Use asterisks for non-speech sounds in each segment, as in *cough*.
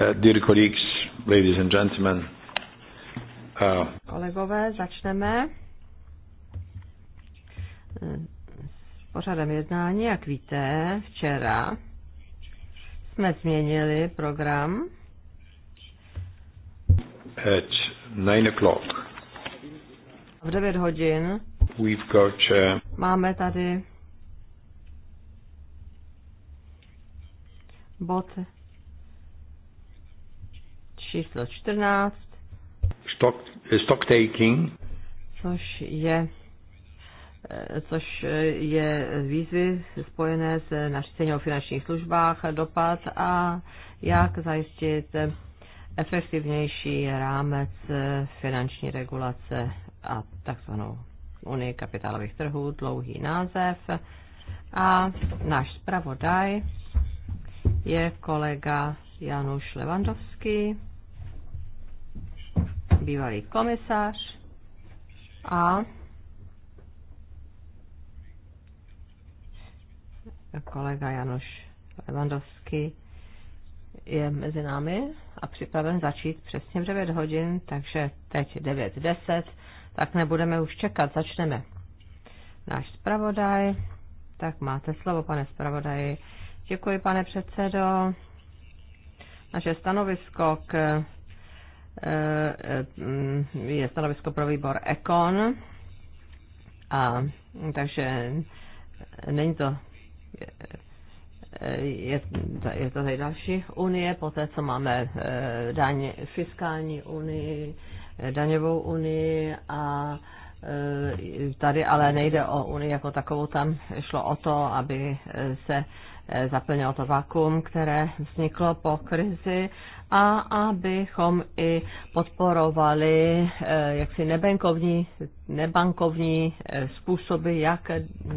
Uh, dear colleagues, ladies and gentlemen. Uh, Kolegové, začneme s pořadem jednání. Jak víte, včera jsme změnili program. At nine o'clock. V 9 hodin We've got, uh, máme tady bod číslo 14. Stock, stock taking. Což je eh, což eh, je výzvy spojené s nařízením o finančních službách, dopad a jak zajistit efektivnější rámec eh, finanční regulace a takzvanou unii kapitálových trhů, dlouhý název. A náš zpravodaj je kolega Januš Levandovský bývalý komisař a kolega Janoš Levandovský je mezi námi a připraven začít přesně v 9 hodin, takže teď 9.10, tak nebudeme už čekat, začneme. Náš zpravodaj, tak máte slovo, pane zpravodaji. Děkuji, pane předsedo. Naše stanovisko k Eh, eh, mm, je stanovisko pro výbor Econ A, takže eh, není to je, je to tady další unie, poté co máme daň, fiskální unii, daňovou unii a tady ale nejde o unii jako takovou, tam šlo o to, aby se zaplnilo to vakuum, které vzniklo po krizi a abychom i podporovali eh, jaksi nebankovní, nebankovní eh, způsoby, jak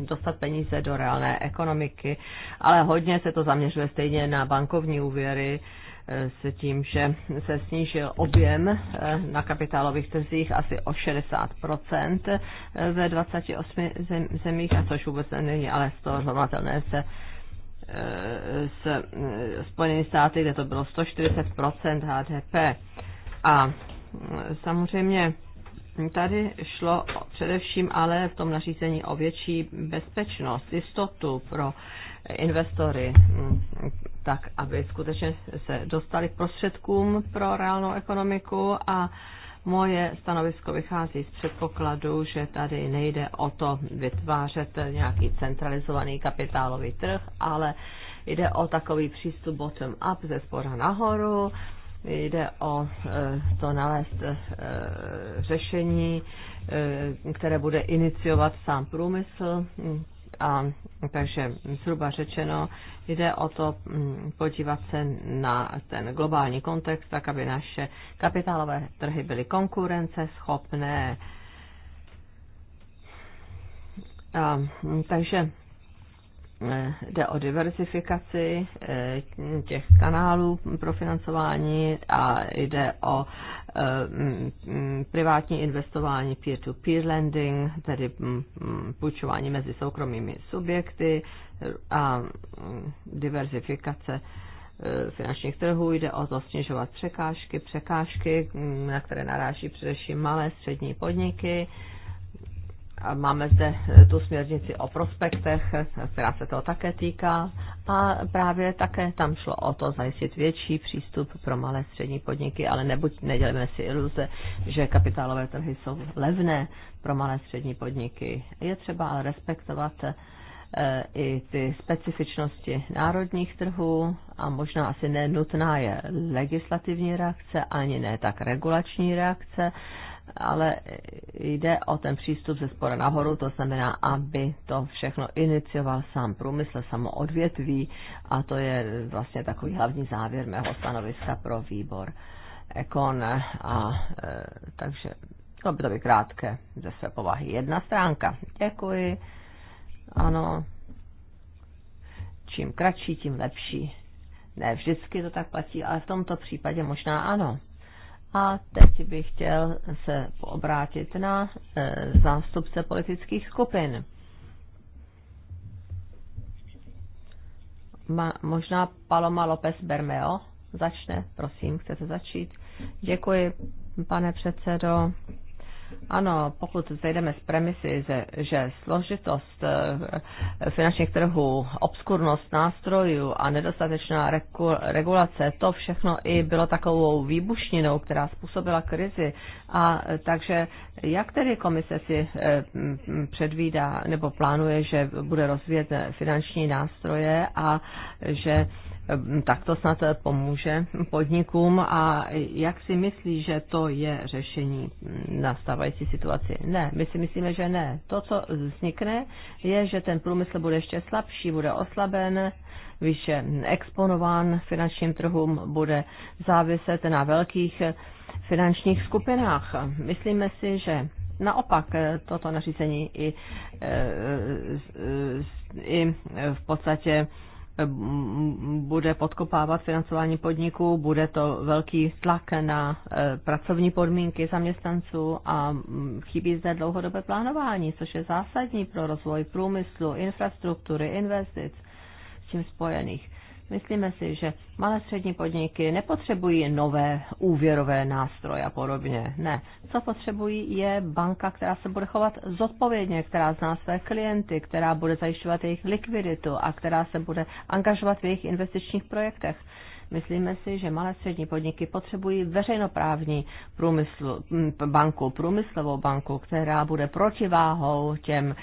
dostat peníze do reálné ekonomiky. Ale hodně se to zaměřuje stejně na bankovní úvěry eh, s tím, že se snížil objem na kapitálových trzích asi o 60% ve 28 zemích, a což vůbec není ale z toho se s eh, Spojenými státy, kde to bylo 140% HDP. A mm, samozřejmě tady šlo především ale v tom nařízení o větší bezpečnost, jistotu pro investory, mm, tak aby skutečně se dostali k prostředkům pro reálnou ekonomiku a Moje stanovisko vychází z předpokladu, že tady nejde o to vytvářet nějaký centralizovaný kapitálový trh, ale jde o takový přístup bottom-up ze spora nahoru, jde o e, to nalézt e, řešení, e, které bude iniciovat sám průmysl, a, takže zhruba řečeno, jde o to mm, podívat se na ten globální kontext, tak aby naše kapitálové trhy byly konkurenceschopné. A, mm, takže eh, jde o diversifikaci eh, těch kanálů pro financování a jde o Eh, mm, privátní investování, peer-to-peer -peer lending, tedy mm, mm, půjčování mezi soukromými subjekty a diverzifikace eh, finančních trhů. Jde o to snižovat překážky, překážky, na které naráží především malé střední podniky máme zde eh, tu směrnici o prospektech, eh, která se toho také týká. A právě také tam šlo o to zajistit větší přístup pro malé střední podniky, ale nebuď, nedělíme si iluze, že kapitálové trhy jsou levné pro malé střední podniky. Je třeba ale respektovat eh, i ty specifičnosti národních trhů a možná asi nenutná je legislativní reakce, ani ne tak regulační reakce, ale jde o ten přístup ze spora nahoru, to znamená, aby to všechno inicioval sám průmysl, samo odvětví a to je vlastně takový hlavní závěr mého stanoviska pro výbor Ekon a a, e, takže to by to by krátké ze své povahy. Jedna stránka. Děkuji. Ano. Čím kratší, tím lepší. Ne vždycky to tak platí, ale v tomto případě možná ano. A teď bych chtěl se obrátit na e, zástupce politických skupin. Ma, možná Paloma López Bermeo začne, prosím, chcete začít. Děkuji, pane předsedo. Ano, pokud zejdeme z premisy, že složitost eh, finančních trhů, obskurnost nástrojů a nedostatečná regulace, to všechno i bylo takovou výbušninou, která způsobila krizi. A eh, takže jak tedy komise si eh, předvídá nebo plánuje, že bude rozvíjet finanční nástroje a že Ehm, tak to snad eh, pomůže podnikům. A jak si myslí, že to je řešení na stávající situaci? Ne, my si myslíme, že ne. To, co vznikne, je, že ten průmysl bude ještě slabší, bude oslaben, vyše exponován finančním trhům, bude záviset na velkých eh, finančních skupinách. Myslíme si, že naopak eh, toto nařízení i, i v podstatě Eh, bude podkopávat financování podniků, bude to velký tlak na eh, pracovní podmínky zaměstnanců a mm, chybí zde dlouhodobé plánování, což je zásadní pro rozvoj průmyslu, infrastruktury, investic s tím spojených. Myslíme si, že malé střední podniky nepotřebují nové úvěrové nástroje a podobně. Ne. Co potřebují je banka, která se bude chovat zodpovědně, která zná své klienty, která bude zajišťovat jejich likviditu a která se bude angažovat v jejich investičních projektech. Myslíme si, že malé střední podniky potřebují veřejnoprávní průmysl, banku, průmyslovou banku, která bude protiváhou těm,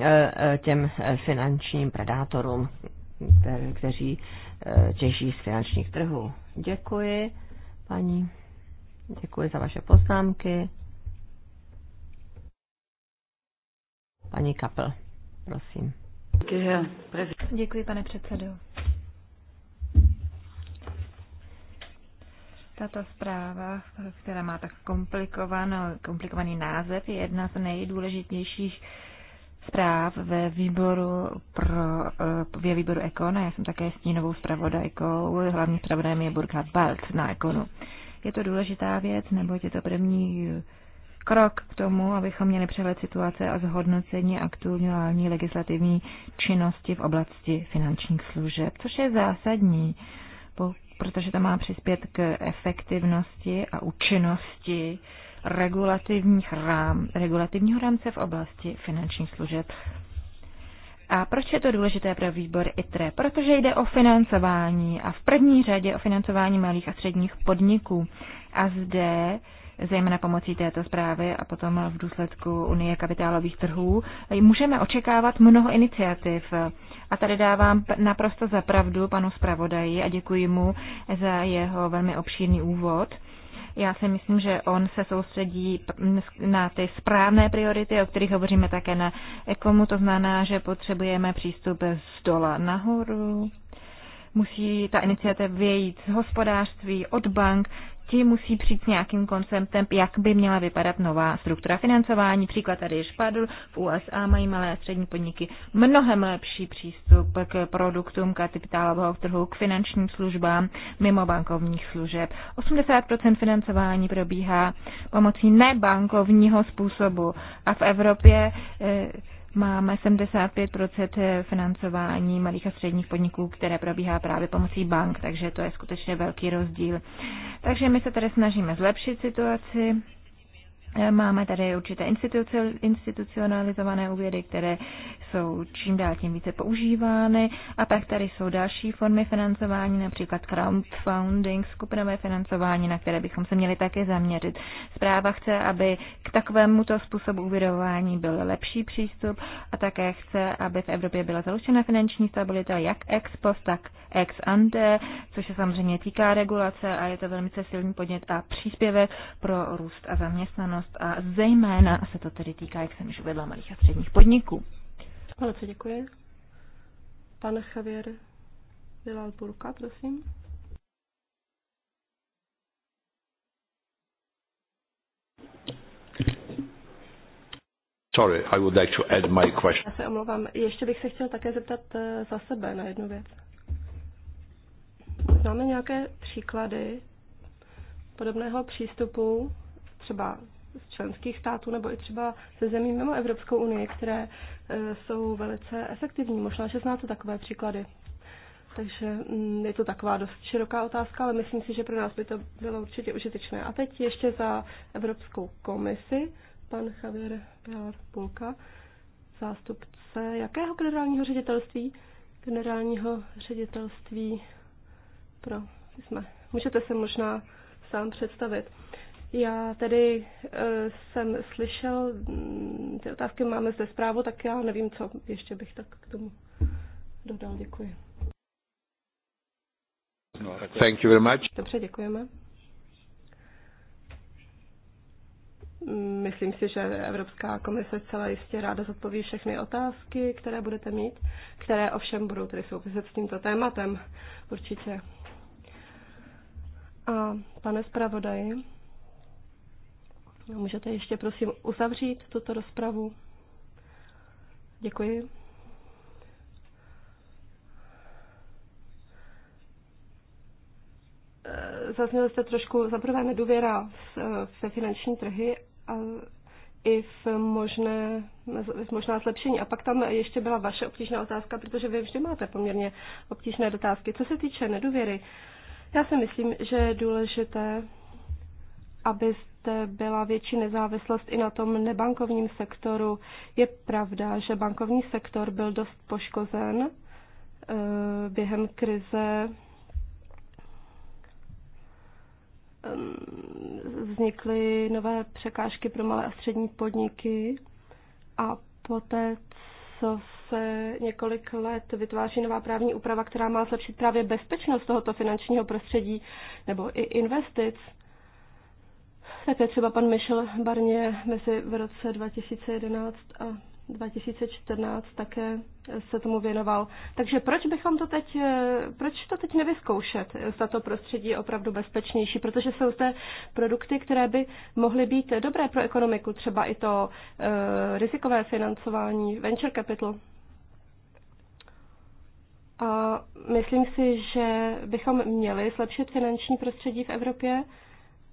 e, e, těm e, finančním predátorům, kteří Eh, těží z finančních trhů. Děkuji, paní. Děkuji za vaše poznámky. Paní Kapel, prosím. Děkuji, pane předsedo. Tato zpráva, která má tak komplikovaný název, je jedna z nejdůležitějších zpráv ve výboru pro, eh, ve výboru Ekon a já jsem také stínovou zpravodajkou. hlavní zpravodajem je Burka balt na Ekonu. Je to důležitá věc, nebo je to první krok k tomu, abychom měli přehled situace a zhodnocení aktuální legislativní činnosti v oblasti finančních služeb, což je zásadní, protože to má přispět k efektivnosti a účinnosti regulativních rám, regulativního rámce v oblasti finančních služeb. A proč je to důležité pro výbor ITRE? Protože jde o financování a v první řadě o financování malých a středních podniků. A zde zejména pomocí této zprávy a potom v důsledku Unie kapitálových trhů, můžeme očekávat mnoho iniciativ. A tady dávám naprosto za pravdu panu zpravodaji a děkuji mu za jeho velmi obšírný úvod. Já si myslím, že on se soustředí na ty správné priority, o kterých hovoříme také na ekomu. To znamená, že potřebujeme přístup z dola nahoru. Musí ta iniciativa vyjít z hospodářství, od bank ti musí přijít s nějakým konceptem, jak by měla vypadat nová struktura financování. Příklad tady je Špadl, v USA mají malé a střední podniky mnohem lepší přístup k produktům kapitálového trhu, k finančním službám mimo bankovních služeb. 80% financování probíhá pomocí nebankovního způsobu a v Evropě e, Máme 75 financování malých a středních podniků, které probíhá právě pomocí bank, takže to je skutečně velký rozdíl. Takže my se tady snažíme zlepšit situaci Eh, máme tady určité institucionalizované úvěry, které jsou čím dál tím více používány a pak tady jsou další formy financování, například crowdfunding, skupinové financování, na které bychom se měli také zaměřit. Zpráva chce, aby k takovému to způsobu uvěrování byl lepší přístup a také chce, aby v Evropě byla zaručena finanční stabilita jak ex post, tak ex ante, což se samozřejmě týká regulace a je to velmi silný podnět a příspěvek pro růst a zaměstnanost zaměstnanost a zejména se to tedy týká, jak jsem již uvedla, malých a středních podniků. co děkuji. Pan Javier Vilal Burka, prosím. Sorry, I would like to add my question. Já se omlouvám. Ještě bych se chtěl také zeptat eh, za sebe na jednu věc. Známe nějaké příklady podobného přístupu, třeba z členských států nebo i třeba ze zemí mimo Evropskou unii, které e, jsou velice efektivní. Možná, že znáte takové příklady. Takže mm, je to taková dost široká otázka, ale myslím si, že pro nás by to bylo určitě užitečné. A teď ještě za Evropskou komisi pan Javier Pilar Pulka, zástupce jakého generálního ředitelství? Generálního ředitelství pro... Jsme. Můžete se možná sám představit. Já tedy e, jsem slyšel mm, ty otázky, máme zde zprávu, tak já nevím, co ještě bych tak k tomu dodal. Děkuji. Thank you very much. Dobře, děkujeme. Myslím si, že Evropská komise celá jistě ráda zodpoví všechny otázky, které budete mít, které ovšem budou tedy souviset s tímto tématem určitě. A pane zpravodaji, Můžete ještě prosím uzavřít tuto rozpravu? Děkuji. Eh, Zazněli jste trošku, zaprvé nedůvěra eh, ve finanční trhy a i v možné, v možná zlepšení. A pak tam ještě byla vaše obtížná otázka, protože vy vždy máte poměrně obtížné dotázky. Co se týče nedůvěry, já si myslím, že je důležité, aby zde byla větší nezávislost i na tom nebankovním sektoru. Je pravda, že bankovní sektor byl dost poškozen eh, během krize. Ehm, vznikly nové překážky pro malé a střední podniky a poté, co se několik let vytváří nová právní úprava, která má zlepšit právě bezpečnost tohoto finančního prostředí nebo i investic, také třeba pan Michel Barnier mezi v roce 2011 a 2014 také se tomu věnoval. Takže proč bychom to teď, eh, proč to teď nevyzkoušet, Za to prostředí je opravdu bezpečnější, protože jsou zde produkty, které by mohly být dobré pro ekonomiku, třeba i to e, rizikové financování, venture capital. A myslím si, že bychom měli zlepšit finanční prostředí v Evropě,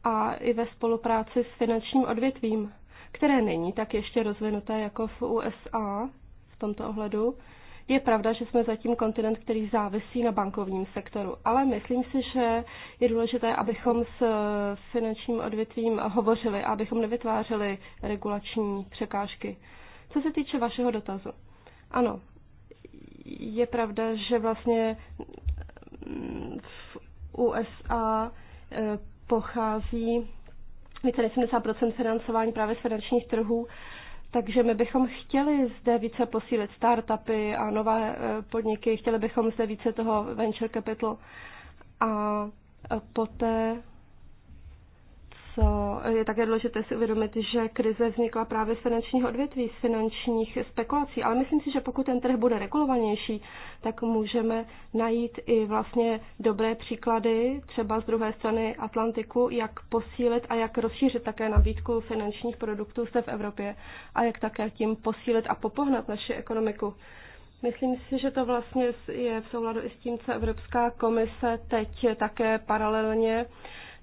a i ve spolupráci s finančním odvětvím, které není tak ještě rozvinuté jako v USA v tomto ohledu. Je pravda, že jsme zatím kontinent, který závisí na bankovním sektoru, ale myslím si, že je důležité, abychom s finančním odvětvím hovořili a abychom nevytvářeli regulační překážky. Co se týče vašeho dotazu, ano, je pravda, že vlastně v USA eh, pochází více než 70 financování právě z finančních trhů, takže my bychom chtěli zde více posílit startupy a nové eh, podniky, chtěli bychom zde více toho venture capital a eh, poté, co je také důležité si uvědomit, že krize vznikla právě z finančního odvětví, z finančních spekulací, ale myslím si, že pokud ten trh bude regulovanější, tak můžeme najít i vlastně dobré příklady, třeba z druhé strany Atlantiku, jak posílit a jak rozšířit také nabídku finančních produktů zde v Evropě a jak také tím posílit a popohnat naši ekonomiku. Myslím si, že to vlastně je v souladu i s tím, co Evropská komise teď také paralelně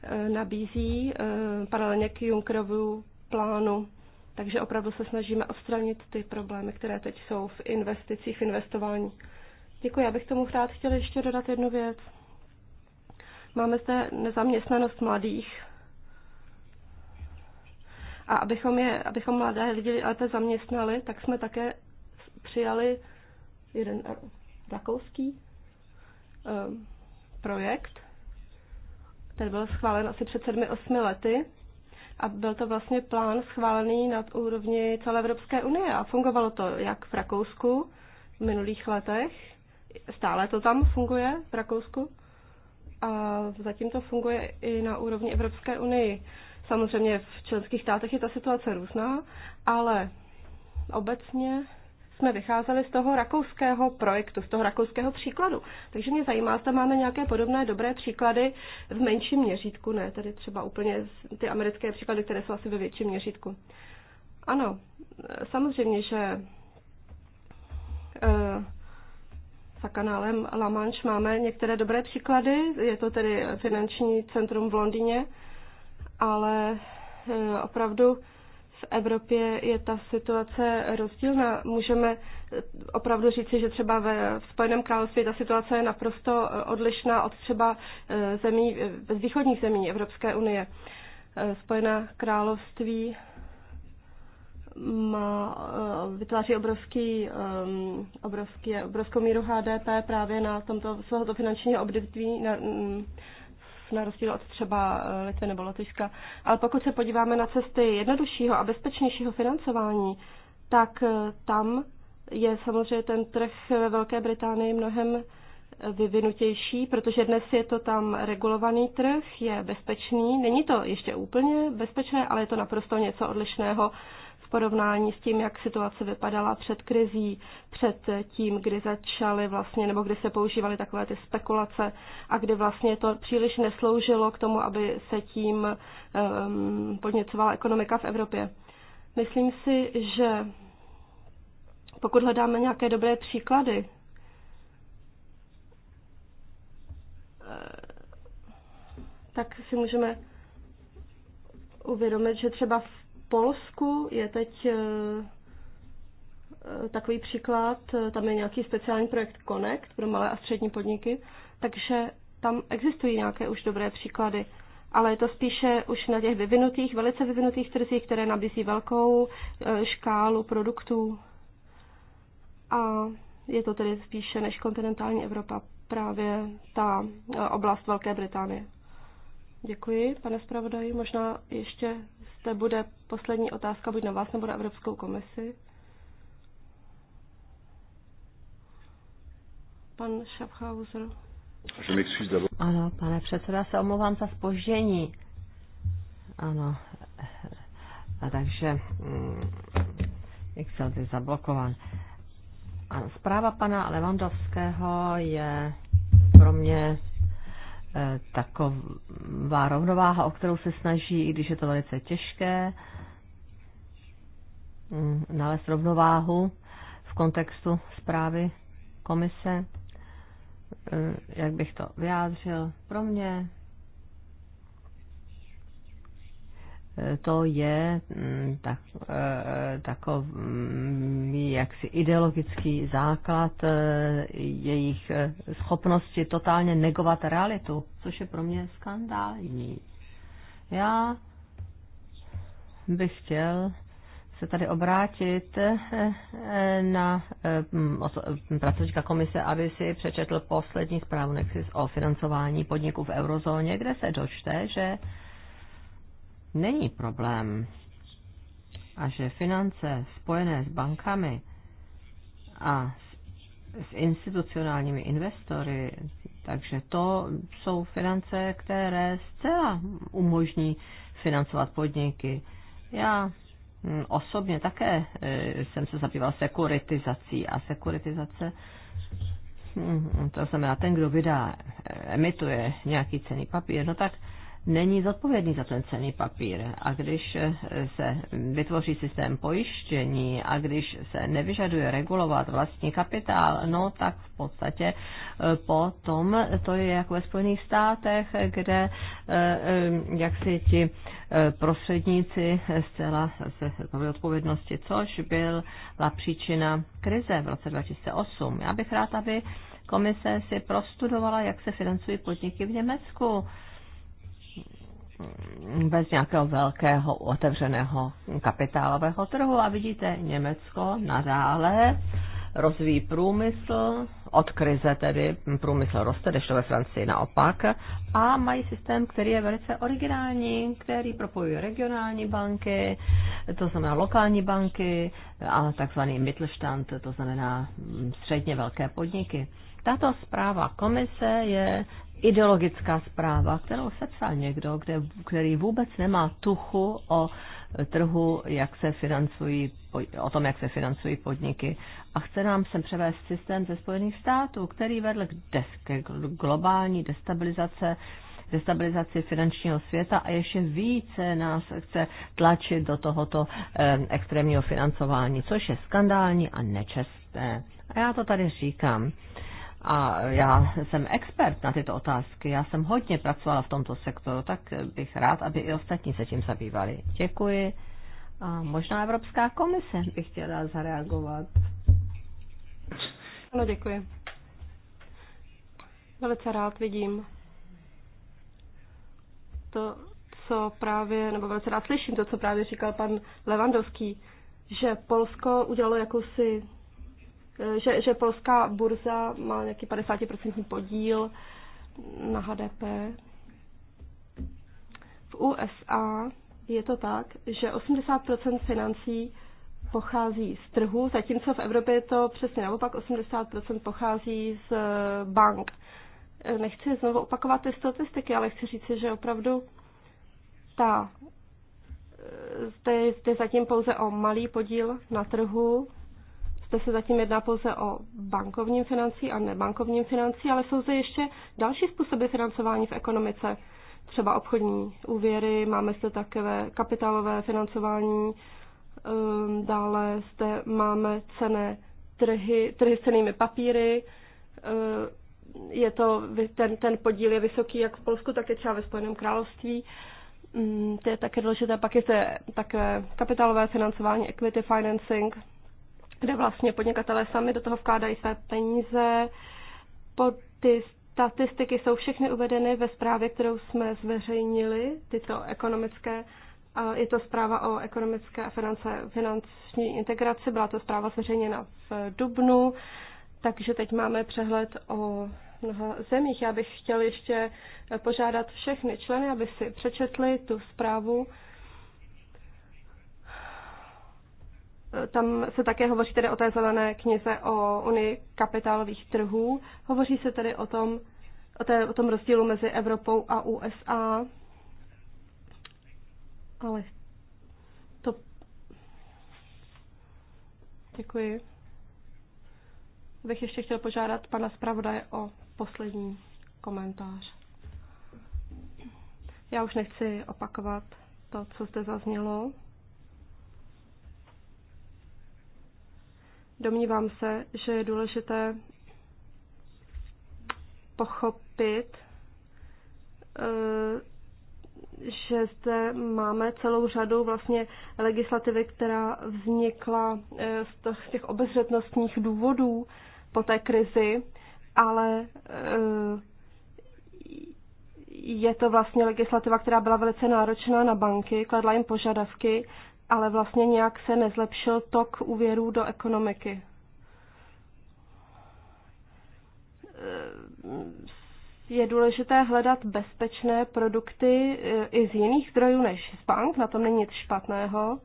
Eh, nabízí eh, paralelně k Junckerovu plánu. Takže opravdu se snažíme odstranit ty problémy, které teď jsou v investicích, v investování. Děkuji, já bych tomu rád chtěla ještě dodat jednu věc. Máme zde nezaměstnanost mladých. A abychom, je, abychom mladé lidi lépe zaměstnali, tak jsme také přijali jeden rakouský um, projekt, který byl schválen asi před 7-8 lety a byl to vlastně plán schválený nad úrovni celé Evropské unie a fungovalo to jak v Rakousku v minulých letech, stále to tam funguje v Rakousku a zatím to funguje i na úrovni Evropské unii. Samozřejmě v členských státech je ta situace různá, ale obecně jsme vycházeli z toho rakouského projektu, z toho rakouského příkladu. Takže mě zajímá, zda máme nějaké podobné dobré příklady v menším měřítku, ne tedy třeba úplně ty americké příklady, které jsou asi ve větším měřítku. Ano, samozřejmě, že eh, za kanálem La Manche máme některé dobré příklady, je to tedy finanční centrum v Londýně, ale eh, opravdu v Evropě je ta situace rozdílná. Můžeme opravdu říci, že třeba ve Spojeném království ta situace je naprosto eh, odlišná od třeba eh, zemí, eh, z východních zemí Evropské unie. Spojené království mm, má, vytváří obrovský, obrovský, obrovskou míru HDP právě na tomto svého finančního období, na, mm, na rozdíl od třeba eh, Litvy nebo Lotyšska. Ale pokud se podíváme na cesty jednoduššího a bezpečnějšího financování, tak eh, tam je samozřejmě ten trh ve Velké Británii mnohem eh, vyvinutější, protože dnes je to tam regulovaný trh, je bezpečný. Není to ještě úplně bezpečné, ale je to naprosto něco odlišného porovnání s tím, jak situace vypadala před krizí, před tím, kdy začaly vlastně, nebo kdy se používaly takové ty spekulace a kdy vlastně to příliš nesloužilo k tomu, aby se tím um, podněcovala ekonomika v Evropě. Myslím si, že pokud hledáme nějaké dobré příklady, eh, tak si můžeme uvědomit, že třeba v Polsku je teď eh, eh, takový příklad, eh, tam je nějaký speciální projekt Connect pro malé a střední podniky, takže tam existují nějaké už dobré příklady, ale je to spíše už na těch vyvinutých, velice vyvinutých trzích, které nabízí velkou škálu produktů. A je to tedy spíše než kontinentální Evropa, právě ta oblast Velké Británie. Děkuji, pane zpravodaji. Možná ještě to bude poslední otázka buď na vás nebo na Evropskou komisi. Pan Schaffhauser. Ano, pane předseda, se omlouvám za spoždění. Ano. A takže jak mm, je zablokovan. Ano, zpráva pana Levandovského je pro mě taková rovnováha, o kterou se snaží, i když je to velice těžké, mm, nalézt rovnováhu v kontextu zprávy komise. Eh, jak bych to vyjádřil? Pro mě to je mm, tak, e, takový mm, jaksi ideologický základ e, jejich e, schopnosti totálně negovat realitu, což je pro mě skandální. Já bych chtěl se tady obrátit na pracovníka komise, aby si přečetl poslední zprávu Nexis o financování podniků v eurozóně, kde se dočte, že není problém a že finance spojené s bankami a s institucionálními investory, takže to jsou finance, které zcela umožní financovat podniky. Já hm, osobně také e, jsem se zabýval sekuritizací a sekuritizace, hm, to znamená ten, kdo vydá, e, emituje nějaký cený papír, no tak není zodpovědný za ten cený papír. A když se vytvoří systém pojištění a když se nevyžaduje regulovat vlastní kapitál, no tak v podstatě eh, potom to je jako ve Spojených státech, kde eh, jak si ti eh, prostředníci zcela se zbavili odpovědnosti, což byla příčina krize v roce 2008. Já bych rád, aby komise si prostudovala, jak se financují podniky v Německu Mm, bez nějakého velkého otevřeného kapitálového trhu. A vidíte, Německo nadále rozvíjí průmysl, od krize tedy průmysl roste, než to ve Francii naopak, a mají systém, který je velice originální, který propojuje regionální banky, to znamená lokální banky a takzvaný Mittelstand, to znamená mm, středně velké podniky. Tato zpráva komise je ideologická zpráva, kterou sepsal někdo, kde, který vůbec nemá tuchu o trhu, jak se financují, o tom, jak se financují podniky. A chce nám sem převést systém ze Spojených států, který vedl k, des, k globální destabilizace, destabilizaci finančního světa a ještě více nás chce tlačit do tohoto eh, extrémního financování, což je skandální a nečestné. A já to tady říkám a já jsem expert na tyto otázky, já jsem hodně pracovala v tomto sektoru, tak bych rád, aby i ostatní se tím zabývali. Děkuji. A možná Evropská komise by chtěla zareagovat. Ano, děkuji. Velice rád vidím to, co právě, nebo velice rád slyším to, co právě říkal pan Levandovský, že Polsko udělalo jakousi že, že polská burza má nějaký 50% podíl na HDP. V USA je to tak, že 80% financí pochází z trhu, zatímco v Evropě je to přesně naopak, 80% pochází z eh, bank. Eh, nechci znovu opakovat ty statistiky, ale chci říct, že opravdu ta, zde, eh, zde zatím pouze o malý podíl na trhu zde se zatím jedná pouze o bankovním financí a nebankovním financí, ale jsou zde ještě další způsoby financování v ekonomice, třeba obchodní úvěry, máme zde takové kapitálové financování, ehm, dále zde máme cené trhy, trhy s cenými papíry, ehm, je to, ten, ten podíl je vysoký jak v Polsku, tak i třeba ve Spojeném království. Ehm, to je také důležité. Pak je to také kapitálové financování, equity financing, kde vlastně podnikatelé sami do toho vkládají své peníze. Pod ty statistiky jsou všechny uvedeny ve zprávě, kterou jsme zveřejnili, tyto ekonomické je to zpráva o ekonomické a finance, finanční integraci, byla to zpráva zveřejněna v Dubnu, takže teď máme přehled o mnoha zemích. Já bych chtěl ještě požádat všechny členy, aby si přečetli tu zprávu, Tam se také hovoří tedy o té zelené knize o unii kapitálových trhů. Hovoří se tedy o tom, o, té, o tom rozdílu mezi Evropou a USA. Ale to... Děkuji. Bych ještě chtěl požádat pana zpravodaje o poslední komentář. Já už nechci opakovat to, co zde zaznělo. Domnívám se, že je důležité pochopit, eh, že zde máme celou řadu vlastně legislativy, která vznikla eh, z těch obezřetnostních důvodů po té krizi, ale eh, je to vlastně legislativa, která byla velice náročná na banky, kladla jim požadavky ale vlastně nějak se nezlepšil tok úvěrů do ekonomiky. Je důležité hledat bezpečné produkty eh, i z jiných zdrojů než z bank, na tom není nic špatného.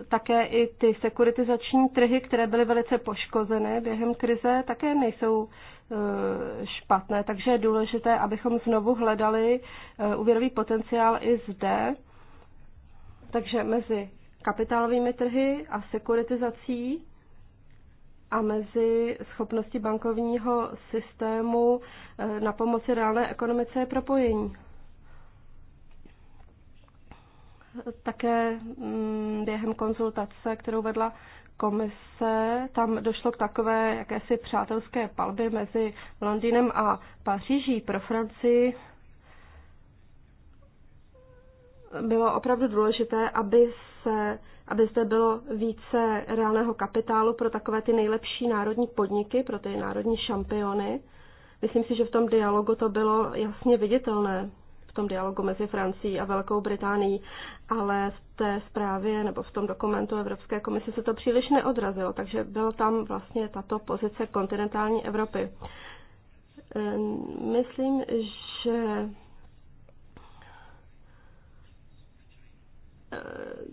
Eh, také i ty sekuritizační trhy, které byly velice poškozeny během krize, také nejsou eh, špatné, takže je důležité, abychom znovu hledali úvěrový potenciál i zde takže mezi kapitálovými trhy a sekuritizací a mezi schopnosti bankovního systému eh, na pomoci reálné ekonomice je propojení. Také mm, během konzultace, kterou vedla komise, tam došlo k takové jakési přátelské palby mezi Londýnem a Paříží. Pro Francii bylo opravdu důležité, aby, se, aby zde bylo více reálného kapitálu pro takové ty nejlepší národní podniky, pro ty národní šampiony. Myslím si, že v tom dialogu to bylo jasně viditelné, v tom dialogu mezi Francií a Velkou Británií, ale v té zprávě nebo v tom dokumentu Evropské komise se to příliš neodrazilo, takže byla tam vlastně tato pozice kontinentální Evropy. Ehm, myslím, že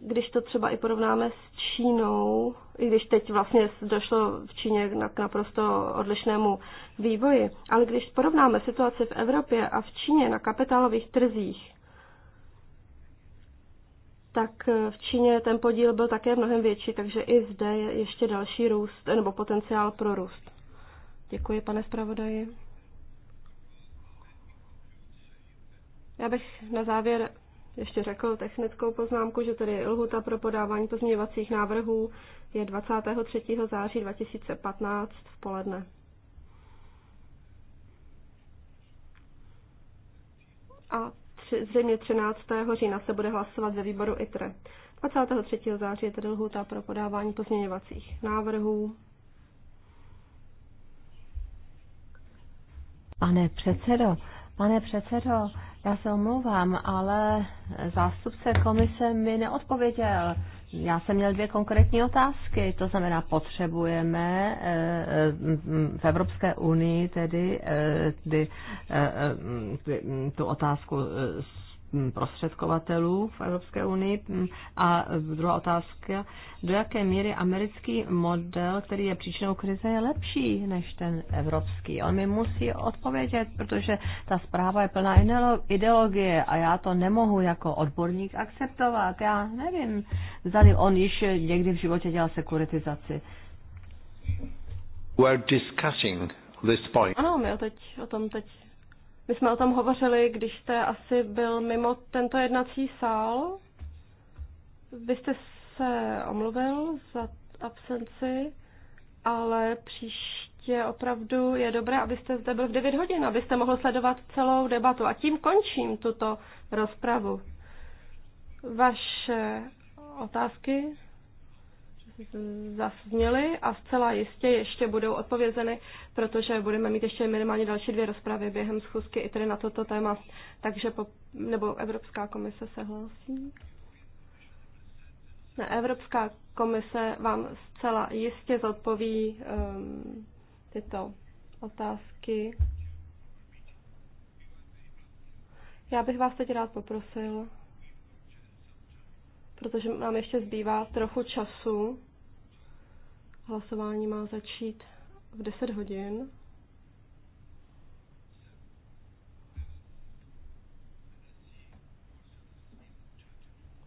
když to třeba i porovnáme s Čínou, i když teď vlastně došlo v Číně k naprosto odlišnému vývoji, ale když porovnáme situaci v Evropě a v Číně na kapitálových trzích, tak eh, v Číně ten podíl byl také mnohem větší, takže i zde je ještě další růst eh, nebo potenciál pro růst. Děkuji, pane zpravodaji. Já bych na závěr ještě řekl technickou poznámku, že tedy lhuta pro podávání pozměňovacích návrhů je 23. září 2015 v poledne. A tři, zřejmě 13. října se bude hlasovat ve výboru ITRE. 23. září je tedy lhuta pro podávání pozměňovacích návrhů. Pane předsedo, pane předsedo, já se omlouvám, ale zástupce komise mi neodpověděl. Já jsem měl dvě konkrétní otázky. To znamená, potřebujeme eh, eh, v Evropské unii tedy eh, ty, tu otázku Mm, prostředkovatelů v Evropské unii. Mm, a druhá otázka, do jaké míry americký model, který je příčinou krize, je lepší než ten evropský? On mi musí odpovědět, protože ta zpráva je plná ideologie a já to nemohu jako odborník akceptovat. Já nevím, zdali on již někdy v životě dělal sekuritizaci. We're discussing this point. Ano, my o, teď, o tom teď my jsme o tom hovořili, když jste asi byl mimo tento jednací sál. Vy jste se omluvil za absenci, ale příště opravdu je dobré, abyste zde byl v 9 hodin, abyste mohl sledovat celou debatu. A tím končím tuto rozpravu. Vaše otázky zazněly a zcela jistě ještě budou odpovězeny, protože budeme mít ještě minimálně další dvě rozpravy během schůzky i tedy na toto téma. Takže po, nebo Evropská komise se hlásí? Ne, Evropská komise vám zcela jistě zodpoví um, tyto otázky. Já bych vás teď rád poprosil, protože nám ještě zbývá trochu času, Hlasování má začít v 10 hodin.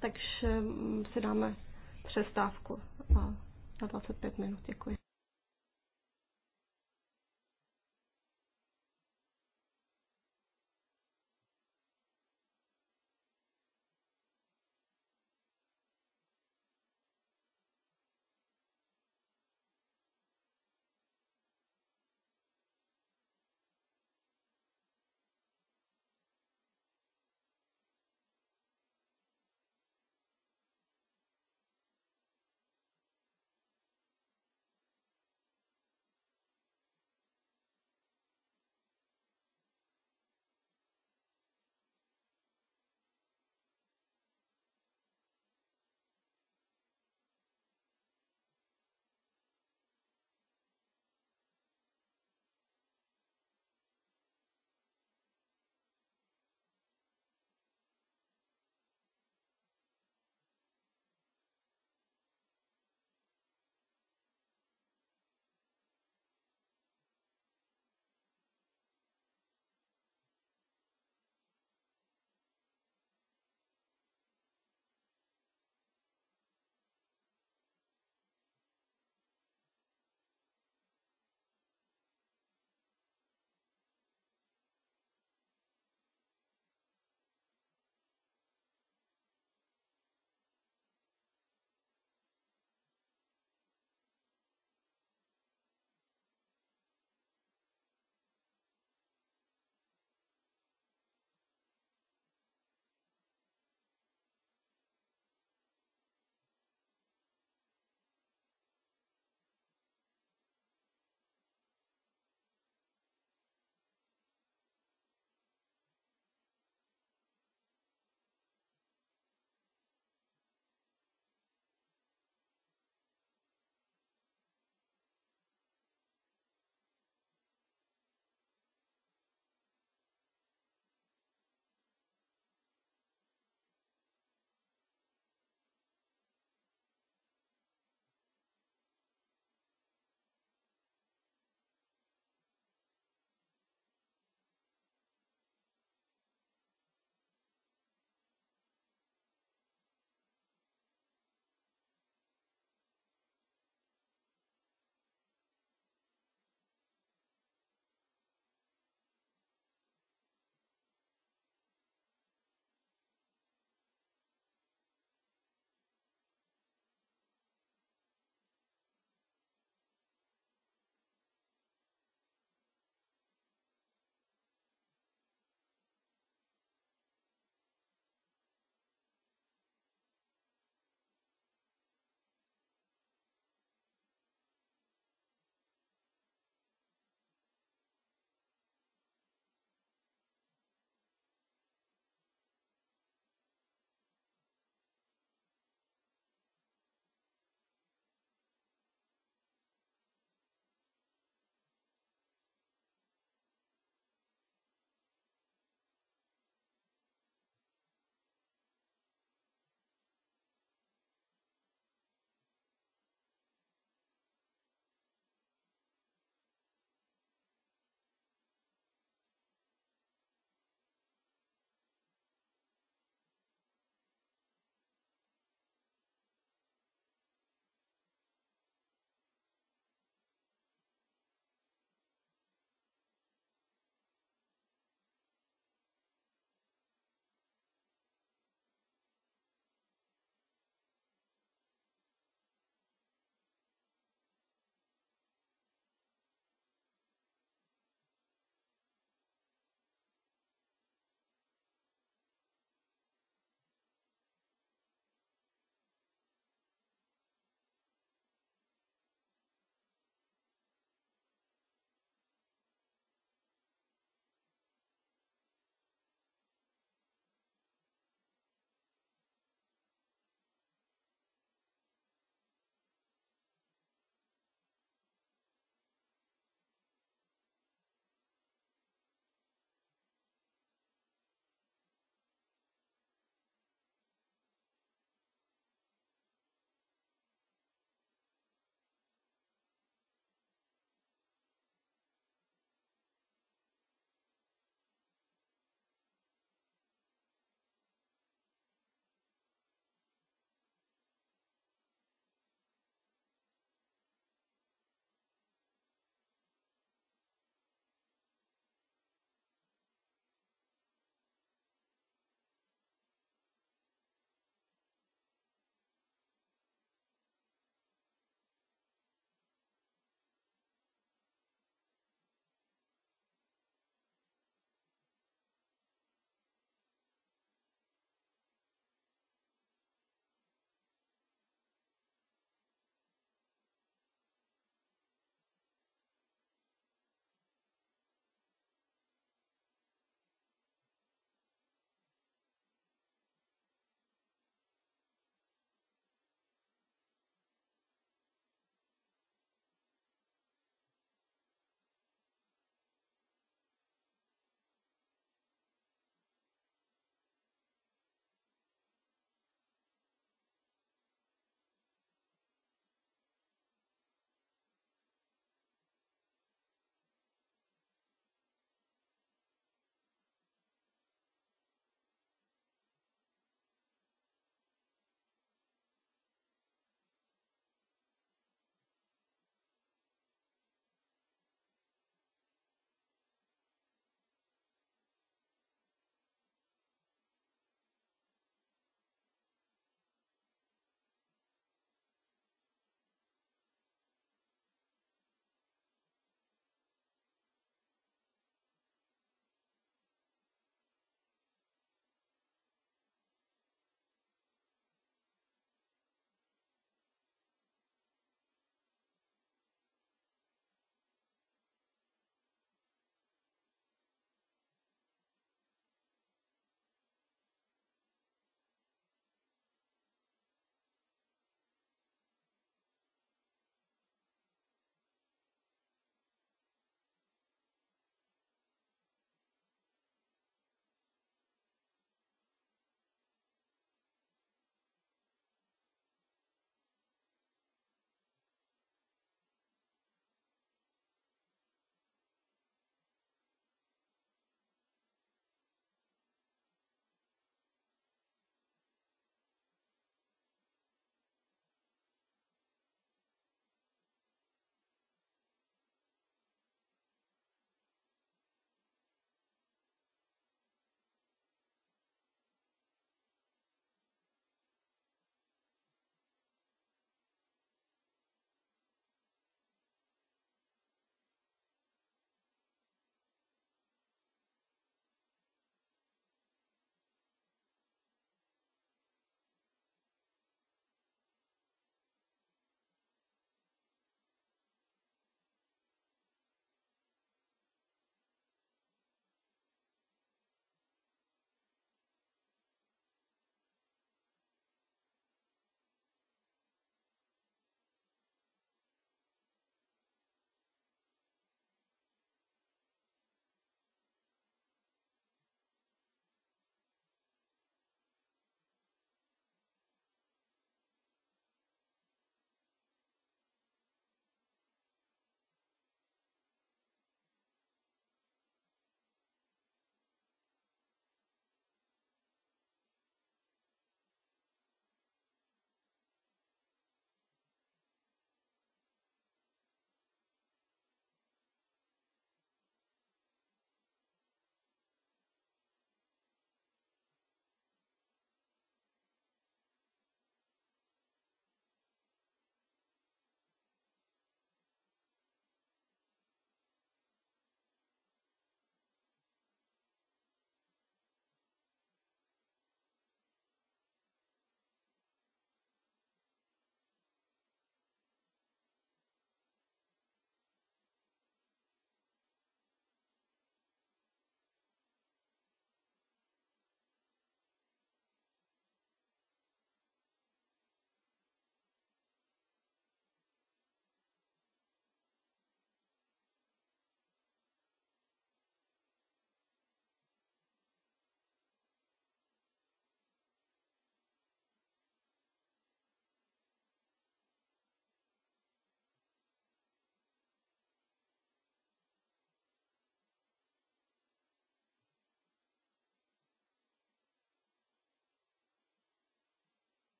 Takže mm, si dáme přestávku a na 25 minut. Děkuji.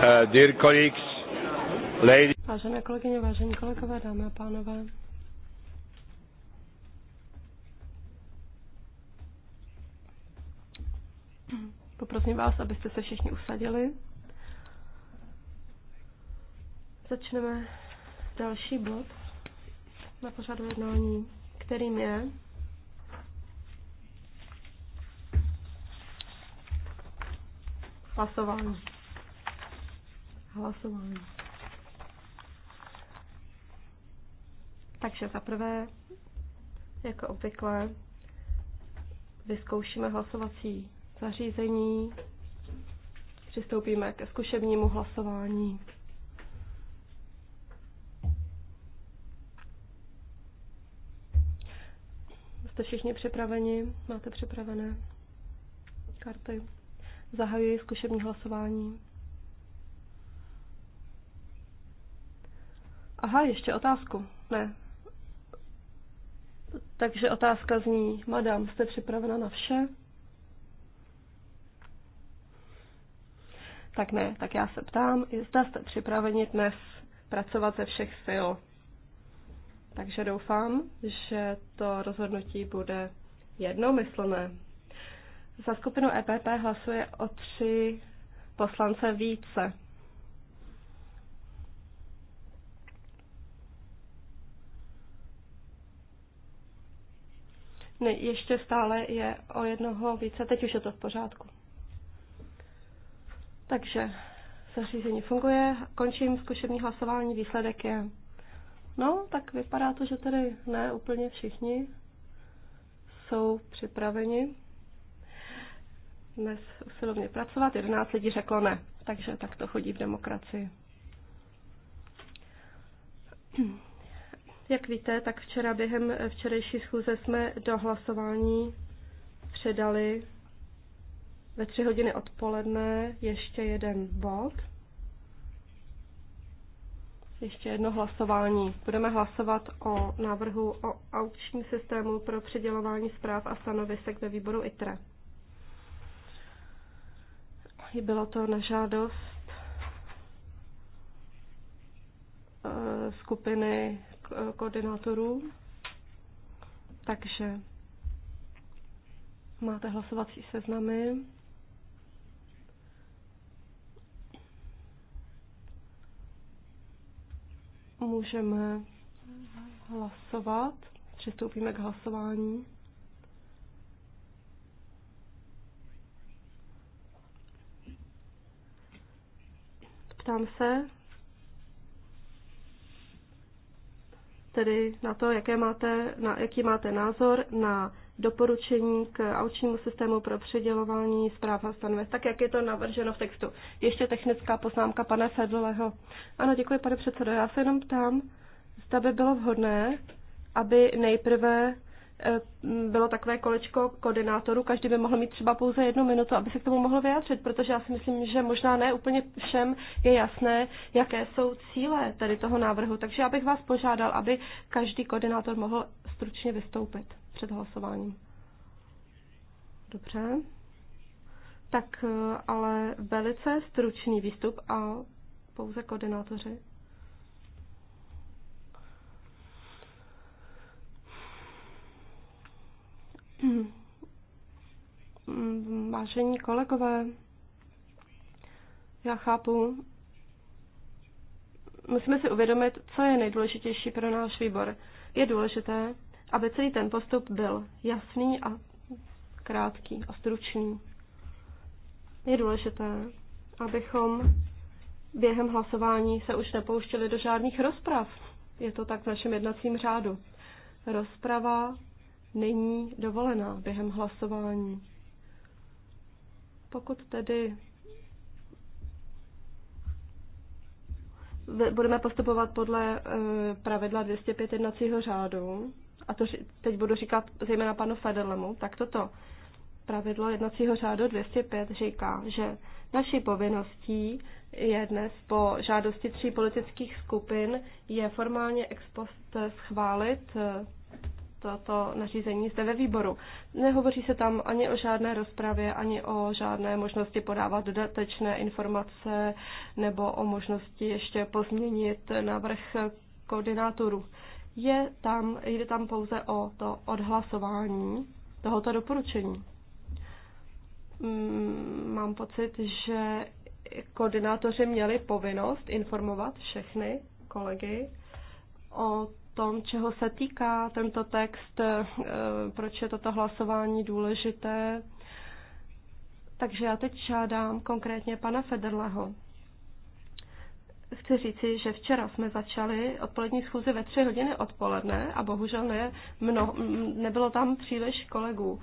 Uh, dear colleagues, ladies. Vážené kolegyně, vážení kolegové, dámy a pánové. Poprosím vás, abyste se všichni usadili. Začneme další bod na pořadu jednání, kterým je hlasování hlasování. Takže zaprvé, jako obvykle, vyzkoušíme hlasovací zařízení, přistoupíme ke zkušebnímu hlasování. Jste všichni připraveni? Máte připravené karty? Zahajuji zkušební hlasování. Aha, ještě otázku. Ne. Takže otázka zní, madam, jste připravena na vše? Tak ne, tak já se ptám, zda jste připraveni dnes pracovat ze všech sil. Takže doufám, že to rozhodnutí bude jednomyslné. Za skupinu EPP hlasuje o tři poslance více. Ne, ještě stále je o jednoho více, teď už je to v pořádku. Takže zařízení funguje, končím zkušební hlasování, výsledek je. No, tak vypadá to, že tedy ne úplně všichni jsou připraveni dnes usilovně pracovat. 11 lidí řeklo ne, takže tak to chodí v demokracii. Jak víte, tak včera během včerejší schůze jsme do hlasování předali ve tři hodiny odpoledne ještě jeden bod. Ještě jedno hlasování. Budeme hlasovat o návrhu o aukčním systému pro předělování zpráv a stanovisek ve výboru ITRE. Bylo to na žádost eh, skupiny koordinátorů. Takže máte hlasovací seznamy. Můžeme hlasovat. Přistoupíme k hlasování. Ptám se, tedy na to, jaké máte, na, jaký máte názor na doporučení k aučnímu systému pro předělování zpráv a stanov, tak jak je to navrženo v textu. Ještě technická poznámka pana Fedleho. Ano, děkuji, pane předsedo. Já se jenom ptám, zda by bylo vhodné, aby nejprve Eh, bylo takové kolečko koordinátorů, každý by mohl mít třeba pouze jednu minutu, aby se k tomu mohl vyjádřit, protože já si myslím, že možná ne úplně všem je jasné, jaké jsou cíle tady toho návrhu. Takže já bych vás požádal, aby každý koordinátor mohl stručně vystoupit před hlasováním. Dobře. Tak eh, ale velice stručný výstup a pouze koordinátoři. Mm, vážení kolegové, já chápu, musíme si uvědomit, co je nejdůležitější pro náš výbor. Je důležité, aby celý ten postup byl jasný a krátký a stručný. Je důležité, abychom během hlasování se už nepouštěli do žádných rozprav. Je to tak v našem jednacím řádu. Rozprava není dovolená během hlasování. Pokud tedy budeme postupovat podle eh, pravidla 205 jednacího řádu, a to teď budu říkat zejména panu Federlemu, tak toto pravidlo jednacího řádu 205 říká, že naší povinností je dnes po žádosti tří politických skupin je formálně ex post schválit eh, toto nařízení zde ve výboru. Nehovoří se tam ani o žádné rozpravě, ani o žádné možnosti podávat dodatečné informace nebo o možnosti ještě pozměnit návrh koordinátorů. Je tam, jde tam pouze o to odhlasování tohoto doporučení. Mm, mám pocit, že koordinátoři měli povinnost informovat všechny kolegy o tom, čeho se týká tento text, eh, proč je toto hlasování důležité. Takže já teď žádám konkrétně pana Federleho. Chci říci, že včera jsme začali odpolední schůzi ve tři hodiny odpoledne a bohužel ne, mno, nebylo tam příliš kolegů.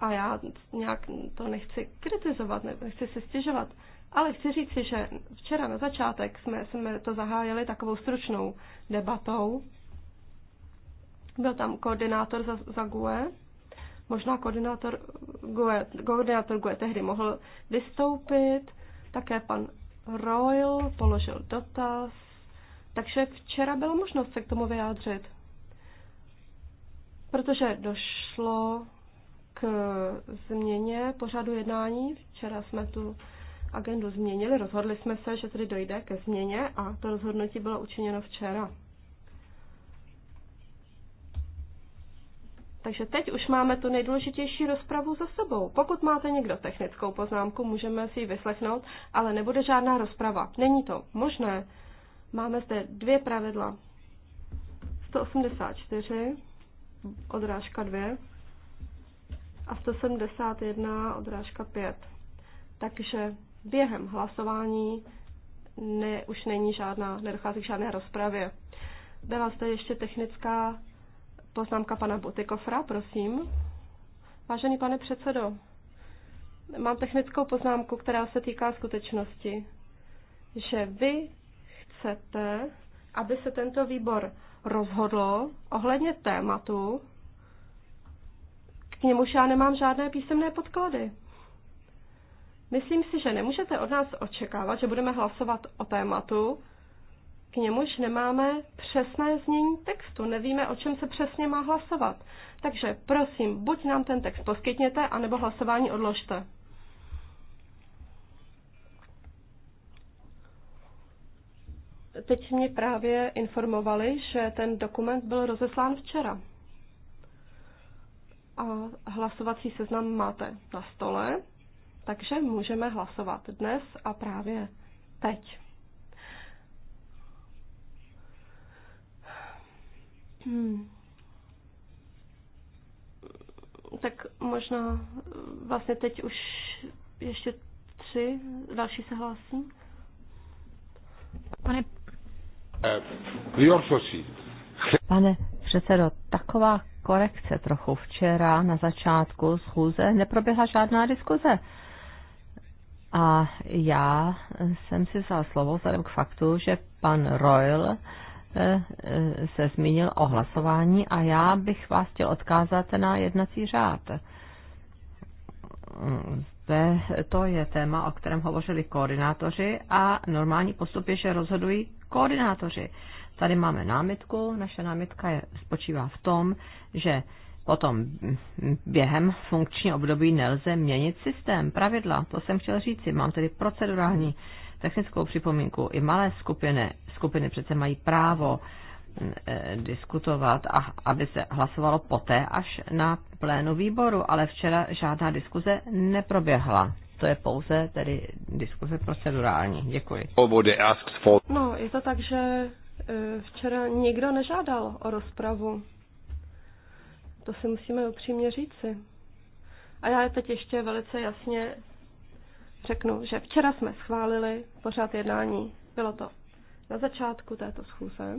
A já nějak to nechci kritizovat, nechci se stěžovat, ale chci říci, že včera na začátek jsme, jsme to zahájili takovou stručnou debatou byl tam koordinátor za, za GUE, možná koordinátor GUE, koordinátor GUE tehdy mohl vystoupit, také pan Royal položil dotaz, takže včera byla možnost se k tomu vyjádřit, protože došlo k změně pořadu jednání. Včera jsme tu agendu změnili, rozhodli jsme se, že tedy dojde ke změně a to rozhodnutí bylo učiněno včera. Takže teď už máme tu nejdůležitější rozpravu za sebou. Pokud máte někdo technickou poznámku, můžeme si ji vyslechnout, ale nebude žádná rozprava. Není to možné. Máme zde dvě pravidla. 184, odrážka 2 a 171, odrážka 5. Takže během hlasování ne, už není žádná, nedochází k žádné rozpravě. Byla zde ještě technická Poznámka pana Butikofra, prosím. Vážený pane předsedo, mám technickou poznámku, která se týká skutečnosti, že vy chcete, aby se tento výbor rozhodl ohledně tématu, k němuž já nemám žádné písemné podklady. Myslím si, že nemůžete od nás očekávat, že budeme hlasovat o tématu, k němuž nemáme přesné znění textu, nevíme, o čem se přesně má hlasovat. Takže prosím, buď nám ten text poskytněte, anebo hlasování odložte. Teď mě právě informovali, že ten dokument byl rozeslán včera. A hlasovací seznam máte na stole, takže můžeme hlasovat dnes a právě teď. Hmm. Tak možná eh, vlastně teď už ještě tři další se hlásí. Pane, eh, Pane předsedo, taková korekce trochu včera na začátku schůze neproběhla žádná diskuze. A já jsem si vzal slovo vzhledem k faktu, že pan Royal Eh, eh, se zmínil o hlasování a já bych vás chtěl odkázat na jednací řád. Zde to je téma, o kterém hovořili koordinátoři a normální postup je, že rozhodují koordinátoři. Tady máme námitku, naše námitka je, spočívá v tom, že potom během funkční období nelze měnit systém, pravidla, to jsem chtěl říci, mám tedy procedurální uh, technickou připomínku. I malé skupiny, skupiny přece mají právo mm, eh, diskutovat a aby se hlasovalo poté až na plénu výboru, ale včera žádná diskuze neproběhla. To je pouze tedy diskuze procedurální. Děkuji. No, je to tak, že eh, včera nikdo nežádal o rozpravu. To si musíme upřímně říci. A já je teď ještě velice jasně řeknu, že včera jsme schválili pořád jednání. Bylo to na začátku této schůze,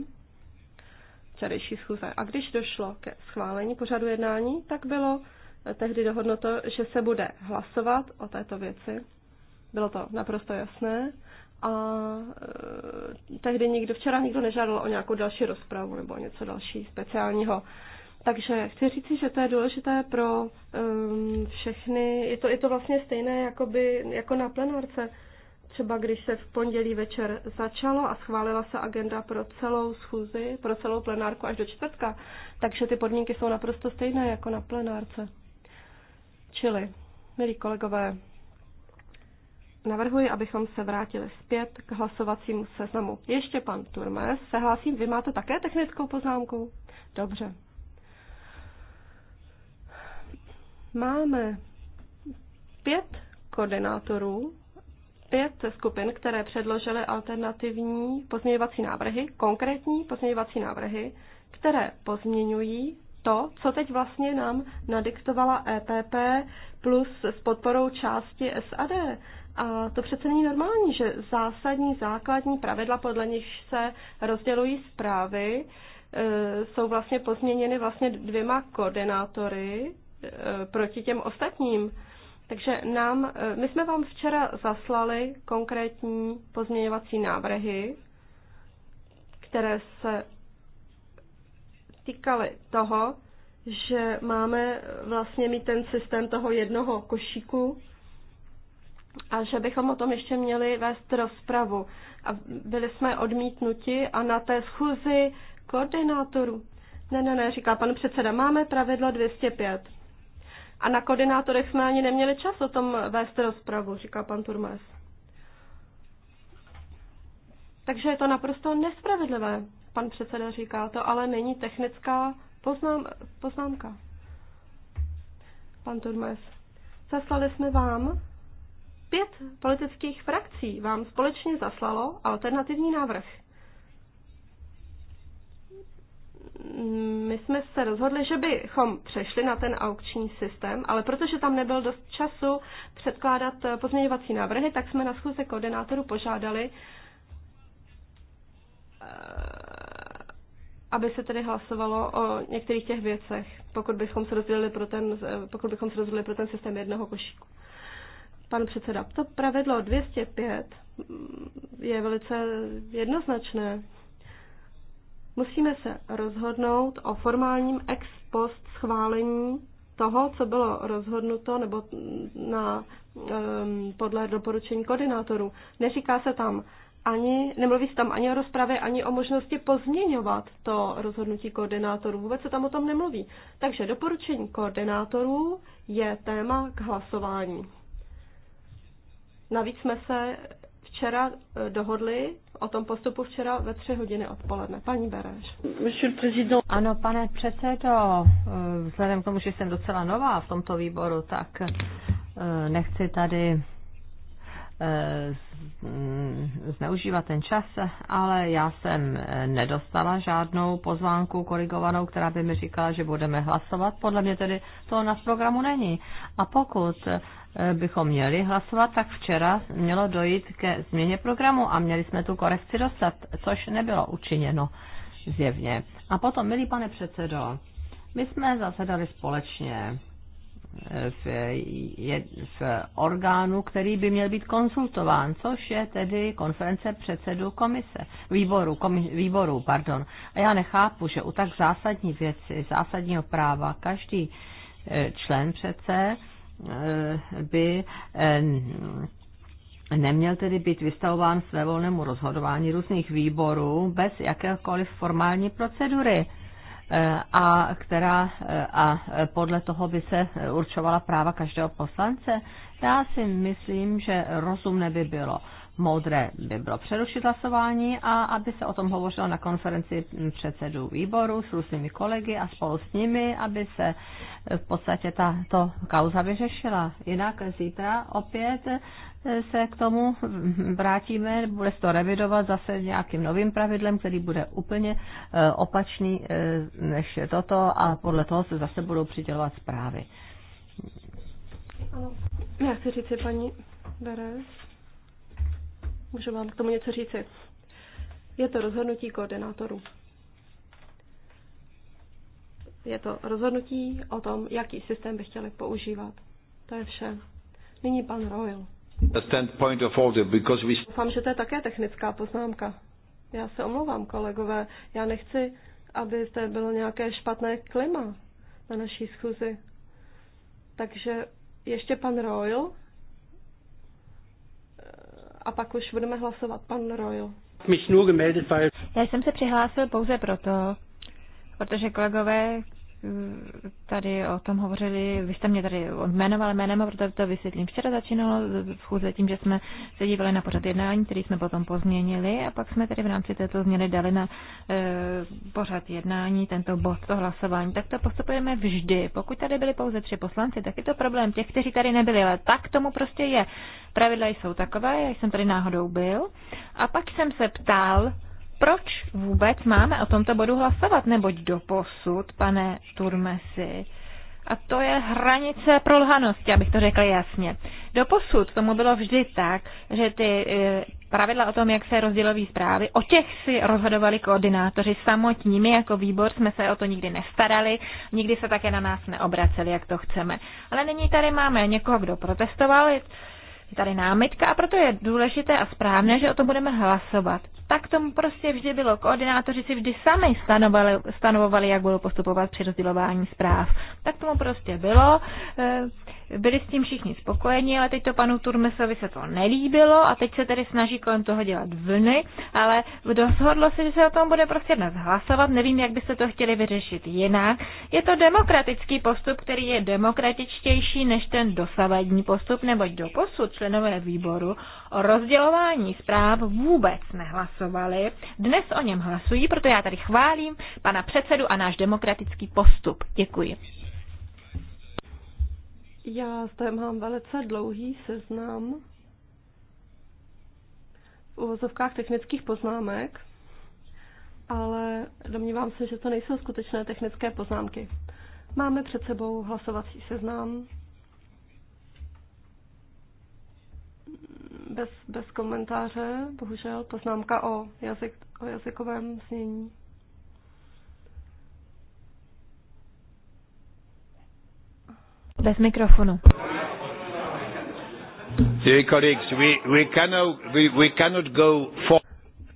včerejší schůze. A když došlo ke schválení pořadu jednání, tak bylo eh, tehdy dohodnuto, že se bude hlasovat o této věci. Bylo to naprosto jasné. A eh, tehdy nikdo, včera nikdo nežádal o nějakou další rozpravu nebo něco další speciálního. Takže chci říci, že to je důležité pro um, všechny. Je to, je to vlastně stejné jakoby, jako na plenárce. Třeba když se v pondělí večer začalo a schválila se agenda pro celou schůzi, pro celou plenárku až do čtvrtka, takže ty podmínky jsou naprosto stejné jako na plenárce. Čili, milí kolegové, navrhuji, abychom se vrátili zpět k hlasovacímu seznamu. Ještě pan Turmes se hlásí, vy máte také technickou poznámku? Dobře. Máme pět koordinátorů, pět skupin, které předložily alternativní pozměňovací návrhy, konkrétní pozměňovací návrhy, které pozměňují to, co teď vlastně nám nadiktovala EPP plus s podporou části SAD. A to přece není normální, že zásadní základní pravidla, podle nich se rozdělují zprávy, e, jsou vlastně pozměněny vlastně dvěma koordinátory Eh, proti těm ostatním. Takže nám, eh, my jsme vám včera zaslali konkrétní pozměňovací návrhy, které se týkaly toho, že máme vlastně mít ten systém toho jednoho košíku a že bychom o tom ještě měli vést rozpravu. A byli jsme odmítnuti a na té schůzi koordinátorů. Ne, ne, ne, říká pan předseda, máme pravidlo 205. A na koordinátorech jsme ani neměli čas o tom vést rozpravu, říká pan Turmes. Takže je to naprosto nespravedlivé, pan předseda říká. To ale není technická poznám, poznámka. Pan Turmes, zaslali jsme vám pět politických frakcí vám společně zaslalo alternativní návrh. my jsme se rozhodli, že bychom přešli na ten aukční systém, ale protože tam nebyl dost času předkládat eh, pozměňovací návrhy, tak jsme na schůze koordinátoru požádali, eh, aby se tedy hlasovalo o některých těch věcech, pokud bychom se rozdělili pro ten, eh, pokud bychom se rozdělili pro ten systém jednoho košíku. Pan předseda, to pravidlo 205 mm, je velice jednoznačné Musíme se rozhodnout o formálním ex post schválení toho, co bylo rozhodnuto nebo na, um, podle doporučení koordinátorů. Neříká se tam ani, nemluví se tam ani o rozpravě, ani o možnosti pozměňovat to rozhodnutí koordinátorů. Vůbec se tam o tom nemluví. Takže doporučení koordinátorů je téma k hlasování. Navíc jsme se včera eh, dohodli o tom postupu včera ve tři hodiny odpoledne. Paní Bereš. Ano, pane předsedo, eh, vzhledem k tomu, že jsem docela nová v tomto výboru, tak eh, nechci tady mm, zneužívat ten čas, ale já jsem nedostala žádnou pozvánku korigovanou, která by mi říkala, že budeme hlasovat. Podle mě tedy to na programu není. A pokud Eh, bychom měli hlasovat, tak včera mělo dojít ke změně programu a měli jsme tu korekci dostat, což nebylo učiněno zjevně. A potom, milý pane předsedo, my jsme zasedali společně eh, v, v orgánu, který by měl být konsultován, což je tedy konference předsedů komise, výboru, komi, výboru, pardon. A já nechápu, že u tak zásadní věci, zásadního práva, každý eh, člen přece by eh, neměl tedy být vystavován své volnému rozhodování různých výborů bez jakékoliv formální procedury eh, a, která, eh, a podle toho by se určovala práva každého poslance. Já si myslím, že rozumné by bylo moudré by bylo přerušit hlasování a aby se o tom hovořilo na konferenci předsedů výboru s různými kolegy a spolu s nimi, aby se v podstatě tato kauza vyřešila. Jinak zítra opět se k tomu vrátíme, bude se to revidovat zase nějakým novým pravidlem, který bude úplně e, opačný e, než toto a podle toho se zase budou přidělovat zprávy. Ano. Já chci říct paní Beres, Můžu vám k tomu něco říci. Je to rozhodnutí koordinátorů. Je to rozhodnutí o tom, jaký systém by chtěli používat. To je vše. Nyní pan Royal. Doufám, že to je také technická poznámka. Já se omlouvám, kolegové. Já nechci, aby zde bylo nějaké špatné klima na naší schůzi. Takže ještě pan Royal a pak už budeme hlasovat. Pan Royal. Já jsem se přihlásil pouze proto, protože kolegové tady o tom hovořili, vy jste mě tady jmenovali jménem, proto to vysvětlím. Včera začínalo schůze tím, že jsme se dívali na pořad jednání, který jsme potom pozměnili a pak jsme tady v rámci této změny dali na e, pořad jednání tento bod, to hlasování. Tak to postupujeme vždy. Pokud tady byli pouze tři poslanci, tak je to problém těch, kteří tady nebyli, ale tak tomu prostě je. Pravidla jsou taková, já jsem tady náhodou byl a pak jsem se ptal, proč vůbec máme o tomto bodu hlasovat, neboť do posud, pane Turmesi, a to je hranice prolhanosti, abych to řekl jasně. Do posud tomu bylo vždy tak, že ty e, pravidla o tom, jak se rozdělují zprávy, o těch si rozhodovali koordinátoři samotní. My jako výbor jsme se o to nikdy nestarali, nikdy se také na nás neobraceli, jak to chceme. Ale nyní tady máme někoho, kdo protestoval, je tady námitka a proto je důležité a správné, že o tom budeme hlasovat. Tak tomu prostě vždy bylo. Koordinátoři si vždy sami stanovali, stanovovali jak budou postupovat při rozdělování zpráv. Tak tomu prostě bylo. Eh, byli s tím všichni spokojeni, ale teď to panu Turmesovi se to nelíbilo a teď se tedy snaží kolem toho dělat vlny, ale dozhodlo se, že se o tom bude prostě dnes hlasovat, nevím, jak byste to chtěli vyřešit jinak. Je to demokratický postup, který je demokratičtější než ten dosavadní postup, neboť do posud členové výboru o rozdělování zpráv vůbec nehlasovali. Dnes o něm hlasují, proto já tady chválím pana předsedu a náš demokratický postup. Děkuji. Já s tím mám velice dlouhý seznam v uvozovkách technických poznámek, ale domnívám se, že to nejsou skutečné technické poznámky. Máme před sebou hlasovací seznam. Bez, bez komentáře, bohužel, poznámka o, jazyk, o jazykovém znění. Bez mikrofonu.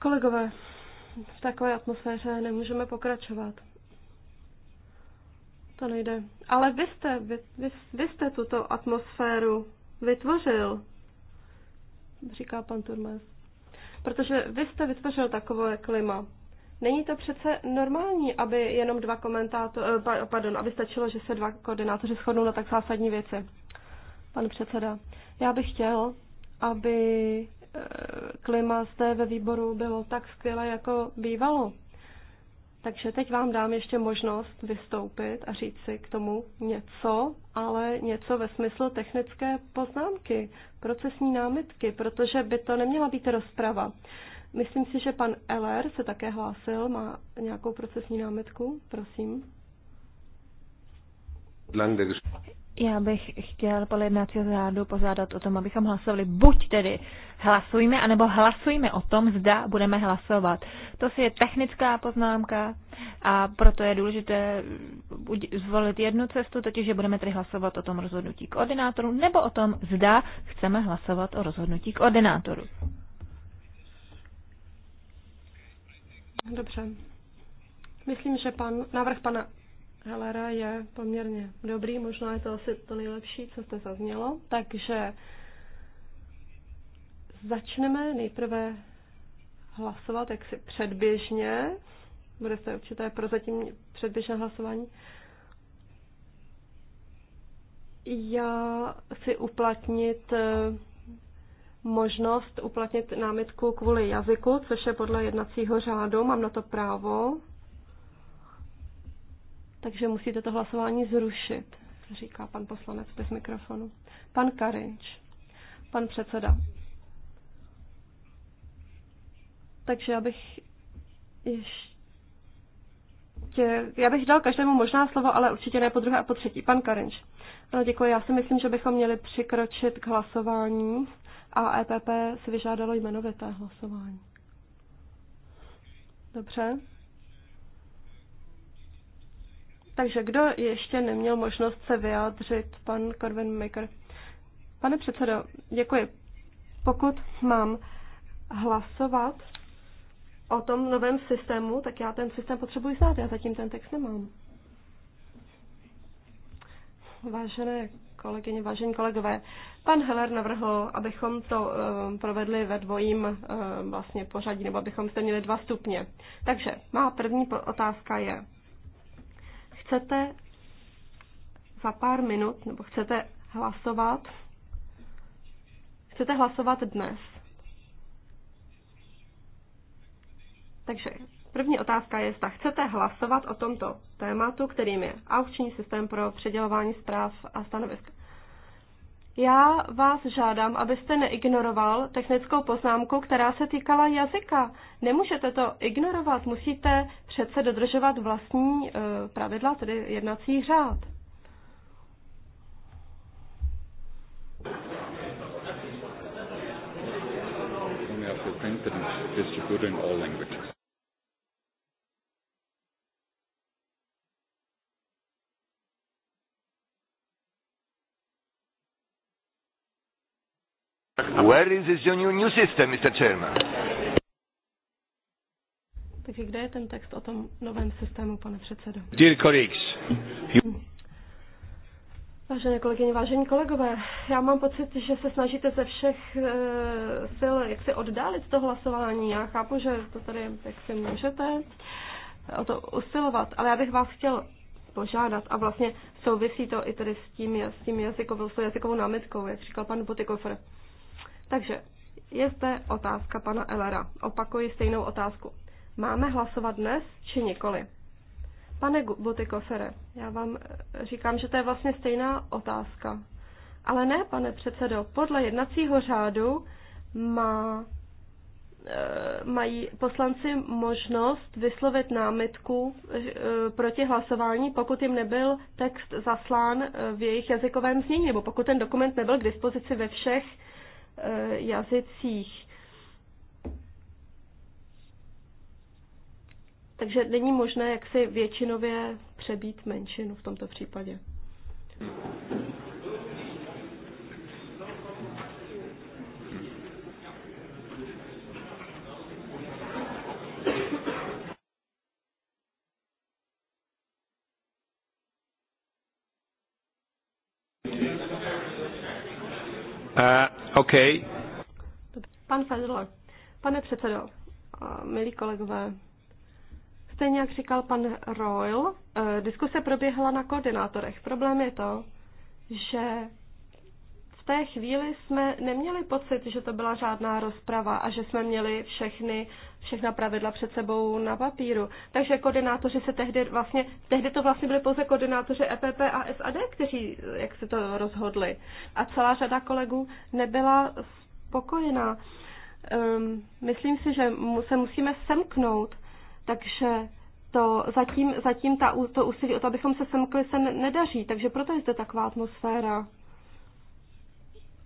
Kolegové, v takové atmosféře nemůžeme pokračovat. To nejde. Ale vy jste, vy, vy, vy jste tuto atmosféru vytvořil, říká pan Turmes. Protože vy jste vytvořil takové klima. Není to přece normální, aby jenom dva komentátoři, eh, pardon, aby stačilo, že se dva koordinátoři shodnou na tak zásadní věci. Pan předseda, já bych chtěl, aby eh, klima zde ve výboru bylo tak skvělé, jako bývalo. Takže teď vám dám ještě možnost vystoupit a říct si k tomu něco, ale něco ve smyslu technické poznámky, procesní námitky, protože by to neměla být rozprava. Myslím si, že pan Eller se také hlásil, má nějakou procesní námitku, prosím. Já bych chtěl podle jednacího řádu pozádat o tom, abychom hlasovali buď tedy hlasujme, anebo hlasujme o tom, zda budeme hlasovat. To si je technická poznámka a proto je důležité zvolit jednu cestu, totiž že budeme tedy hlasovat o tom rozhodnutí koordinátoru, nebo o tom, zda chceme hlasovat o rozhodnutí koordinátoru. Dobře. Myslím, že pan, návrh pana Helera je poměrně dobrý, možná je to asi to nejlepší, co jste zaznělo. Takže začneme nejprve hlasovat jaksi předběžně. Bude se určité prozatím předběžné hlasování. Já chci uplatnit eh, možnost uplatnit námitku kvůli jazyku, což je podle jednacího řádu, mám na to právo. Takže musíte to hlasování zrušit, říká pan poslanec bez mikrofonu. Pan Karinč, pan předseda. Takže já bych ještě... Já bych dal každému možná slovo, ale určitě ne po druhé a po třetí. Pan Karinč. Ano, děkuji. Já si myslím, že bychom měli přikročit k hlasování a EPP si vyžádalo jmenovité hlasování. Dobře. Takže kdo ještě neměl možnost se vyjádřit, pan Corvin Maker? Pane předsedo, děkuji. Pokud mám hlasovat o tom novém systému, tak já ten systém potřebuji znát, já zatím ten text nemám. Vážené kolegyně, vážení kolegové, pan Heller navrhl, abychom to um, provedli ve dvojím um, vlastně pořadí, nebo abychom se měli dva stupně. Takže má první otázka je, chcete za pár minut, nebo chcete hlasovat, chcete hlasovat dnes. Takže První otázka je, zda chcete hlasovat o tomto tématu, kterým je aukční systém pro předělování zpráv a stanovisk. Já vás žádám, abyste neignoroval technickou poznámku, která se týkala jazyka. Nemůžete to ignorovat, musíte přece dodržovat vlastní eh, pravidla, tedy jednací řád. distributed in all languages. Where is this new, new system, Mr. Chairman? Takže kde je ten text o tom novém systému, pane předsedo? Dear colleagues, you... Vážené kolegyně, vážení kolegové, já mám pocit, že se snažíte ze všech e, sil jak se oddálit to hlasování. Já chápu, že to tady jak si můžete eh, o to usilovat, ale já bych vás chtěl požádat a vlastně souvisí to i tedy s tím, s tím jazykovou, s jazykovou námitkou, jak říkal pan Butikofer. Takže je zde otázka pana Elera. Opakuji stejnou otázku. Máme hlasovat dnes či nikoli? Pane Butikofere, já vám eh, říkám, že to je vlastně stejná otázka. Ale ne, pane předsedo, podle jednacího řádu má, e, mají poslanci možnost vyslovit námitku e, proti hlasování, pokud jim nebyl text zaslán v jejich jazykovém znění, nebo pokud ten dokument nebyl k dispozici ve všech Eh, jazycích. Takže není možné jak si většinově přebít menšinu v tomto případě. Uh, OK. Pan Fedler. Pane předsedo, milí kolegové, stejně jak říkal pan Royal, eh, diskuse proběhla na koordinátorech. Problém je to, že té chvíli jsme neměli pocit, že to byla žádná rozprava a že jsme měli všechny, všechna pravidla před sebou na papíru. Takže koordinátoři se tehdy vlastně, tehdy to vlastně byly pouze koordinátoři EPP a SAD, kteří, jak se to rozhodli. A celá řada kolegů nebyla spokojená. Um, myslím si, že se musíme semknout, takže to zatím, zatím ta, to úsilí o to, abychom se semkli, se nedaří, takže proto je zde taková atmosféra.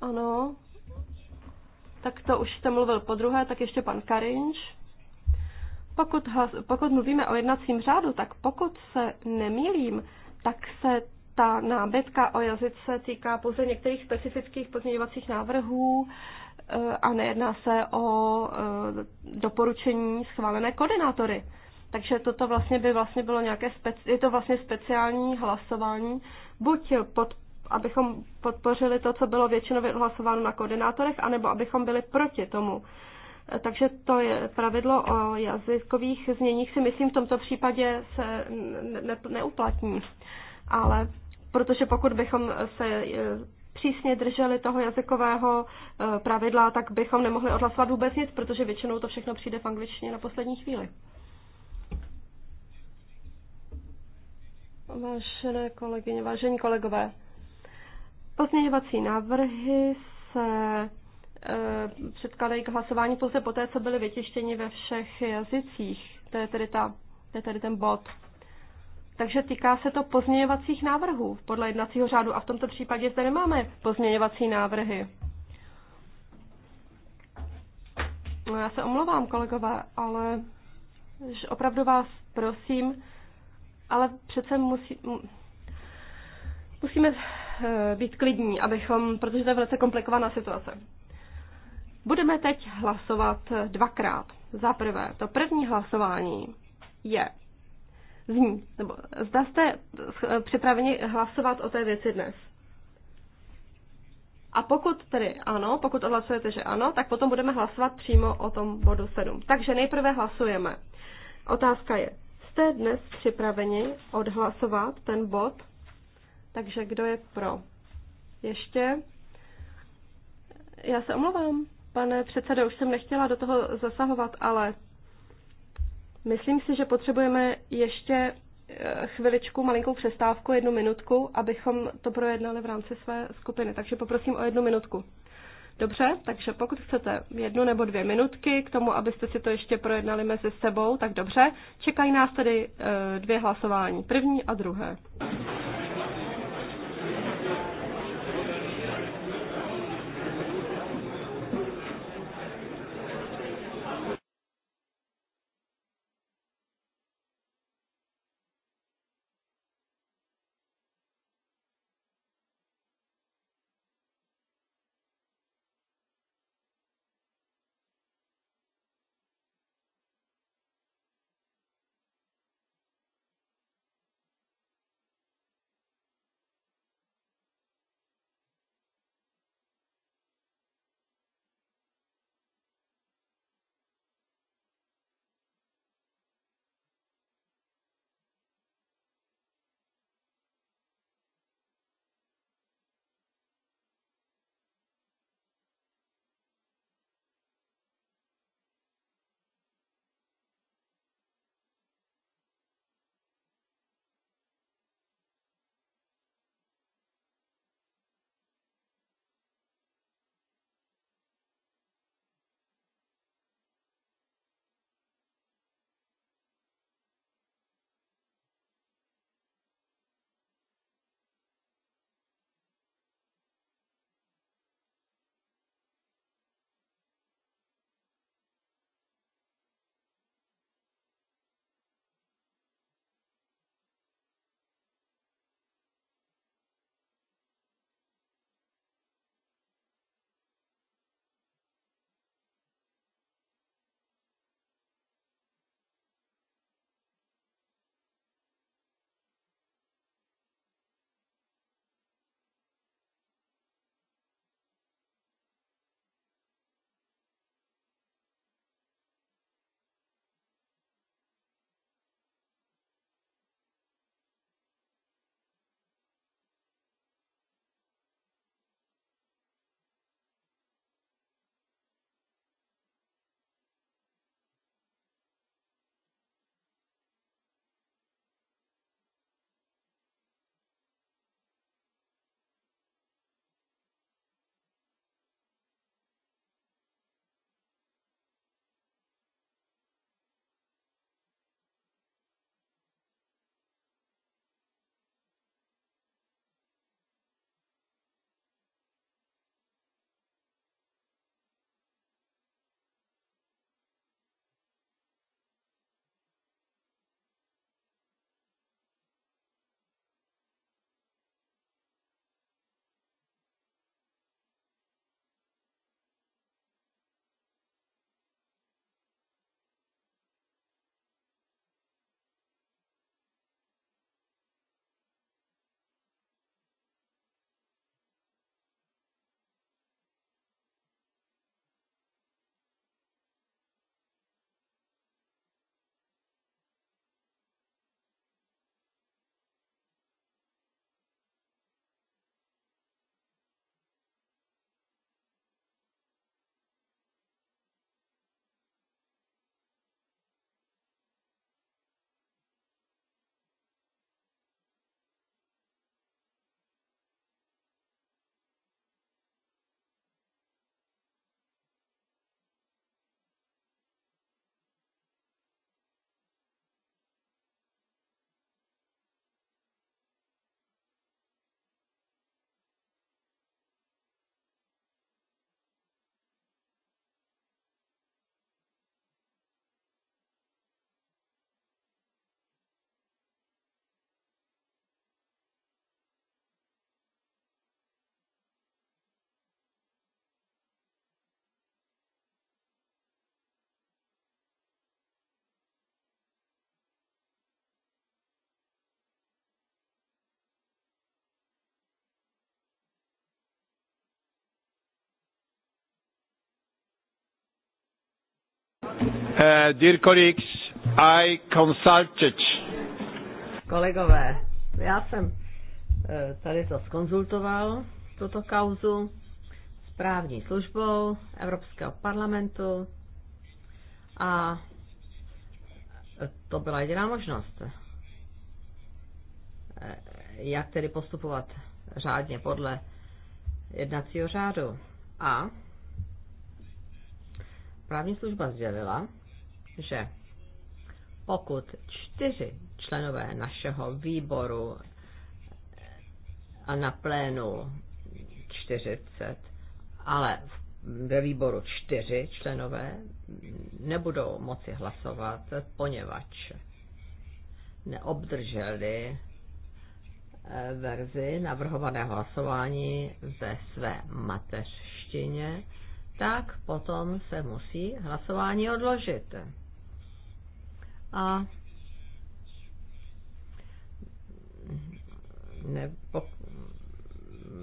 Ano. Tak to už jste mluvil po druhé, tak ještě pan Karinč. Pokud, pokud mluvíme o jednacím řádu, tak pokud se nemýlím, tak se ta nábytka o jazyce týká pouze některých specifických pozměňovacích návrhů eh, a nejedná se o eh, doporučení schválené koordinátory. Takže toto vlastně by vlastně bylo nějaké, speci- je to vlastně speciální hlasování, buď pod abychom podpořili to, co bylo většinově hlasováno na koordinátorech, anebo abychom byli proti tomu. E, takže to je pravidlo o jazykových změních si myslím v tomto případě se ne, ne, neuplatní. Ale protože pokud bychom se e, přísně drželi toho jazykového e, pravidla, tak bychom nemohli odhlasovat vůbec nic, protože většinou to všechno přijde v angličtině na poslední chvíli. Vážené kolegyně, vážení kolegové, Pozměňovací návrhy se eh, předkladají k hlasování pouze poté, co byly vytištěni ve všech jazycích. To je tedy, ta, to je tedy ten bod. Takže týká se to pozměňovacích návrhů podle jednacího řádu a v tomto případě zde nemáme pozměňovací návrhy. No já se omlouvám, kolegové, ale opravdu vás prosím, ale přece musí, Musíme eh, být klidní, abychom, protože to je velice komplikovaná situace. Budeme teď hlasovat dvakrát. Za prvé, to první hlasování je zní, nebo zda jste eh, připraveni hlasovat o té věci dnes. A pokud tedy ano, pokud odhlasujete, že ano, tak potom budeme hlasovat přímo o tom bodu 7. Takže nejprve hlasujeme. Otázka je, jste dnes připraveni odhlasovat ten bod takže kdo je pro? Ještě? Já se omlouvám, pane předsedo, už jsem nechtěla do toho zasahovat, ale myslím si, že potřebujeme ještě eh, chviličku, malinkou přestávku, jednu minutku, abychom to projednali v rámci své skupiny. Takže poprosím o jednu minutku. Dobře, takže pokud chcete jednu nebo dvě minutky k tomu, abyste si to ještě projednali mezi sebou, tak dobře. Čekají nás tedy eh, dvě hlasování, první a druhé. Uh, dear colleagues, I consulted. Kolegové, já jsem eh, tady to skonzultoval, tuto kauzu, s právní službou Evropského parlamentu a to byla jediná možnost, eh, jak tedy postupovat řádně podle jednacího řádu. A právní služba sdělila, že pokud čtyři členové našeho výboru a na plénu 40, ale ve výboru čtyři členové nebudou moci hlasovat, poněvadž neobdrželi eh, verzi navrhovaného hlasování ve své mateřštině, tak potom se musí hlasování odložit a po,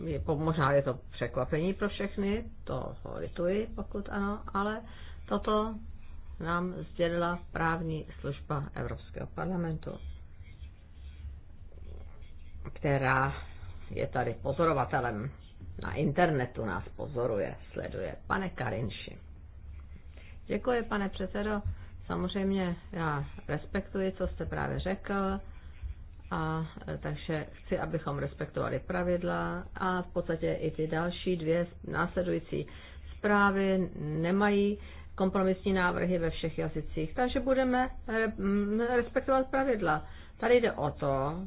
je, po, možná je to překvapení pro všechny, to lituji, pokud ano, ale toto nám sdělila právní služba Evropského parlamentu, která je tady pozorovatelem. Na internetu nás pozoruje, sleduje. Pane Karinši. Děkuji, pane předsedo. Samozřejmě já respektuji, co jste právě řekl, a e, takže chci, abychom respektovali pravidla a v podstatě i ty další dvě následující zprávy nemají kompromisní návrhy ve všech jazycích, takže budeme e, respektovat pravidla. Tady jde o to,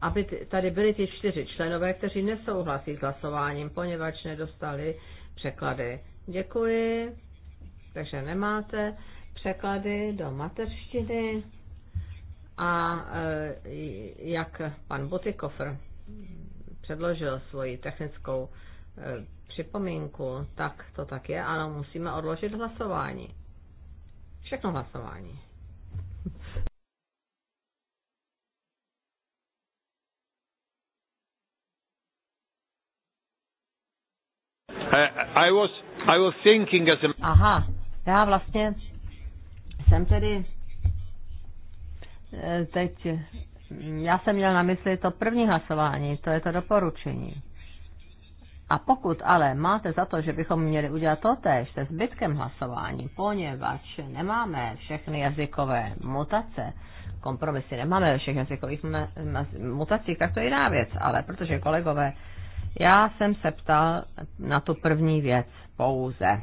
aby tady byli ty čtyři členové, kteří nesouhlasí s hlasováním, poněvadž nedostali překlady. Děkuji, takže nemáte překlady do materštiny a e, jak pan Butikofer předložil svoji technickou e, připomínku, tak to tak je, ano, musíme odložit hlasování. Všechno hlasování. I was, I was thinking as a... Aha, já vlastně jsem tedy eh, teď, já jsem měl na mysli to první hlasování, to je to doporučení. A pokud ale máte za to, že bychom měli udělat to tež se zbytkem hlasování, poněvadž nemáme všechny jazykové mutace, kompromisy nemáme ve všech jazykových mutacích, tak to je jiná věc. Ale protože kolegové, já jsem se ptal na tu první věc pouze.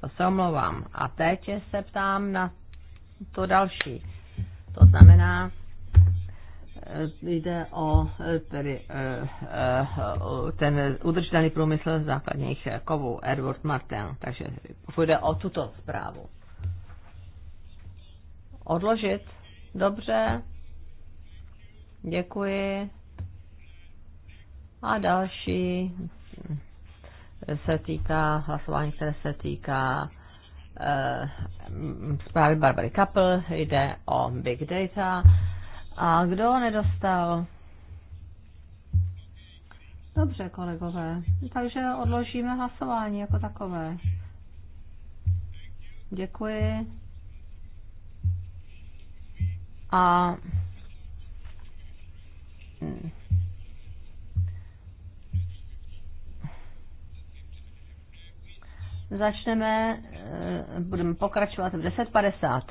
To se omlouvám. A teď se ptám na to další. To znamená, eh, jde o eh, tedy, eh, ten udržitelný průmysl základních kovů, Edward Martin. Takže půjde o tuto zprávu. Odložit? Dobře. Děkuji. A další se týká hlasování, které se týká Eh, zprávy Barbary Kappel, jde o Big Data. A kdo nedostal? Dobře, kolegové. Takže odložíme hlasování jako takové. Děkuji. A Začneme, eh, budeme pokračovat v 10.50.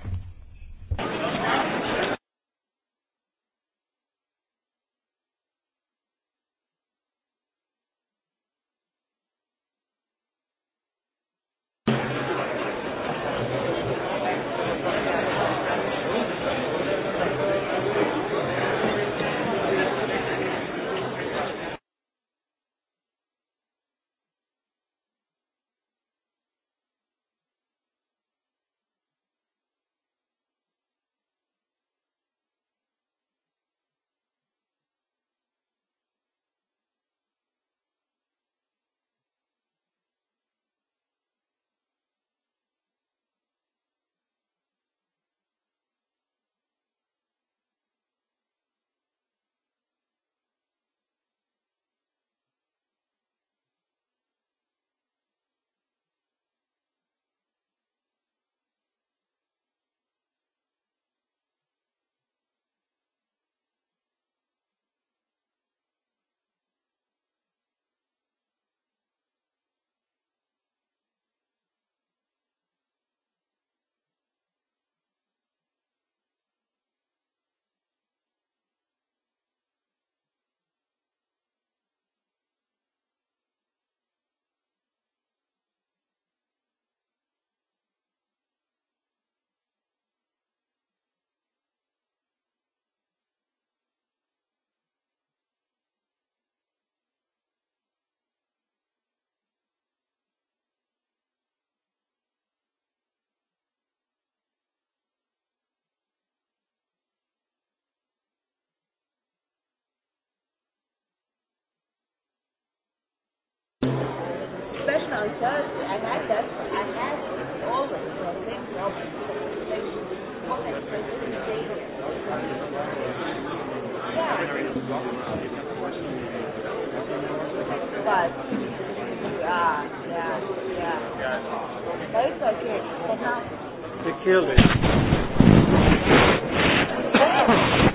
no, it does. I had that. I had all of it. I think all the Yeah. But, yeah, yeah, yeah. But it's okay. But now. They killed it.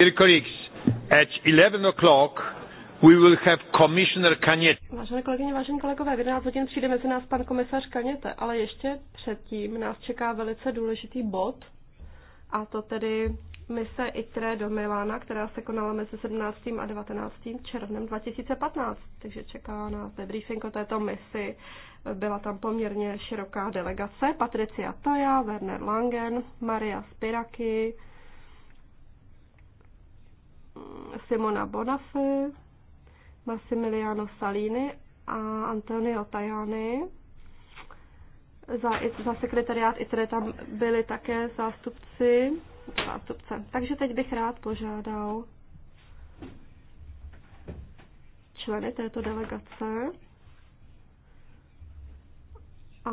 Dear colleagues, at 11 o'clock we will have Commissioner Cañete. Vážené kolegyně, vážení kolegové, v 11 hodin přijde mezi nás pan komisař Kaněte, ale ještě předtím nás čeká velice důležitý bod, a to tedy mise ITRE do Milána, která se konala mezi 17. a 19. červnem 2015. Takže čeká nás debriefing o této misi. Byla tam poměrně široká delegace. Patricia Toja, Werner Langen, Maria Spiraki, Simona Bonafé, Massimiliano Salini a Antonio Tajani. Za, za sekretariát ITRE tam byli také zástupci, zástupce. Takže teď bych rád požádal členy této delegace a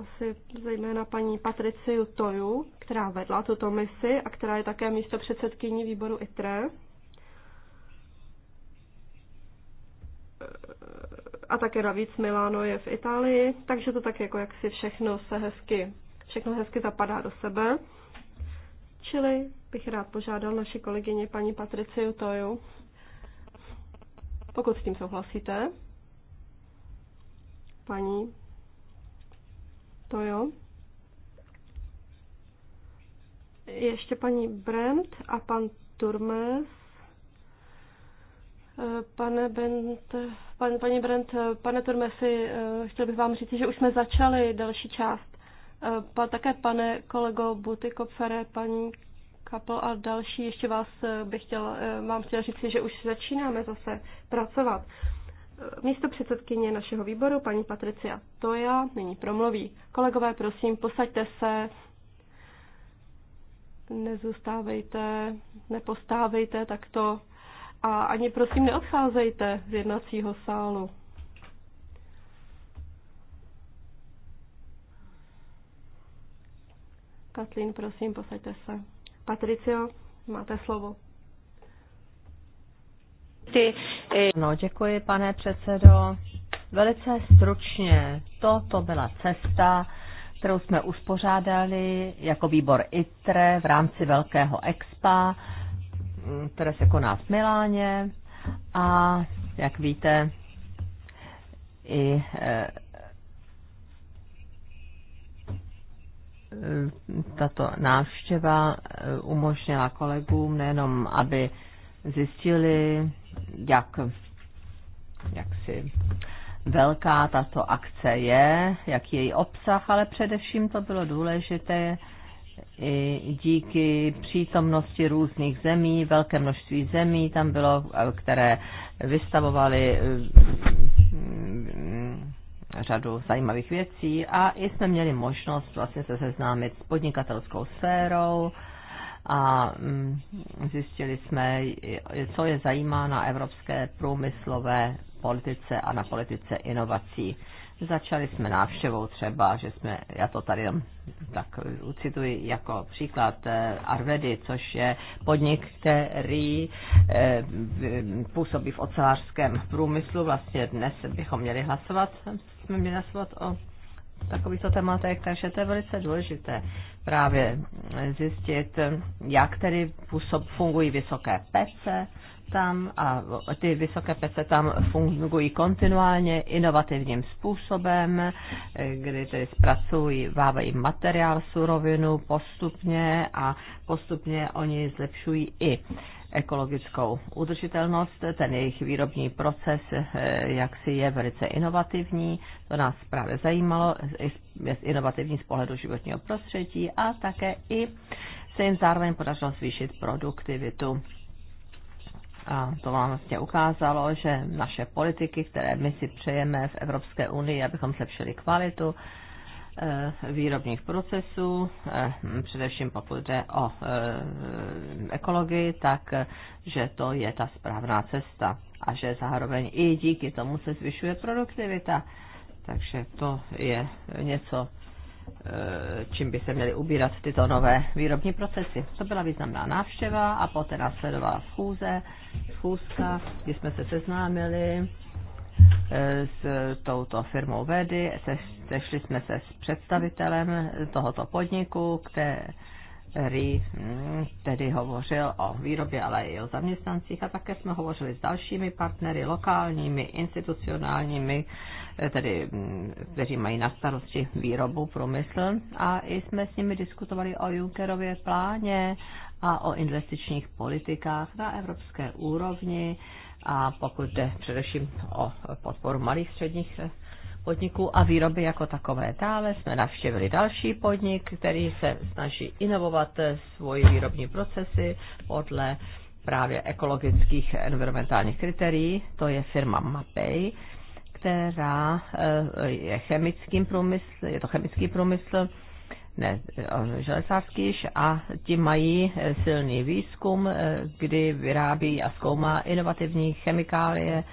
asi zejména paní Patriciu Toju, která vedla tuto misi a která je také místo předsedkyní výboru ITRE. a také navíc Miláno je v Itálii, takže to tak jako jak si všechno se hezky, všechno hezky zapadá do sebe. Čili bych rád požádal naši kolegyně paní Patriciu Toju, pokud s tím souhlasíte, paní Tojo, ještě paní Brent a pan Turmes Pane Bent, pan, paní Brent, pane Turmesi, chtěl bych vám říct, že už jsme začali další část. Pa, také pane kolego Butikopfere, paní Kapel a další, ještě vás bych chtěl, vám chtěl říct, že už začínáme zase pracovat. Místo předsedkyně našeho výboru, paní Patricia Toja, nyní promluví. Kolegové, prosím, posaďte se, nezůstávejte, nepostávejte takto a ani prosím neodcházejte z jednacího sálu. Katlin, prosím, posaďte se. Patricio, máte slovo. Eh, no, děkuji, pane předsedo. Velice stručně, toto byla cesta, kterou jsme uspořádali jako výbor ITRE v rámci Velkého EXPA které se koná v Miláně a jak víte, i e, tato návštěva e, umožnila kolegům nejenom, aby zjistili, jak, jak si velká tato akce je, jaký je její obsah, ale především to bylo důležité i díky přítomnosti různých zemí, velké množství zemí tam bylo, které vystavovaly mm, řadu zajímavých věcí a i jsme měli možnost vlastně se seznámit s podnikatelskou sférou a mm, zjistili jsme, co je zajímá na evropské průmyslové politice a na politice inovací. Začali jsme návštěvou třeba, že jsme, já to tady tak ucituji jako příklad eh, Arvedy, což je podnik, který eh, působí v ocelářském průmyslu. Vlastně dnes bychom měli hlasovat, jsme měli hlasovat o takovýchto tématech, takže to je velice důležité právě zjistit, jak tedy působ, fungují vysoké pece, tam a ty vysoké pece tam fungují kontinuálně inovativním způsobem, kdy tedy zpracují, vávají materiál, surovinu postupně a postupně oni zlepšují i ekologickou udržitelnost. Ten jejich výrobní proces eh, jak si je velice inovativní, to nás právě zajímalo, je inovativní z pohledu životního prostředí a také i se jim zároveň podařilo zvýšit produktivitu a to vám vlastně ukázalo, že naše politiky, které my si přejeme v Evropské unii, abychom zlepšili kvalitu eh, výrobních procesů, eh, především pokud jde o eh, ekologii, tak že to je ta správná cesta a že zároveň i díky tomu se zvyšuje produktivita. Takže to je něco, Eh, čím by se měly ubírat tyto nové výrobní procesy. To byla významná návštěva a poté následovala schůze, schůzka, kdy jsme se seznámili eh, s touto firmou Vedy. Sešli jsme se s představitelem tohoto podniku, které který hm, tedy hovořil o výrobě, ale i o zaměstnancích a také jsme hovořili s dalšími partnery, lokálními, institucionálními, eh, tedy, hm, kteří mají na starosti výrobu, průmysl a i jsme s nimi diskutovali o Junckerově pláně a o investičních politikách na evropské úrovni a pokud jde především o podporu malých středních eh, podniku a výroby jako takové. Dále jsme navštěvili další podnik, který se snaží inovovat eh, svoji výrobní procesy podle právě ekologických environmentálních kritérií. To je firma Mapei, která eh, je chemickým průmysl, je to chemický průmysl, ne, eh, železářský, a ti mají silný výzkum, kdy vyrábí a zkoumá inovativní chemikálie,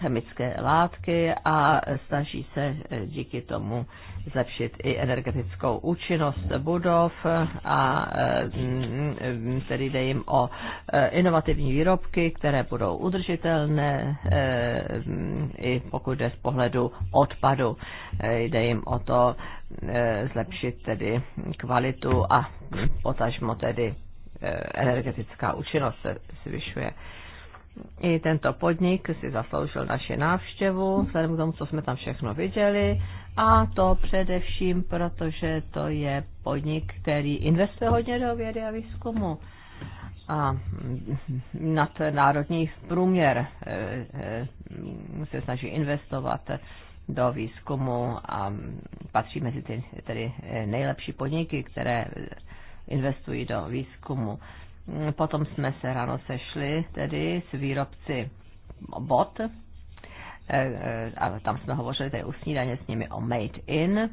chemické látky a snaží se eh, díky tomu zlepšit i energetickou účinnost budov a eh, mm, mm, tedy jde jim o eh, inovativní výrobky, které budou udržitelné mm, i pokud jde z pohledu odpadu. Jde jim o to zlepšit tedy kvalitu a potažmo tedy energetická účinnost se zvyšuje i tento podnik si zasloužil naši návštěvu, vzhledem k tomu, co jsme tam všechno viděli, a to především, protože to je podnik, který investuje hodně do vědy a výzkumu a nad národní průměr eh, eh, se snaží investovat do výzkumu a patří mezi ty tedy eh, nejlepší podniky, které investují do výzkumu. Potom jsme se ráno sešli tedy s výrobci bot, e, e, a tam jsme hovořili tady u snídaně s nimi o Made In,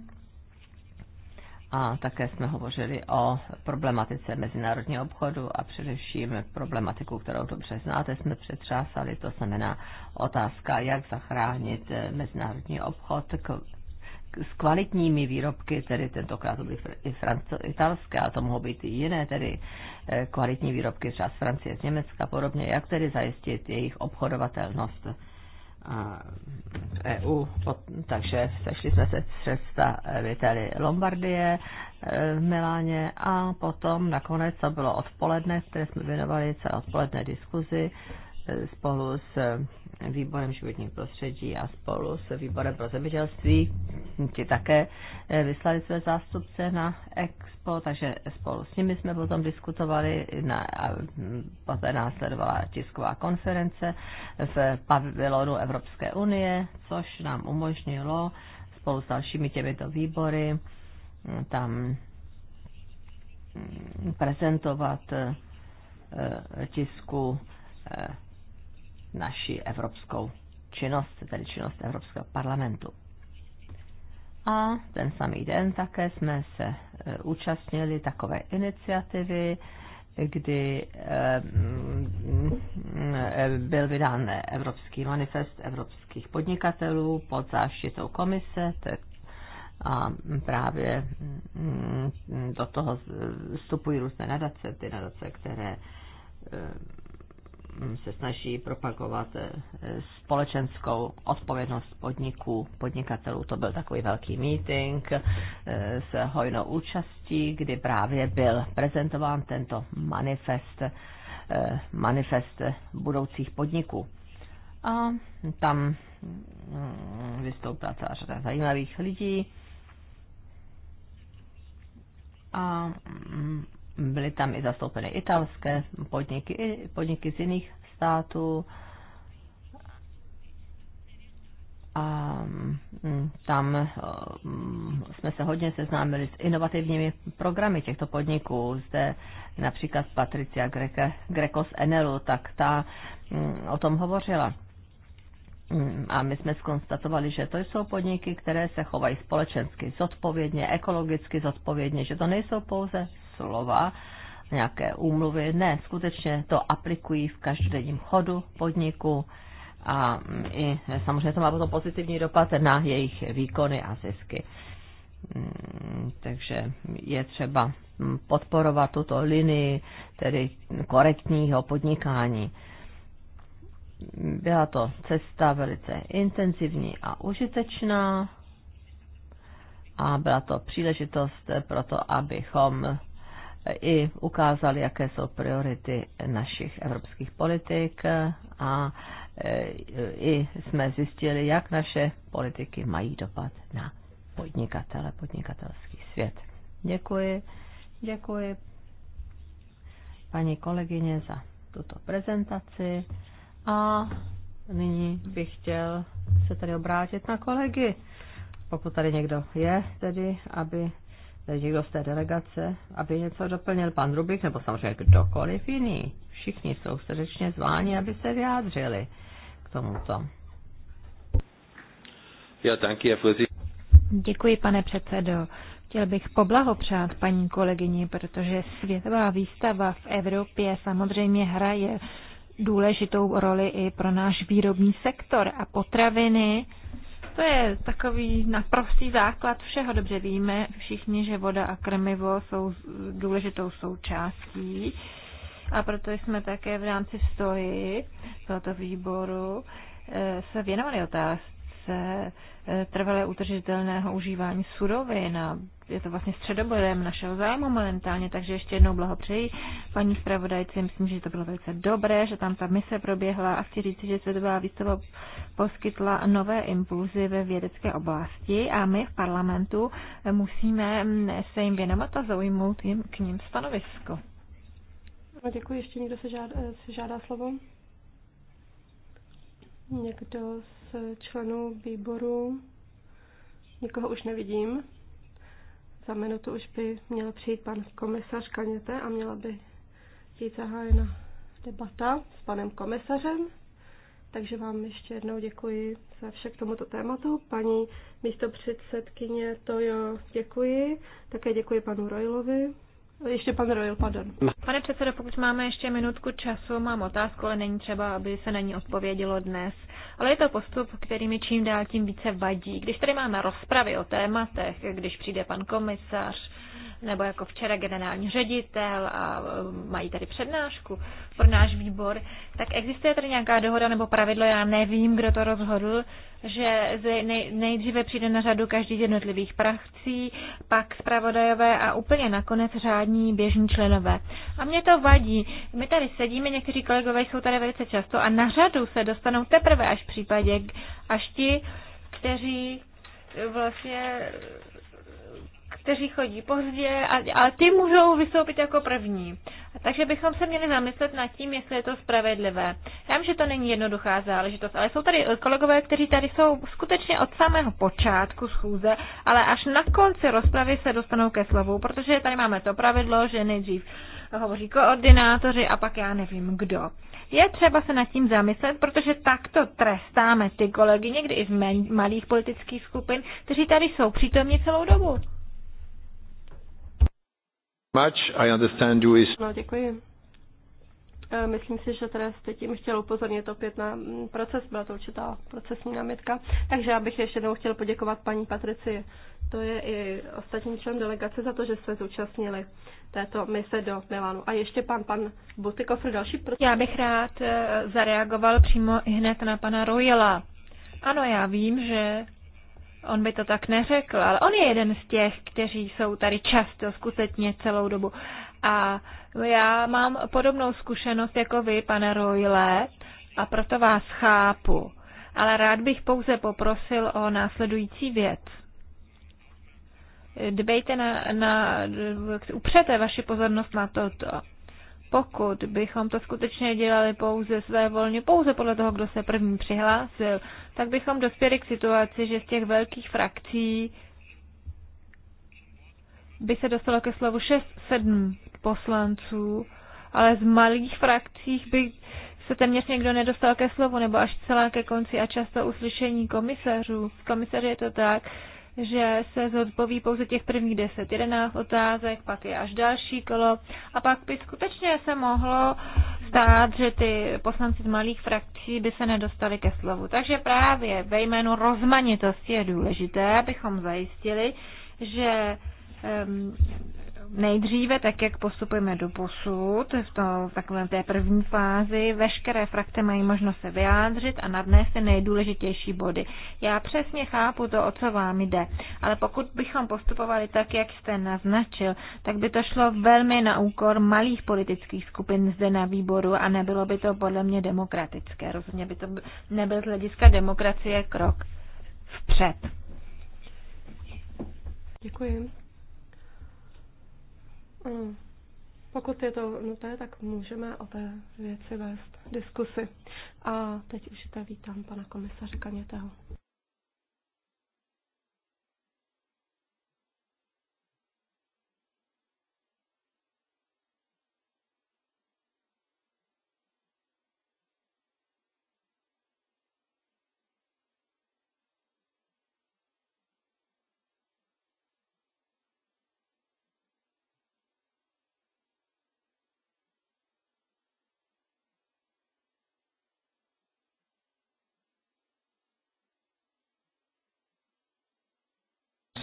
a také jsme hovořili o problematice mezinárodního obchodu a především problematiku, kterou dobře znáte, jsme přetřásali, to znamená otázka, jak zachránit mezinárodní obchod s kvalitními výrobky, tedy tentokrát to byly i franco, italské, a to mohou být i jiné, tedy eh, kvalitní výrobky třeba z Francie, z Německa a podobně, jak tedy zajistit jejich obchodovatelnost v EU. Takže sešli jsme se s představiteli Lombardie eh, v Miláně a potom nakonec, co bylo odpoledne, které jsme věnovali celé odpoledne diskuzi, spolu s eh, výborem životního prostředí a spolu s výborem pro zemědělství ti také eh, vyslali své zástupce na Expo, takže spolu s nimi jsme potom diskutovali na, a hm, poté následovala tisková konference v pavilonu Evropské unie, což nám umožnilo spolu s dalšími těmito výbory hm, tam hm, prezentovat eh, tisku naši evropskou činnost, tedy činnost Evropského parlamentu. A ten samý den také jsme se e, účastnili takové iniciativy, kdy e, e, byl vydán Evropský manifest evropských podnikatelů pod záštitou komise a právě do toho vstupují různé nadace, ty nadace, které se snaží propagovat eh, společenskou odpovědnost podniků, podnikatelů. To byl takový velký meeting eh, s hojnou účastí, kdy právě byl prezentován tento manifest, eh, manifest budoucích podniků. A tam mm, vystoupila celá řada zajímavých lidí. A mm, byly tam i zastoupeny italské podniky, podniky z jiných států. A mm, tam eh, mm, jsme se hodně seznámili s inovativními programy těchto podniků. Zde například Patricia Greke, Greco z Enelu, tak ta mm, o tom hovořila. A my jsme skonstatovali, že to jsou podniky, které se chovají společensky zodpovědně, ekologicky zodpovědně, že to nejsou pouze slova, nějaké úmluvy. Ne, skutečně to aplikují v každodenním chodu podniku a mm, i samozřejmě to má potom pozitivní dopad na jejich výkony a zisky. Mm, takže je třeba mm, podporovat tuto linii, tedy korektního podnikání. Byla to cesta velice intenzivní a užitečná a byla to příležitost pro to, abychom i ukázal, jaké jsou priority našich evropských politik a e, i jsme zjistili, jak naše politiky mají dopad na podnikatele, podnikatelský svět. Děkuji, děkuji paní kolegyně za tuto prezentaci a nyní bych chtěl se tady obrátit na kolegy, pokud tady někdo je, tedy, aby někdo z té delegace, aby něco doplnil pan Rubik, nebo samozřejmě kdokoliv jiný. Všichni jsou srdečně zváni, aby se vyjádřili k tomuto. Já taky, Děkuji, pane předsedo. Chtěl bych poblahopřát paní kolegyni, protože světová výstava v Evropě samozřejmě hraje důležitou roli i pro náš výrobní sektor a potraviny to je takový naprostý základ všeho. Dobře víme všichni, že voda a krmivo jsou důležitou součástí a proto jsme také v rámci stoji tohoto výboru eh, se věnovali otázce eh, trvalé utržitelného užívání surovin a je to vlastně středobodem našeho zájmu momentálně, takže ještě jednou blahopřeji paní zpravodajci. Myslím, že to bylo velice dobré, že tam ta mise proběhla a chci říct, že Světová výstava poskytla nové impulzy ve vědecké oblasti a my v parlamentu musíme se jim věnovat a zaujmout jim k ním stanovisko. No, děkuji. Ještě někdo se žádá, se žádá slovo? Někdo z členů výboru? Nikoho už nevidím. Za minutu už by měl přijít pan komisař Kaněte a měla by být zahájena debata s panem komisařem. Takže vám ještě jednou děkuji za vše k tomuto tématu. Paní místo předsedkyně Tojo, děkuji. Také děkuji panu Rojlovi. Ještě pan Rojil, pardon. Pane předsedo, pokud máme ještě minutku času, mám otázku, ale není třeba, aby se na ní odpovědělo dnes. Ale je to postup, který mi čím dál tím více vadí. Když tady máme rozpravy o tématech, když přijde pan komisař, nebo jako včera generální ředitel a um, mají tady přednášku pro náš výbor, tak existuje tady nějaká dohoda nebo pravidlo, já nevím, kdo to rozhodl, že nejdříve přijde na řadu každý z jednotlivých praxí, pak zpravodajové a úplně nakonec řádní běžní členové. A mě to vadí. My tady sedíme, někteří kolegové jsou tady velice často a na řadu se dostanou teprve až v případě, až ti, kteří vlastně kteří chodí pozdě, a, ale ty můžou vystoupit jako první. Takže bychom se měli zamyslet nad tím, jestli je to spravedlivé. Já vím, že to není jednoduchá záležitost, ale jsou tady eh, kolegové, kteří tady jsou skutečně od samého počátku schůze, ale až na konci rozpravy se dostanou ke slovu, protože tady máme to pravidlo, že nejdřív hovoří koordinátoři a pak já nevím kdo. Je třeba se nad tím zamyslet, protože takto trestáme ty kolegy, někdy i z malých politických skupin, kteří tady jsou přítomní celou dobu. Much. I understand you is... No, děkuji. E, myslím si, že teda jste tím chtěl upozornit opět na mm, proces, byla to určitá procesní námitka. Takže já bych ještě jednou chtěl poděkovat paní Patrici, to je i ostatním členům delegace za to, že jste zúčastnili této mise do Milánu. A ještě pan, pan Butikov, další proces. Já bych rád e, zareagoval přímo hned na pana Rojela. Ano, já vím, že On by to tak neřekl, ale on je jeden z těch, kteří jsou tady často, skutečně celou dobu. A já mám podobnou zkušenost jako vy, pane Royle, a proto vás chápu. Ale rád bych pouze poprosil o následující věc. Dbejte na, na upřete vaši pozornost na toto pokud bychom to skutečně dělali pouze své volně, pouze podle toho, kdo se první přihlásil, tak bychom dospěli k situaci, že z těch velkých frakcí by se dostalo ke slovu 6-7 poslanců, ale z malých frakcí by se téměř někdo nedostal ke slovu, nebo až celá ke konci a často uslyšení komisařů. V komisaři je to tak, že se zodpoví pouze těch prvních 10, 11 otázek, pak je až další kolo a pak by skutečně se mohlo stát, že ty poslanci z malých frakcí by se nedostali ke slovu. Takže právě ve jménu rozmanitosti je důležité, abychom zajistili, že um, nejdříve, tak jak postupujeme do posud, v, to, v takové té první fázi, veškeré frakce mají možnost se vyjádřit a nadnést se nejdůležitější body. Já přesně chápu to, o co vám jde, ale pokud bychom postupovali tak, jak jste naznačil, tak by to šlo velmi na úkor malých politických skupin zde na výboru a nebylo by to podle mě demokratické. Rozhodně by to nebyl z hlediska demokracie krok vpřed. Děkuji. Pokud je to nutné, tak můžeme o té věci vést diskusy. A teď už vítám pana komisaře Kanětého.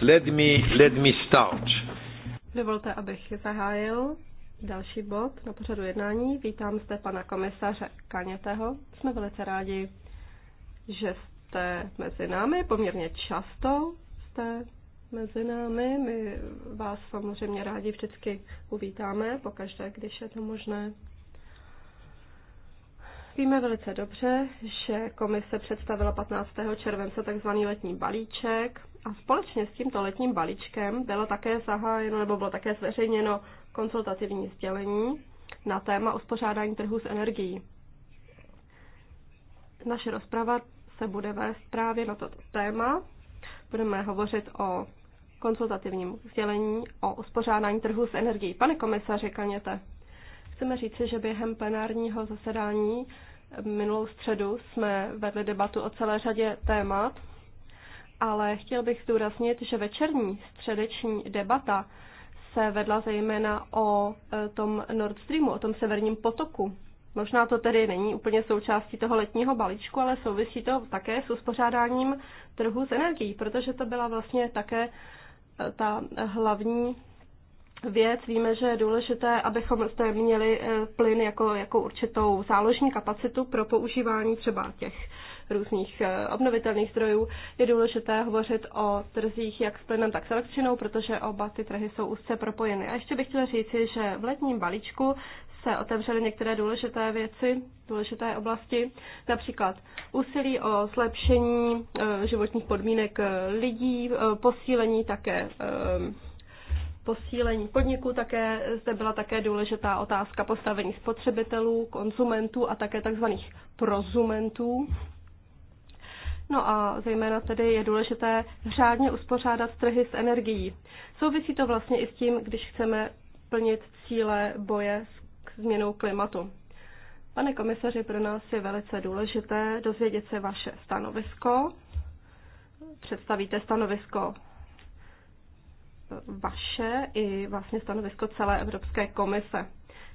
Let me, let me start. Dovolte, abych zahájil další bod na pořadu jednání. Vítám zde pana komisaře Kaněteho. Jsme velice rádi, že jste mezi námi. Poměrně často jste mezi námi. My vás samozřejmě rádi vždycky uvítáme, pokaždé, když je to možné. Víme velice dobře, že komise představila 15. července tzv. letní balíček a společně s tímto letním balíčkem bylo také zahájeno nebo bylo také zveřejněno konzultativní sdělení na téma uspořádání trhu s energií. Naše rozprava se bude vést právě na toto téma. Budeme hovořit o konzultativním sdělení o uspořádání trhu s energií. Pane komisaři, kaněte. Chceme říci, že během plenárního zasedání minulou středu jsme vedli debatu o celé řadě témat, ale chtěl bych zdůraznit, že večerní středeční debata se vedla zejména o e, tom Nord Streamu, o tom severním potoku. Možná to tedy není úplně součástí toho letního balíčku, ale souvisí to také s uspořádáním trhu s energií, protože to byla vlastně také e, ta hlavní věc. Víme, že je důležité, abychom zde měli eh, plyn jako, jako určitou záložní kapacitu pro používání třeba těch různých eh, obnovitelných zdrojů. Je důležité hovořit o trzích jak s plynem, tak s elektřinou, protože oba ty trhy jsou úzce propojeny. A ještě bych chtěla říci, že v letním balíčku se otevřely některé důležité věci, důležité oblasti, například úsilí o zlepšení eh, životních podmínek lidí, posílení také posílení podniků také zde byla také důležitá otázka postavení spotřebitelů, konzumentů a také tzv. prozumentů. No a zejména tedy je důležité řádně uspořádat trhy s energií. Souvisí to vlastně i s tím, když chceme plnit cíle boje s změnou klimatu. Pane komisaři, pro nás je velice důležité dozvědět se vaše stanovisko. Představíte stanovisko vaše i vlastně stanovisko celé Evropské komise.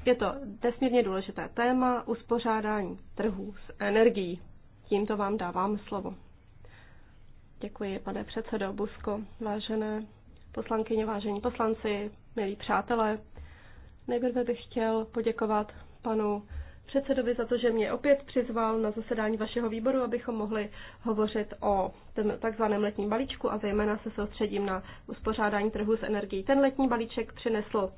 Je to nesmírně důležité téma uspořádání trhů s energií. Tímto vám dávám slovo. Děkuji, pane předsedo Busko, vážené poslankyně, vážení poslanci, milí přátelé. Nejprve bych chtěl poděkovat panu předsedovi za to, že mě opět přizval na zasedání vašeho výboru, abychom mohli hovořit o takzvaném letním balíčku a zejména se soustředím na uspořádání trhu s energií. Ten letní balíček přinesl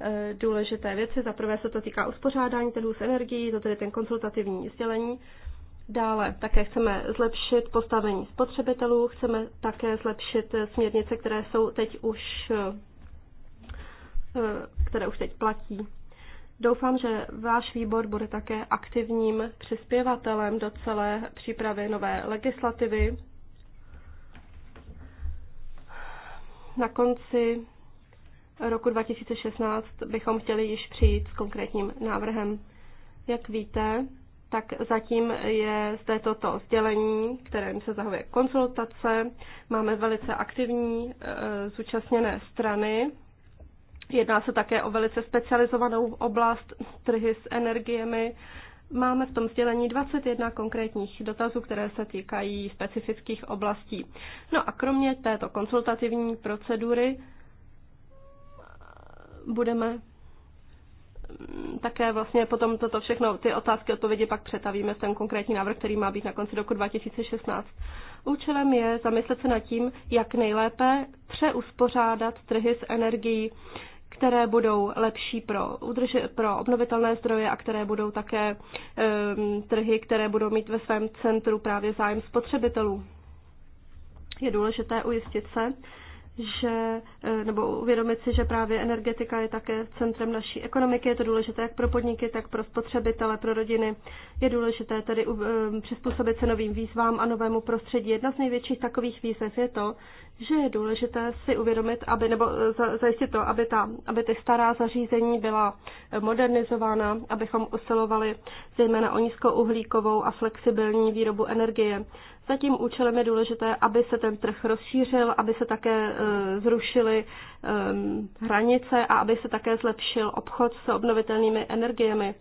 eh, důležité věci. Za prvé se to týká uspořádání trhu s energií, to tedy ten konzultativní sdělení. Dále také chceme zlepšit postavení spotřebitelů, chceme také zlepšit směrnice, které jsou teď už eh, eh, které už teď platí. Doufám, že váš výbor bude také aktivním přispěvatelem do celé přípravy nové legislativy. Na konci roku 2016 bychom chtěli již přijít s konkrétním návrhem. Jak víte, tak zatím je zde toto sdělení, kterým se zahuje konsultace. Máme velice aktivní e, zúčastněné strany Jedná se také o velice specializovanou oblast trhy s energiemi. Máme v tom sdělení 21 konkrétních dotazů, které se týkají specifických oblastí. No a kromě této konsultativní procedury budeme mm, také vlastně potom toto všechno, ty otázky, odpovědi pak přetavíme v ten konkrétní návrh, který má být na konci roku 2016. Účelem je zamyslet se nad tím, jak nejlépe přeuspořádat trhy s energií které budou lepší pro, udrži- pro obnovitelné zdroje a které budou také um, trhy, které budou mít ve svém centru právě zájem spotřebitelů. Je důležité ujistit se, že, eh, nebo uvědomit si, že právě energetika je také centrem naší ekonomiky. Je to důležité jak pro podniky, tak pro spotřebitele, pro rodiny. Je důležité tedy eh, přizpůsobit se novým výzvám a novému prostředí. Jedna z největších takových výzev je to, že je důležité si uvědomit, aby, nebo eh, zajistit to, aby, ta, aby ty stará zařízení byla modernizována, abychom usilovali zejména o nízkouhlíkovou a flexibilní výrobu energie. Za tím účelem je důležité, aby se ten trh rozšířil, aby se také eh, zrušily eh, hranice a aby se také zlepšil obchod s obnovitelnými energiemi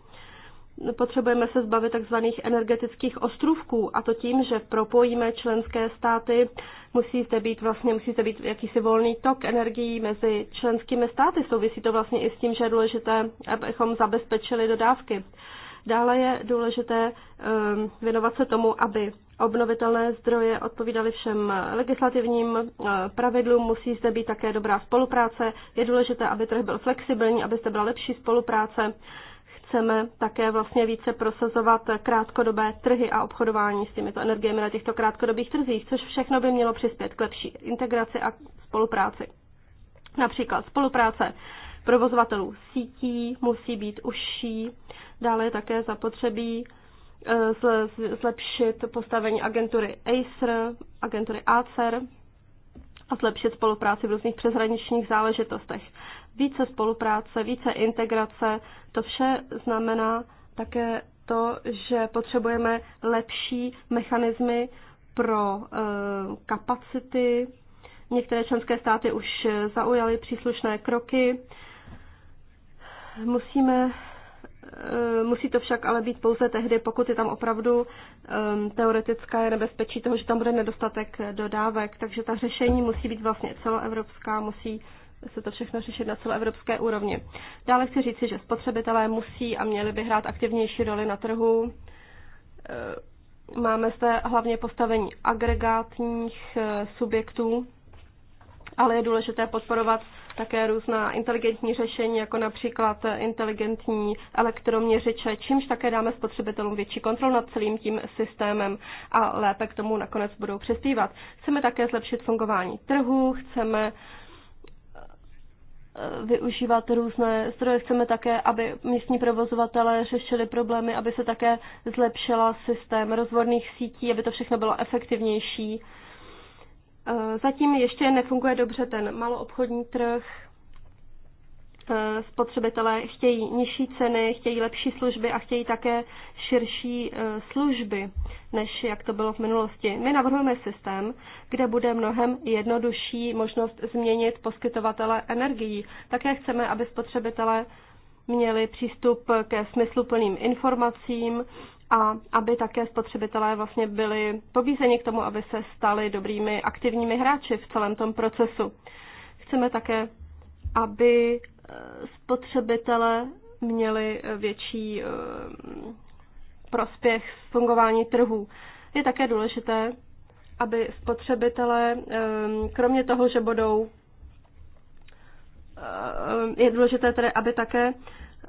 potřebujeme se zbavit tzv. energetických ostrůvků a to tím, že propojíme členské státy, musí zde být vlastně, musí zde být jakýsi volný tok energií mezi členskými státy. Souvisí to vlastně i s tím, že je důležité, abychom zabezpečili dodávky. Dále je důležité eh, věnovat se tomu, aby obnovitelné zdroje odpovídaly všem legislativním eh, pravidlům, musí zde být také dobrá spolupráce. Je důležité, aby trh byl flexibilní, aby zde byla lepší spolupráce. Chceme také vlastně více prosazovat krátkodobé trhy a obchodování s těmito energiemi na těchto krátkodobých trzích, což všechno by mělo přispět k lepší integraci a spolupráci. Například spolupráce provozovatelů sítí musí být užší, dále také zapotřebí Eh, zlepšit postavení agentury ACER, agentury ACER a zlepšit spolupráci v různých přeshraničních záležitostech. Více spolupráce, více integrace, to vše znamená také to, že potřebujeme lepší mechanismy pro eh, kapacity. Některé členské státy už zaujaly příslušné kroky. Musíme Eh, musí to však ale být pouze tehdy, pokud je tam opravdu ehm, teoretické nebezpečí toho, že tam bude nedostatek eh, dodávek. Takže ta řešení musí být vlastně celoevropská, musí se to všechno řešit na celoevropské úrovni. Dále chci říci, že spotřebitelé musí a měli by hrát aktivnější roli na trhu. Eh, máme zde hlavně postavení agregátních subjektů, ale je důležité podporovat také různá inteligentní řešení, jako například inteligentní elektroměřiče, čímž také dáme spotřebitelům větší kontrolu nad celým tím systémem a lépe k tomu nakonec budou přispívat. Chceme také zlepšit fungování trhu, chceme eh, využívat různé zdroje. Chceme také, aby místní provozovatelé řešili problémy, aby se také zlepšila systém rozvodných sítí, aby to všechno bylo efektivnější Eh, zatím ještě nefunguje dobře ten maloobchodní trh. Eh, spotřebitelé chtějí nižší ceny, chtějí lepší služby a chtějí také širší eh, služby, než jak to bylo v minulosti. My navrhujeme systém, kde bude mnohem jednodušší možnost změnit poskytovatele energií. Také chceme, aby spotřebitelé měli přístup ke smysluplným informacím, a aby také spotřebitelé vlastně byli pobízeni k tomu, aby se stali dobrými aktivními hráči v celém tom procesu. Chceme také, aby eh, spotřebitelé měli eh, větší eh, prospěch z fungování trhu. Je také důležité, aby spotřebitelé, kromě toho, že budou, je důležité tedy, aby také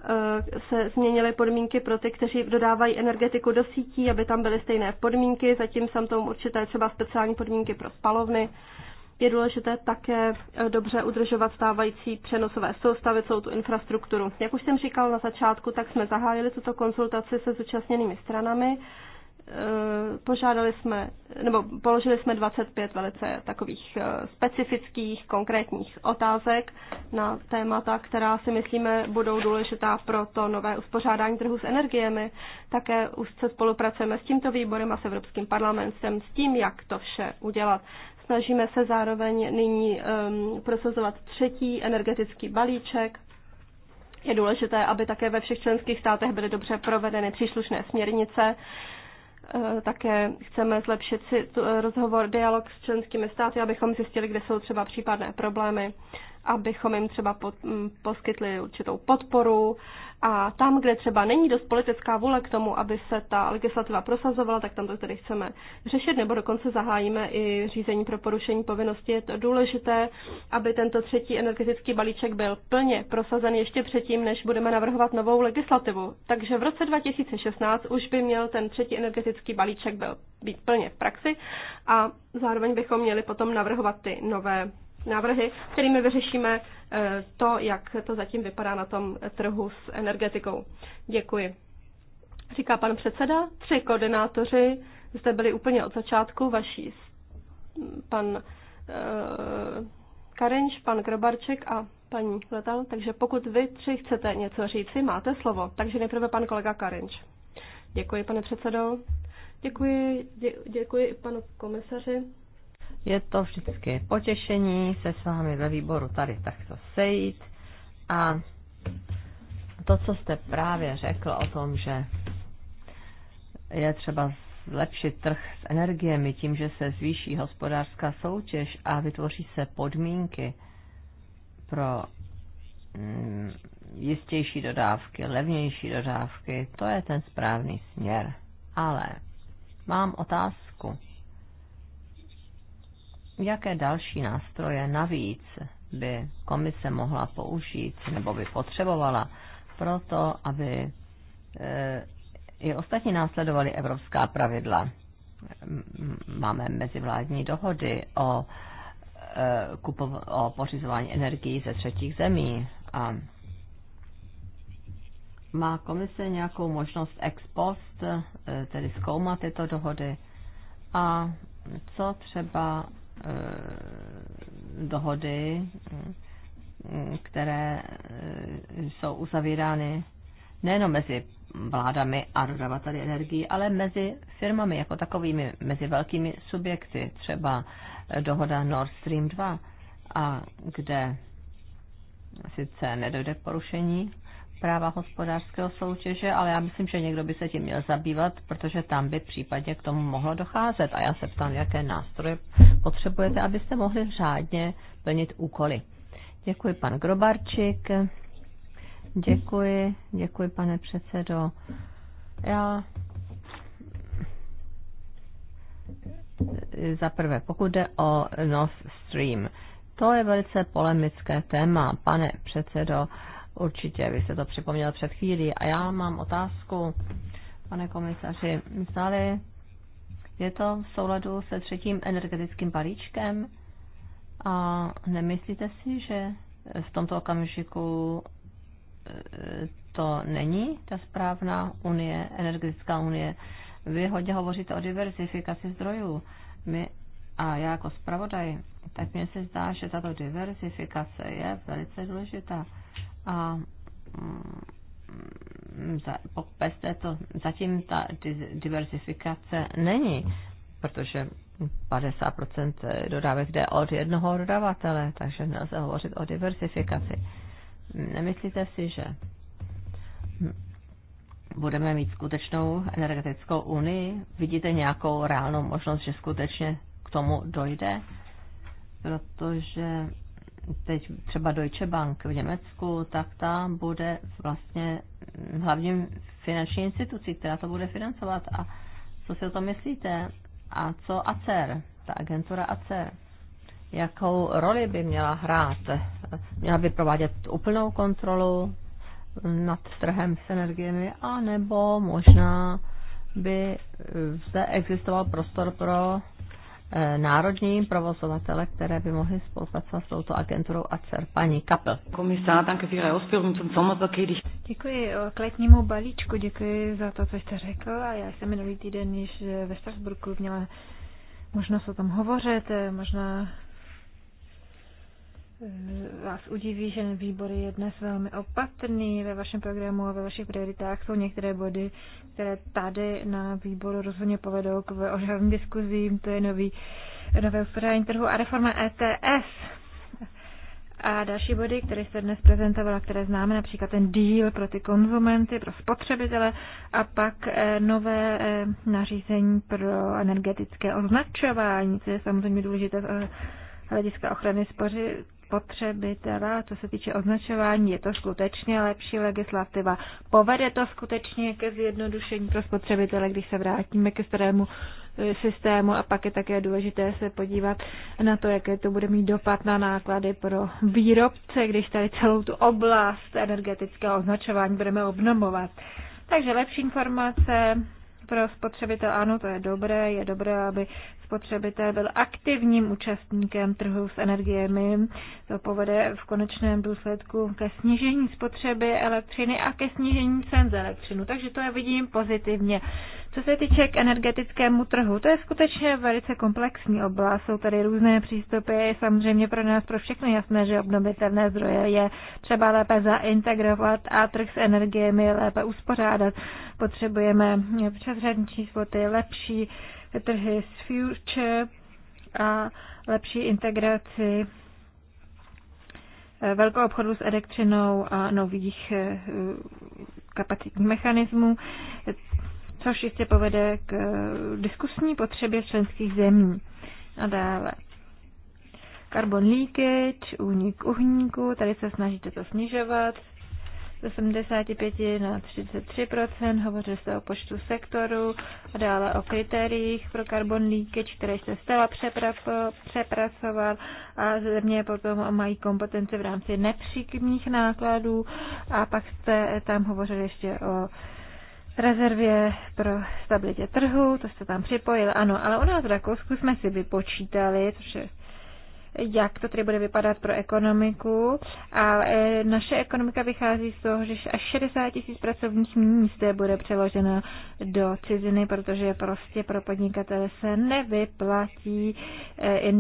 Eh, se změnily podmínky pro ty, kteří dodávají energetiku do sítí, aby tam byly stejné podmínky, zatím jsou tam určité třeba speciální podmínky pro spalovny. Je důležité také eh, dobře udržovat stávající přenosové soustavy, celou tu infrastrukturu. Jak už jsem říkal na začátku, tak jsme zahájili tuto konzultaci se zúčastněnými stranami Eh, požádali jsme, nebo položili jsme 25 velice takových eh, specifických, konkrétních otázek na témata, která si myslíme budou důležitá pro to nové uspořádání trhu s energiemi. Také úzce spolupracujeme s tímto výborem a s Evropským parlamentem s tím, jak to vše udělat. Snažíme se zároveň nyní um, prosazovat třetí energetický balíček, je důležité, aby také ve všech členských státech byly dobře provedeny příslušné směrnice. Uh, Eh, také chceme zlepšit si eh, rozhovor, dialog s členskými státy, abychom zjistili, kde jsou třeba případné problémy abychom jim třeba pod, mm, poskytli určitou podporu a tam, kde třeba není dost politická vůle k tomu, aby se ta legislativa prosazovala, tak tam to tedy chceme řešit, nebo dokonce zahájíme i řízení pro porušení povinnosti. Je to důležité, aby tento třetí energetický balíček byl plně prosazen ještě předtím, než budeme navrhovat novou legislativu. Takže v roce 2016 už by měl ten třetí energetický balíček byl, být plně v praxi a zároveň bychom měli potom navrhovat ty nové návrhy, kterými vyřešíme eh, to, jak to zatím vypadá na tom trhu s energetikou. Děkuji. Říká pan předseda, tři koordinátoři zde byli úplně od začátku vaší pan eh, Karenč, pan Grobarček a paní Letal, takže pokud vy tři chcete něco říci, máte slovo. Takže nejprve pan kolega Karenč. Děkuji, pane předsedo. Děkuji, dě, děkuji i panu komisaři je to vždycky potěšení se s vámi ve výboru tady takto sejít a to, co jste právě řekl o tom, že je třeba zlepšit trh s energiemi tím, že se zvýší hospodářská soutěž a vytvoří se podmínky pro mm, jistější dodávky, levnější dodávky, to je ten správný směr. Ale mám otázku jaké další nástroje navíc by komise mohla použít nebo by potřebovala proto, aby eh, i ostatní následovali evropská pravidla. Máme mezivládní dohody o, eh, kupov- o pořizování energií ze třetích zemí a má komise nějakou možnost ex post, eh, tedy zkoumat tyto dohody a co třeba Eh, dohody, eh, které eh, jsou uzavírány nejenom mezi vládami a dodavateli energii, ale mezi firmami jako takovými, mezi velkými subjekty, třeba dohoda Nord Stream 2, a kde sice nedojde k porušení práva hospodářského soutěže, ale já myslím, že někdo by se tím měl zabývat, protože tam by případně k tomu mohlo docházet. A já se ptám, jaké nástroje potřebujete, abyste mohli řádně plnit úkoly. Děkuji, pan Grobarčík. Děkuji, děkuji, pane předsedo. Já za prvé, pokud jde o Nord Stream, to je velice polemické téma, pane předsedo. Určitě, vy jste to připomněl před chvílí. A já mám otázku, pane komisaři, zdali je to v souladu se třetím energetickým balíčkem a nemyslíte si, že v tomto okamžiku e, to není ta správná unie, energetická unie. Vy hodně hovoříte o diversifikaci zdrojů. My, a já jako zpravodaj, tak mně se zdá, že tato diversifikace je velice důležitá. A mm, bez této, zatím ta diversifikace není, protože 50% dodávek jde od jednoho dodavatele, takže nelze hovořit o diversifikaci. Nemyslíte si, že budeme mít skutečnou energetickou unii? Vidíte nějakou reálnou možnost, že skutečně k tomu dojde? Protože teď třeba Deutsche Bank v Německu, tak ta bude vlastně hlavním finanční institucí, která to bude financovat. A co si o tom myslíte? A co ACER, ta agentura ACER? Jakou roli by měla hrát? Měla by provádět úplnou kontrolu nad trhem s energiemi, anebo možná by zde existoval prostor pro Eh, národní provozovatele, které by mohly spolupracovat s touto agenturou a CER. Paní Kapel. Děkuji eh, k letnímu balíčku, děkuji za to, co jste řekl. A já jsem minulý týden již eh, ve Strasburku měla možnost o tom hovořit, možná vás udiví, že výbor je dnes velmi opatrný ve vašem programu a ve vašich prioritách. Jsou některé body, které tady na výboru rozhodně povedou k ožavým diskuzím. To je nový, nové uspořádání trhu a reforma ETS. A další body, které jste dnes prezentovala, které známe, například ten díl pro ty konzumenty, pro spotřebitele a pak eh, nové eh, nařízení pro energetické označování, co je samozřejmě důležité z eh, hlediska ochrany spoři, spotřebitele, co se týče označování, je to skutečně lepší legislativa. Povede to skutečně ke zjednodušení pro spotřebitele, když se vrátíme ke starému e, systému a pak je také důležité se podívat na to, jaké to bude mít dopad na náklady pro výrobce, když tady celou tu oblast energetického označování budeme obnovovat. Takže lepší informace, pro spotřebitel ano, to je dobré, je dobré, aby spotřebitel byl aktivním účastníkem trhu s energiemi. To povede v konečném důsledku ke snížení spotřeby elektřiny a ke snížení cen za elektřinu. Takže to já vidím pozitivně. Co se týče k energetickému trhu, to je skutečně velice komplexní oblast. Jsou tady různé přístupy. Je samozřejmě pro nás pro všechny jasné, že obnovitelné zdroje je třeba lépe zaintegrovat a trh s energiemi lépe uspořádat. Potřebujeme přeshraniční spoty, lepší trhy s future a lepší integraci eh, velkou obchodu s elektřinou a nových eh, kapacitních mechanismů, což jistě povede k eh, diskusní potřebě členských zemí. A dále. Carbon leakage, únik uhníku, tady se snažíte to snižovat, 75 na 33%, hovořil jste o počtu sektorů a dále o kritériích pro karbon leakage, které jste stala přepracoval a země potom mají kompetence v rámci nepříkrmních nákladů a pak jste tam hovořil ještě o rezervě pro stabilitě trhu, to jste tam připojil, ano, ale u nás v Rakousku jsme si vypočítali, což je jak to tedy bude vypadat pro ekonomiku. A e, naše ekonomika vychází z toho, že až 60 tisíc pracovních míst bude přeloženo do ciziny, protože prostě pro podnikatele se nevyplatí e,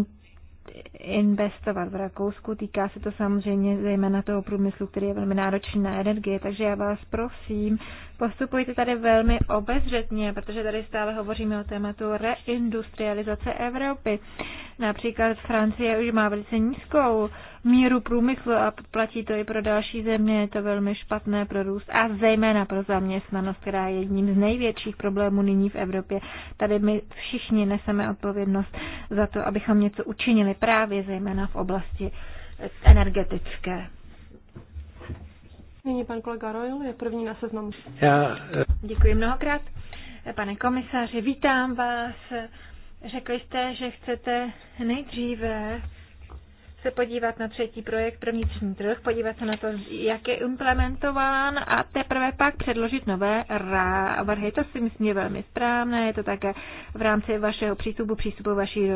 investovat v Rakousku. Týká se to samozřejmě zejména toho průmyslu, který je velmi náročný na energie, takže já vás prosím, Postupujte tady velmi obezřetně, protože tady stále hovoříme o tématu reindustrializace Evropy. Například Francie už má velice nízkou míru průmyslu a platí to i pro další země. Je to velmi špatné pro růst a zejména pro zaměstnanost, která je jedním z největších problémů nyní v Evropě. Tady my všichni neseme odpovědnost za to, abychom něco učinili právě zejména v oblasti energetické. Nyní pan kolega Royal je první na seznamu. Já... Eh, Děkuji mnohokrát. Pane komisaři, vítám vás. Řekl jste, že chcete nejdříve se podívat na třetí projekt pro vnitřní trh, podívat se na to, jak je implementován a teprve pak předložit nové návrhy. To si myslím je velmi správné, je to také v rámci vašeho přístupu, přístupu vaší eh,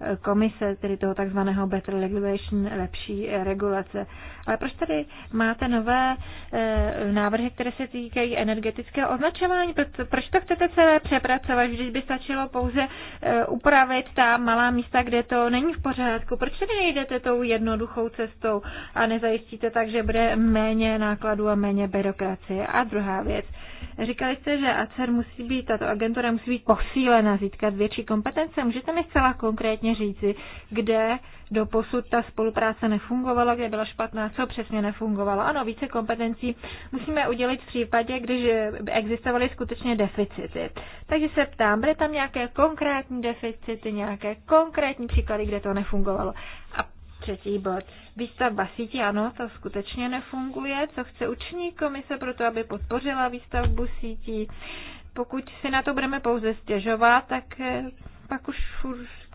eh, komise, tedy toho takzvaného better regulation, lepší regulace. Ale proč tady máte nové e, návrhy, které se týkají energetického označování? Proč to chcete celé přepracovat? Vždyť by stačilo pouze e, upravit ta malá místa, kde to není v pořádku. Proč tady nejdete tou jednoduchou cestou a nezajistíte tak, že bude méně nákladů a méně byrokracie? A druhá věc. Říkali jste, že ACER musí být, tato agentura musí být posílena, získat větší kompetence. Můžete mi zcela konkrétně říci, kde do posud ta spolupráce nefungovala, kde byla špatná, co přesně nefungovalo. Ano, více kompetencí musíme udělit v případě, když existovaly skutečně deficity. Takže se ptám, byly tam nějaké konkrétní deficity, nějaké konkrétní příklady, kde to nefungovalo. A třetí bod. Výstavba sítí, ano, to skutečně nefunguje. Co chce uční komise pro to, aby podpořila výstavbu sítí? Pokud si na to budeme pouze stěžovat, tak eh, pak už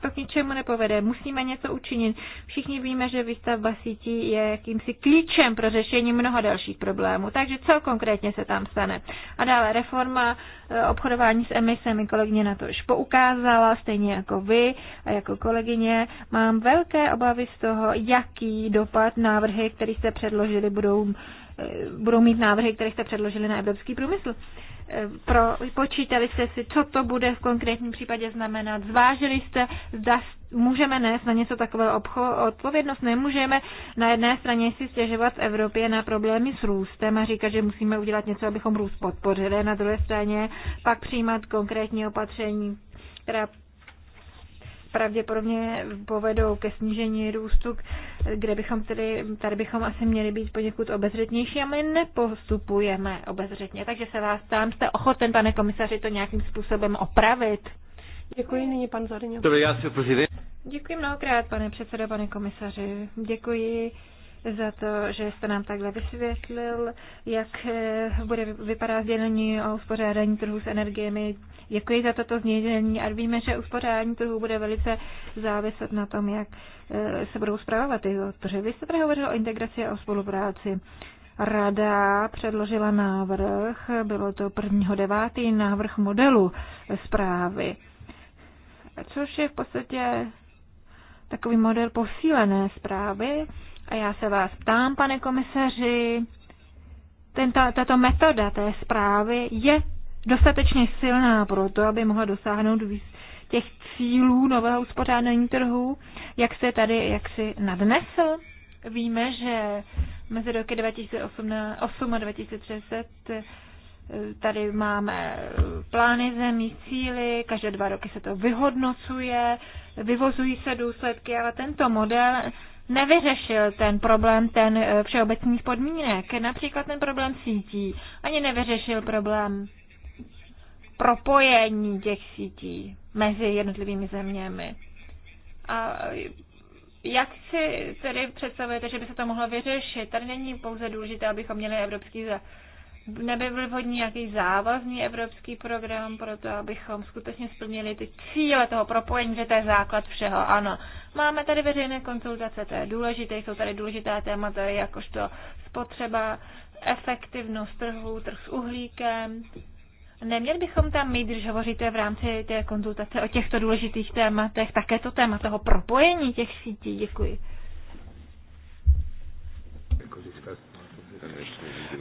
to k ničemu nepovede. Musíme něco učinit. Všichni víme, že výstavba sítí je jakýmsi klíčem pro řešení mnoha dalších problémů. Takže co konkrétně se tam stane? A dále reforma e, obchodování s emisemi. Kolegyně na to už poukázala, stejně jako vy a jako kolegyně. Mám velké obavy z toho, jaký dopad návrhy, které jste předložili, budou e, budou mít návrhy, které jste předložili na evropský průmysl. Eh, pro, počítali jste si, co to bude v konkrétním případě znamenat, zvážili jste, zda můžeme nést na něco takového obcho- odpovědnost, nemůžeme na jedné straně si stěžovat v Evropě na problémy s růstem a říkat, že musíme udělat něco, abychom růst podpořili, na druhé straně pak přijímat konkrétní opatření, která pravděpodobně povedou ke snížení růstu, kde bychom tedy, tady bychom asi měli být poněkud obezřetnější a my nepostupujeme obezřetně. Takže se vás ptám, jste ochoten, pane komisaři, to nějakým způsobem opravit? Děkuji, nyní pan Zariňo. Dobrý, já si Děkuji mnohokrát, pane předsedo, pane komisaři. Děkuji za to, že jste nám takhle vysvětlil, jak eh, bude vypadat sdělení o uspořádání trhu s energiemi. Děkuji za toto změnění a víme, že uspořádání trhu bude velice záviset na tom, jak eh, se budou zpravovat tyto trhy. Vy jste hovořil o integraci a o spolupráci. Rada předložila návrh, bylo to prvního devátý návrh modelu zprávy, což je v podstatě takový model posílené zprávy, a já se vás ptám, pane komisaři, tento, tato metoda té zprávy je dostatečně silná pro to, aby mohla dosáhnout těch cílů nového uspořádání trhu, jak se tady jak si nadnesl. Víme, že mezi roky 2008 a 2030 eh, tady máme plány zemí, cíly, každé dva roky se to vyhodnocuje, vyvozují se důsledky, ale tento model nevyřešil ten problém ten eh, všeobecných podmínek, například ten problém sítí, ani nevyřešil problém propojení těch sítí mezi jednotlivými zeměmi. A eh, jak si tedy představujete, že by se to mohlo vyřešit? Tady není pouze důležité, abychom měli evropský nebyl byl vhodný nějaký závazný evropský program pro to, abychom skutečně splnili ty cíle toho propojení, že to je základ všeho. Ano, máme tady veřejné konzultace, to je důležité, jsou tady důležitá témata, jakožto spotřeba, efektivnost trhu, trh s uhlíkem. Neměli bychom tam mít, když hovoříte v rámci té konzultace o těchto důležitých tématech, také to téma toho propojení těch sítí. Děkuji. Děkuji. Jako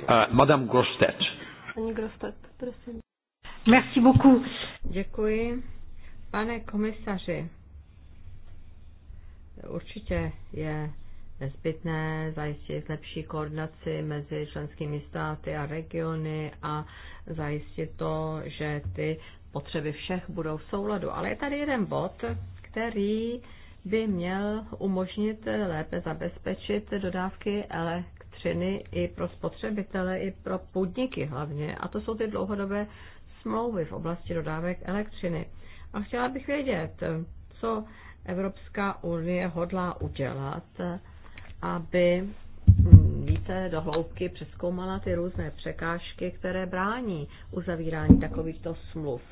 Eh, Madame Grostet. Pani Grostet, prosím. Merci beaucoup. Děkuji. Pane komisaři, určitě je nezbytné zajistit lepší koordinaci mezi členskými státy a regiony a zajistit to, že ty potřeby všech budou v souladu. Ale je tady jeden bod, který by měl umožnit lépe zabezpečit dodávky ele- elektřiny i pro spotřebitele, i pro podniky hlavně. A to jsou ty dlouhodobé smlouvy v oblasti dodávek elektřiny. A chtěla bych vědět, co Evropská unie hodlá udělat, aby hm, více dohloubky přeskoumala ty různé překážky, které brání uzavírání takovýchto smluv.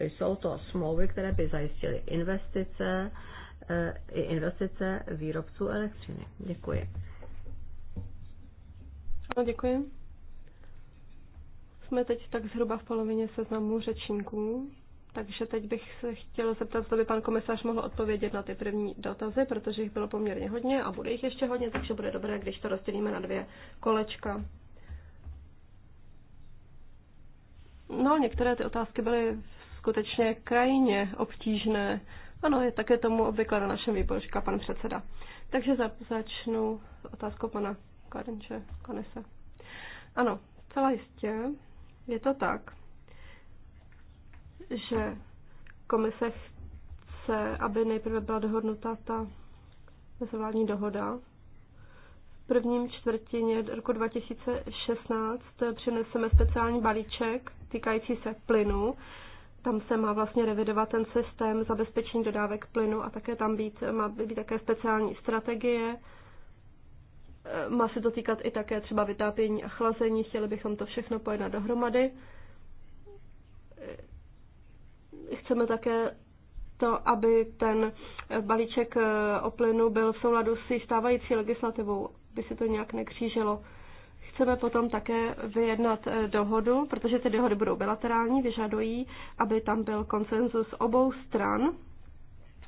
Jsou to smlouvy, které by zajistily investice, eh, i investice výrobců elektřiny. Děkuji. Ano, děkuji. Jsme teď tak zhruba v polovině seznamu řečníků, takže teď bych se chtěla zeptat, zda by pan komisař mohl odpovědět na ty první dotazy, protože jich bylo poměrně hodně a bude jich ještě hodně, takže bude dobré, když to rozdělíme na dvě kolečka. No, některé ty otázky byly skutečně krajně obtížné. Ano, je také tomu obvykle na našem výboru, říká pan předseda. Takže začnu otázkou pana Karenče Kanese. Ano, zcela jistě je to tak, že komise chce, aby nejprve byla dohodnuta ta mezivládní dohoda. V prvním čtvrtině roku 2016 přineseme speciální balíček týkající se plynu. Tam se má vlastně revidovat ten systém zabezpečení dodávek plynu a také tam být, má být také speciální strategie, Eh, má se to týkat i také třeba vytápění a chlazení, chtěli bychom to všechno pojednat dohromady. Eh, chceme také to, aby ten eh, balíček o plynu byl v souladu s stávající legislativou, aby se to nějak nekřížilo. Chceme potom také vyjednat dohodu, protože ty dohody budou bilaterální, vyžadují, aby tam byl konsenzus obou stran.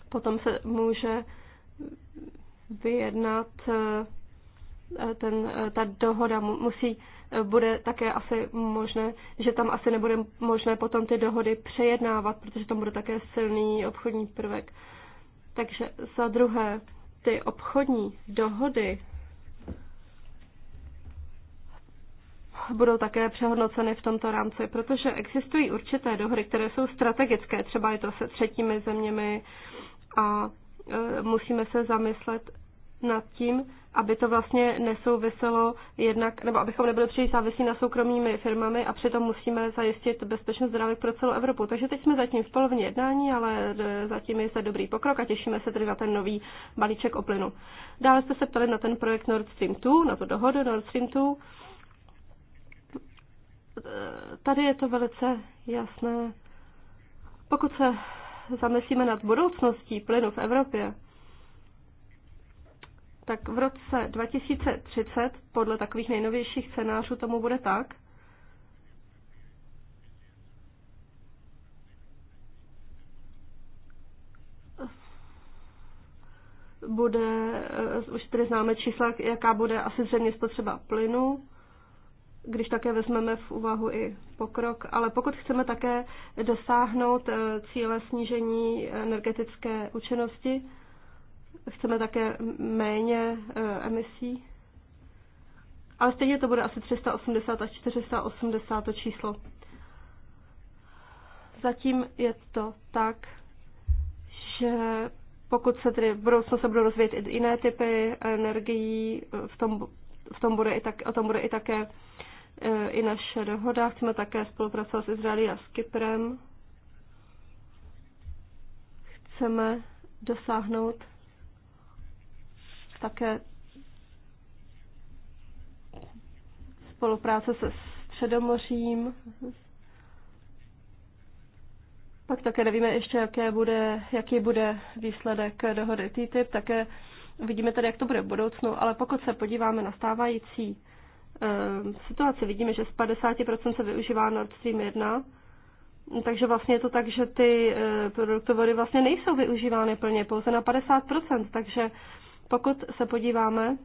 Potom se může vyjednat Eh, ten, eh, ta dohoda musí, eh, bude také asi možné, že tam asi nebude možné potom ty dohody přejednávat, protože tam bude také silný obchodní prvek. Takže za druhé, ty obchodní dohody budou také přehodnoceny v tomto rámci, protože existují určité dohody, které jsou strategické, třeba je to se třetími zeměmi a musíme se zamyslet nad tím, aby to vlastně nesouviselo jednak, nebo abychom nebyli příliš závislí na soukromými firmami a přitom musíme zajistit bezpečnost zdraví pro celou Evropu. Takže teď jsme zatím v polovině jednání, ale e, zatím je to dobrý pokrok a těšíme se tedy na ten nový balíček o plynu. Dále jste se ptali na ten projekt Nord Stream 2, na tu dohodu Nord Stream 2. E, tady je to velice jasné. Pokud se zamyslíme nad budoucností plynu v Evropě, tak v roce 2030 podle takových nejnovějších scénářů tomu bude tak, bude, eh, už tady známe čísla, jaká bude asi zřejmě spotřeba plynu, když také vezmeme v úvahu i pokrok, ale pokud chceme také dosáhnout eh, cíle snížení energetické účinnosti, Chceme také méně eh, emisí. Ale stejně to bude asi 380 až 480 to číslo. Zatím je to tak, že pokud se tedy v budoucnu se budou rozvíjet i jiné typy energií, v tom, v tom bude i tak, o tom bude i také eh, i naše dohoda. Chceme také spolupracovat s Izraelí a s Kyprem. Chceme dosáhnout také spolupráce se Středomořím. Pak také nevíme ještě, jaké bude, jaký bude výsledek dohody TTIP, také vidíme tady, jak to bude v budoucnu, ale pokud se podíváme na stávající e, situaci, vidíme, že z 50% se využívá Nord Stream 1, takže vlastně je to tak, že ty e, eh, produktovody vlastně nejsou využívány plně, pouze na 50%, takže pokud se podíváme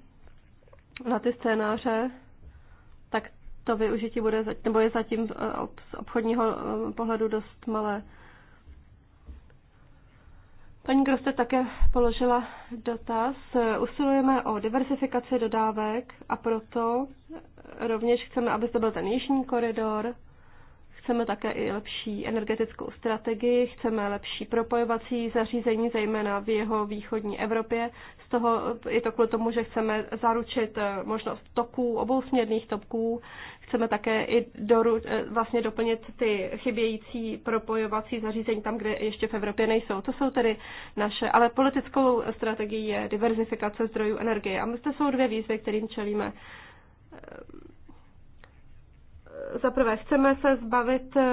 na ty scénáře, tak to využití bude, nebo je zatím eh, z obchodního eh, pohledu dost malé. Paní Groste také položila dotaz. Usilujeme o diversifikaci dodávek a proto rovněž chceme, aby to byl ten jižní koridor, Chceme také i lepší energetickou strategii, chceme lepší propojovací zařízení, zejména v jeho východní Evropě. Z toho je to kvůli tomu, že chceme zaručit eh, možnost toků, obousměrných toků. Chceme také i doru, eh, vlastně doplnit ty chybějící propojovací zařízení tam, kde ještě v Evropě nejsou. To jsou tedy naše, ale politickou strategii je diverzifikace zdrojů energie. A to jsou dvě výzvy, kterým čelíme za prvé chceme se zbavit eh,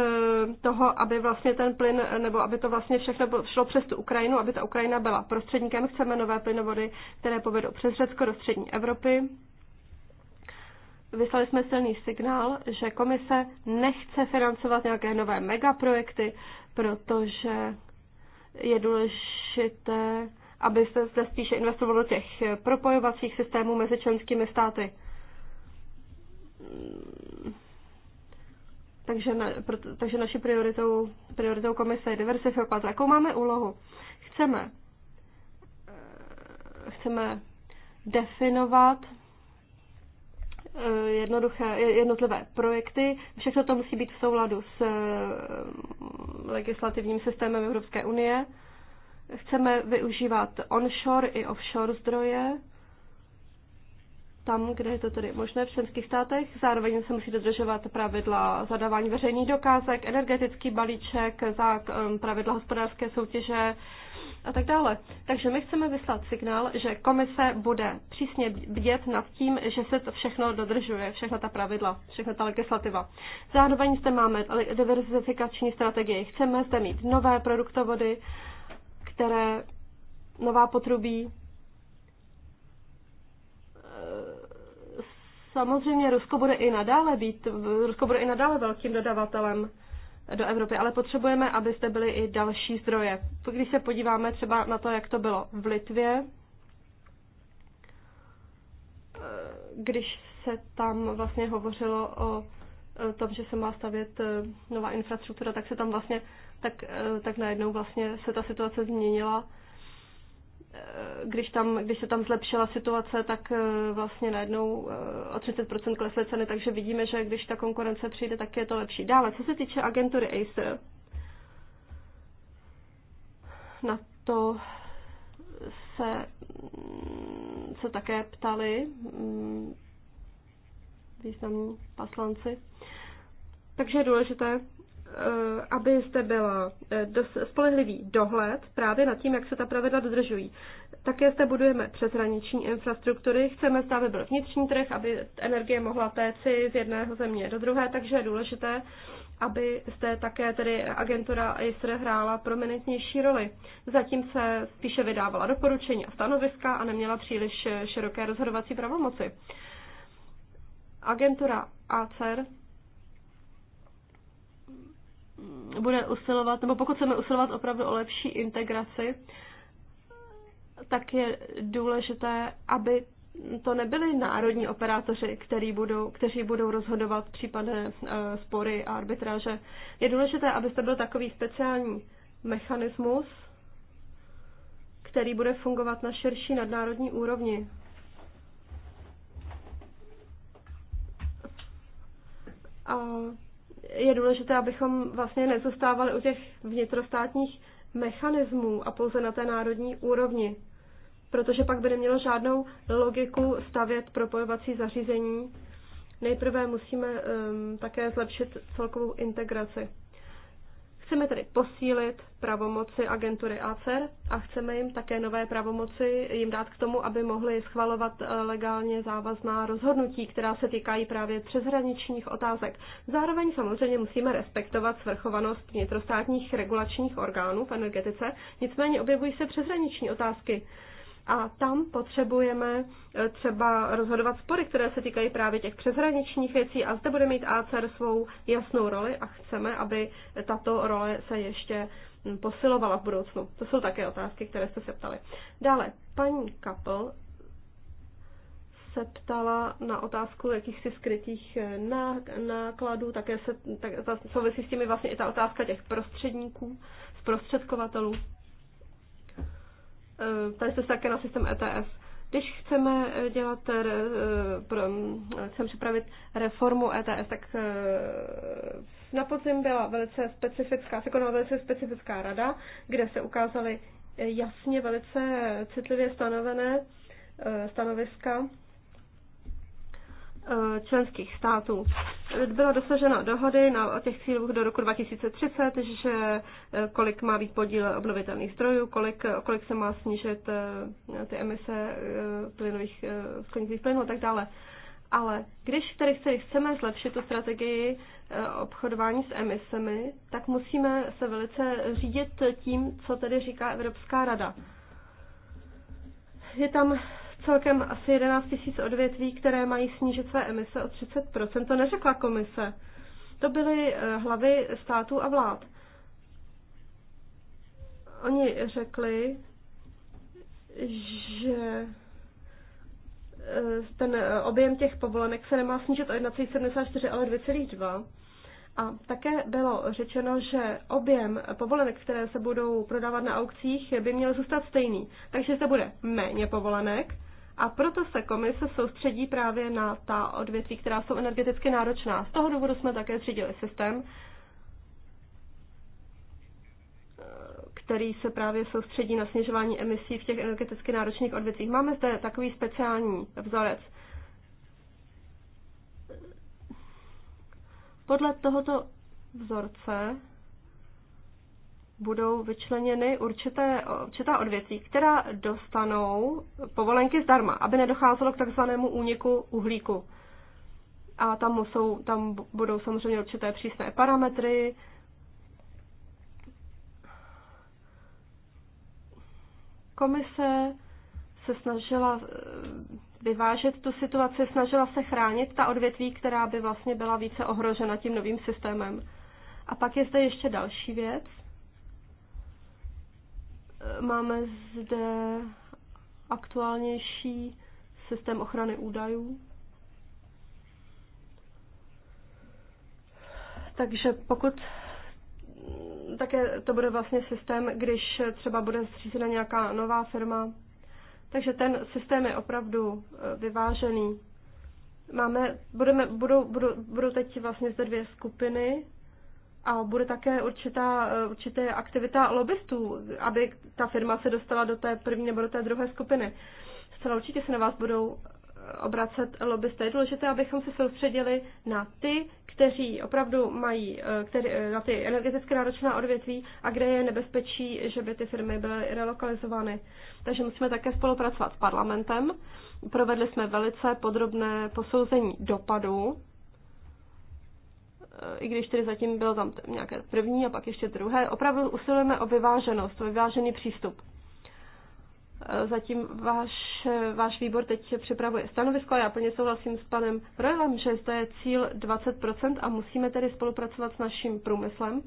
toho, aby vlastně ten plyn, nebo aby to vlastně všechno šlo přes tu Ukrajinu, aby ta Ukrajina byla prostředníkem. Chceme nové plynovody, které povedou přes Řecko do střední Evropy. Vyslali jsme silný signál, že komise nechce financovat nějaké nové megaprojekty, protože je důležité, aby se zde spíše investovalo do těch propojovacích systémů mezi členskými státy takže, na, pro, takže naší prioritou, prioritou komise je diversifikovat. Jakou máme úlohu? Chceme, eh, chceme definovat eh, jednoduché, jednotlivé projekty. Všechno to musí být v souladu s eh, legislativním systémem Evropské unie. Chceme využívat onshore i offshore zdroje tam, kde je to tedy možné v členských státech. Zároveň se musí dodržovat pravidla zadávání veřejných dokázek, energetický balíček, um, pravidla hospodářské soutěže a tak dále. Takže my chceme vyslat signál, že komise bude přísně bdět nad tím, že se to všechno dodržuje, všechna ta pravidla, všechna ta legislativa. Zároveň zde máme diverzifikační strategii. Chceme zde mít nové produktovody, které nová potrubí, Samozřejmě Rusko bude i nadále být, Rusko bude i nadále velkým dodavatelem do Evropy, ale potřebujeme, aby byli byly i další zdroje. Když se podíváme třeba na to, jak to bylo v Litvě, když se tam vlastně hovořilo o tom, že se má stavět eh, nová infrastruktura, tak se tam vlastně, tak, eh, tak najednou vlastně se ta situace změnila Eh, když, tam, když se tam zlepšila situace, tak eh, vlastně najednou eh, o 30% klesly ceny, takže vidíme, že když ta konkurence přijde, tak je to lepší. Dále, co se týče agentury Acer, na to se, mm, se také ptali mm, významní poslanci. Takže je důležité Eh, aby zde byla eh, spolehlivý dohled právě nad tím, jak se ta pravidla dodržují. Také zde budujeme přeshraniční infrastruktury, chceme zde, aby byl vnitřní trh, aby energie mohla téci z jedného země do druhé, takže je důležité, aby zde také tedy agentura ISR hrála prominentnější roli. Zatím se spíše vydávala doporučení a stanoviska a neměla příliš eh, široké rozhodovací pravomoci. Agentura ACER bude usilovat, nebo pokud chceme usilovat opravdu o lepší integraci, tak je důležité, aby to nebyly národní operátoři, který budou, kteří budou rozhodovat případné e, spory a arbitráže. Je důležité, abyste byl takový speciální mechanismus, který bude fungovat na širší nadnárodní úrovni. A je důležité, abychom vlastně nezostávali u těch vnitrostátních mechanismů a pouze na té národní úrovni, protože pak by nemělo žádnou logiku stavět propojovací zařízení. Nejprve musíme um, také zlepšit celkovou integraci. Chceme tedy posílit pravomoci agentury ACER a chceme jim také nové pravomoci jim dát k tomu, aby mohli schvalovat eh, legálně závazná rozhodnutí, která se týkají právě přeshraničních otázek. Zároveň samozřejmě musíme respektovat svrchovanost vnitrostátních regulačních orgánů v energetice, nicméně objevují se přeshraniční otázky. A tam potřebujeme e, třeba rozhodovat spory, které se týkají právě těch přeshraničních věcí a zde bude mít ACER svou jasnou roli a chceme, aby tato role se ještě posilovala v budoucnu. To jsou také otázky, které jste se ptali. Dále, paní Kapl se ptala na otázku jakýchsi skrytých e, nákladů, také se tak, souvisí s tím vlastně i ta otázka těch prostředníků, zprostředkovatelů. Eh, tady se také na systém ETS. Když chceme eh, dělat, eh, pro, mm, chceme připravit reformu ETS, tak na podzim byla velice specifická, se konala velice specifická rada, kde se ukázaly jasně velice citlivě stanovené stanoviska Eh, členských států. Bylo dosaženo dohody na, o těch cílech do roku 2030, že eh, kolik má být podíl obnovitelných zdrojů, kolik, eh, kolik se má snížit ty emise plynových skleníkových plynů a tak dále. Ale když tedy chceme zlepšit tu strategii obchodování s emisemi, tak musíme se velice řídit tím, co tedy říká Evropská rada. Je tam celkem asi 11 tisíc odvětví, které mají snížit své emise o 30%. To neřekla komise. To byly eh, hlavy států a vlád. Oni řekli, že eh, ten eh, objem těch povolenek se nemá snížit o 1,74, ale 2,2. A také bylo řečeno, že objem povolenek, které se budou prodávat na aukcích, by měl zůstat stejný. Takže se bude méně povolenek, a proto se komise soustředí právě na ta odvětví, která jsou energeticky náročná. Z toho důvodu jsme také zřídili systém, který se právě soustředí na snižování emisí v těch energeticky náročných odvětvích. Máme zde takový speciální vzorec. Podle tohoto vzorce budou vyčleněny určité, určitá odvětví, která dostanou povolenky zdarma, aby nedocházelo k takzvanému úniku uhlíku. A tam, jsou, tam budou samozřejmě určité přísné parametry, komise se snažila eh, vyvážet tu situaci, snažila se chránit ta odvětví, která by vlastně byla více ohrožena tím novým systémem. A pak je zde ještě další věc. Máme zde aktuálnější systém ochrany údajů. Takže pokud také to bude vlastně systém, když třeba bude zřízena nějaká nová firma. Takže ten systém je opravdu e, vyvážený. Máme, budeme, budou, budou, budou teď vlastně zde dvě skupiny a bude také určitá, eh, určitá aktivita lobbystů, aby ta firma se dostala do té první nebo do té druhé skupiny. Zcela určitě se na vás budou eh, obracet lobbysté. Je důležité, abychom se soustředili na ty, kteří opravdu mají eh, který, na ty energeticky náročná odvětví a kde je nebezpečí, že by ty firmy byly relokalizovány. Takže musíme také spolupracovat s parlamentem. Provedli jsme velice podrobné posouzení dopadů Eh, i když tedy zatím bylo tam nějaké první a pak ještě druhé, opravdu usilujeme o vyváženost, o vyvážený přístup. Eh, zatím váš, eh, váš výbor teď připravuje stanovisko a já plně souhlasím s panem Rojelem, že to je cíl 20% a musíme tedy spolupracovat s naším průmyslem.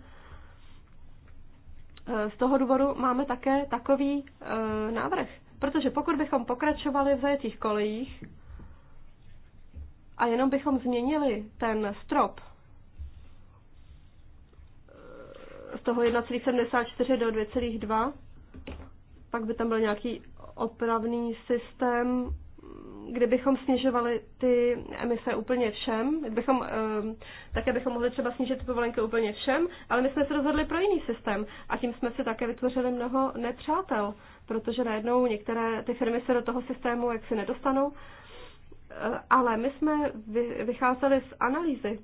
Z toho důvodu máme také takový návrh, protože pokud bychom pokračovali v zajetých kolejích a jenom bychom změnili ten strop z toho 1,74 do 2,2. Pak by tam byl nějaký opravný systém, kdybychom snižovali ty emise úplně všem, kdybychom, ehm, také bychom mohli třeba snížit povolenky úplně všem, ale my jsme se rozhodli pro jiný systém a tím jsme si také vytvořili mnoho nepřátel, protože najednou některé ty firmy se do toho systému jaksi nedostanou. Ehm, ale my jsme vycházeli z analýzy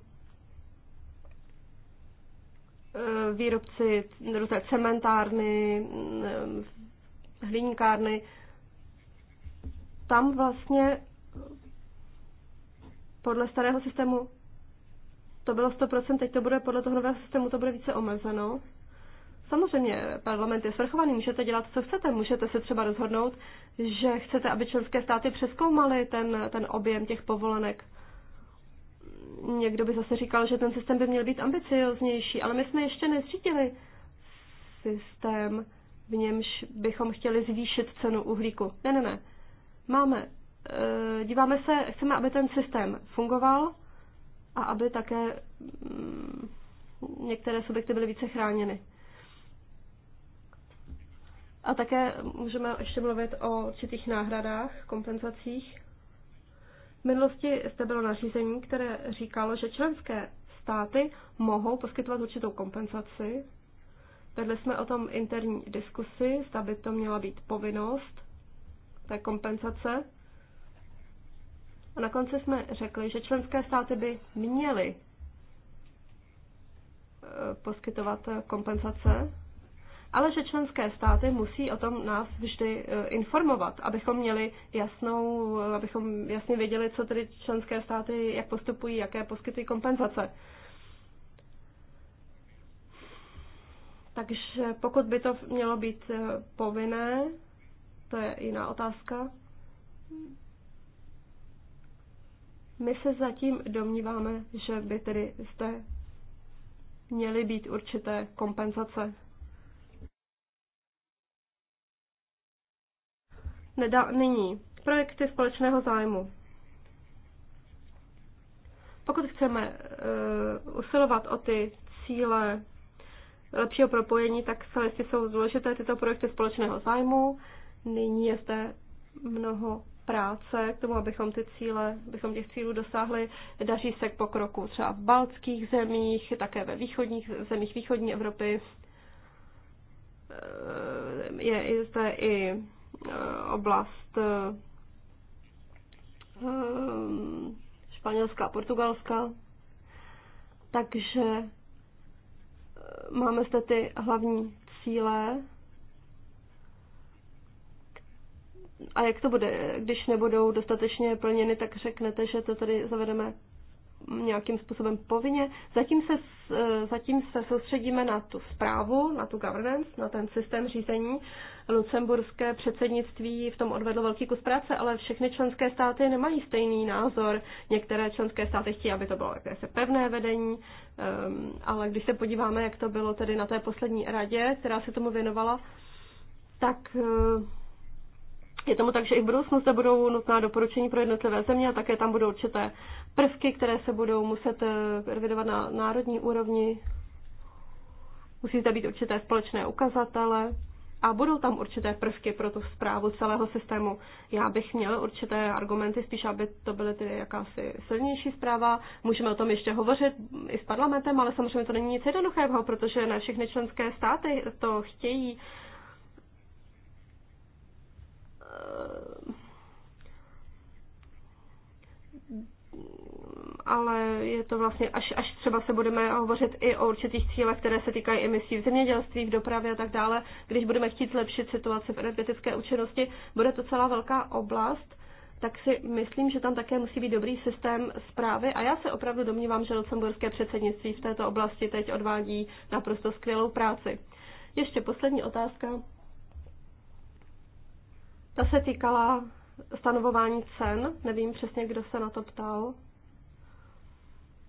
Eh, výrobci různé cementárny, eh, hliníkárny. Tam vlastně podle starého systému to bylo 100%, teď to bude podle toho nového systému, to bude více omezeno. Samozřejmě, parlament je svrchovaný, můžete dělat, co chcete. Můžete se třeba rozhodnout, že chcete, aby členské státy přeskoumaly ten, ten objem těch povolenek někdo by zase říkal, že ten systém by měl být ambicioznější, ale my jsme ještě nezřídili systém, v němž bychom chtěli zvýšit cenu uhlíku. Ne, ne, ne. Máme, eh, díváme se, chceme, aby ten systém fungoval a aby také mm, některé subjekty byly více chráněny. A také můžeme ještě mluvit o určitých náhradách, kompenzacích minulosti jste bylo nařízení, které říkalo, že členské státy mohou poskytovat určitou kompenzaci. Vedli jsme o tom interní diskusi, zda by to měla být povinnost té kompenzace. A na konci jsme řekli, že členské státy by měly eh, poskytovat kompenzace ale že členské státy musí o tom nás vždy eh, informovat, abychom měli jasnou, eh, abychom jasně věděli, co tedy členské státy, jak postupují, jaké poskytují kompenzace. Takže pokud by to mělo být eh, povinné, to je jiná otázka. My se zatím domníváme, že by tedy zde měly být určité kompenzace nedá, nyní projekty společného zájmu. Pokud chceme uh, usilovat o ty cíle lepšího propojení, tak celé jsou důležité tyto projekty společného zájmu. Nyní je zde mnoho práce k tomu, abychom ty cíle, abychom těch cílů dosáhli. Daří se k pokroku třeba v baltských zemích, také ve východních zemích východní Evropy. Eh, je zde i Eh, oblast eh, eh, španělská a Portugalská. Takže máme zde ty hlavní cíle. A jak to bude, když nebudou dostatečně plněny, tak řeknete, že to tady zavedeme nějakým způsobem povinně. Zatím se, e, zatím se soustředíme na tu zprávu, na tu governance, na ten systém řízení. Lucemburské předsednictví v tom odvedlo velký kus práce, ale všechny členské státy nemají stejný názor. Některé členské státy chtějí, aby to bylo jakési pevné vedení, ehm, ale když se podíváme, jak to bylo tedy na té poslední radě, která se tomu věnovala, tak e, je tomu tak, že i v budoucnu se budou nutná doporučení pro jednotlivé země a také tam budou určité prvky, které se budou muset eh, revidovat na národní úrovni. Musí zde být určité společné ukazatele a budou tam určité prvky pro tu zprávu celého systému. Já bych měl určité argumenty, spíš aby to byly ty jakási silnější zpráva. Můžeme o tom ještě hovořit i s parlamentem, ale samozřejmě to není nic jednoduchého, protože ne všechny členské státy to chtějí Ehm, ale je to vlastně, až, až třeba se budeme hovořit i o určitých cílech, které se týkají emisí v zemědělství, v dopravě a tak dále, když budeme chtít zlepšit situaci v energetické účinnosti, bude to celá velká oblast, tak si myslím, že tam také musí být dobrý systém zprávy a já se opravdu domnívám, že lucemburské předsednictví v této oblasti teď odvádí naprosto skvělou práci. Ještě poslední otázka. Ta se týkala stanovování cen. Nevím přesně, kdo se na to ptal.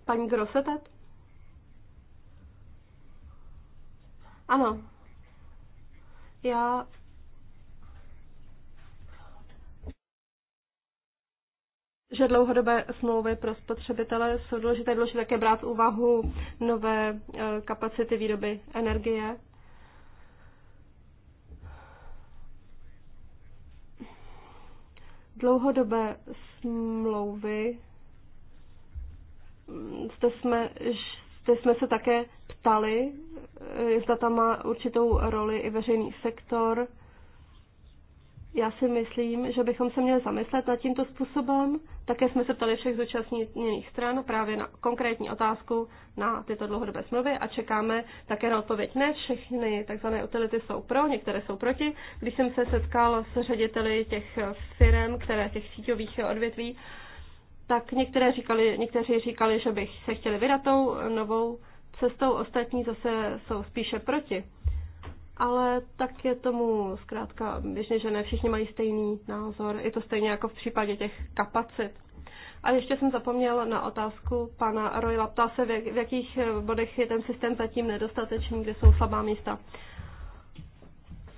Paní Grosetet? Ano. Já že dlouhodobé smlouvy pro spotřebitele jsou důležité, důležité také brát v úvahu nové eh, kapacity výroby energie. dlouhodobé smlouvy, zde jsme, zde jsme se také ptali, eh, zda tam má určitou roli i veřejný sektor, já si myslím, že bychom se měli zamyslet nad tímto způsobem. Také jsme se ptali všech zúčastněných stran právě na konkrétní otázku na tyto dlouhodobé smlouvy a čekáme také na odpověď. Ne všechny tzv. utility jsou pro, některé jsou proti. Když jsem se setkal s řediteli těch firm, které těch síťových odvětví, tak některé říkali, někteří říkali, že bych se chtěli vydat tou novou cestou, ostatní zase jsou spíše proti ale tak je tomu zkrátka běžně, že ne všichni mají stejný názor. Je to stejně jako v případě těch kapacit. A ještě jsem zapomněl na otázku pana Royla. Ptá se, v jakých eh, bodech je ten systém zatím nedostatečný, kde jsou slabá místa.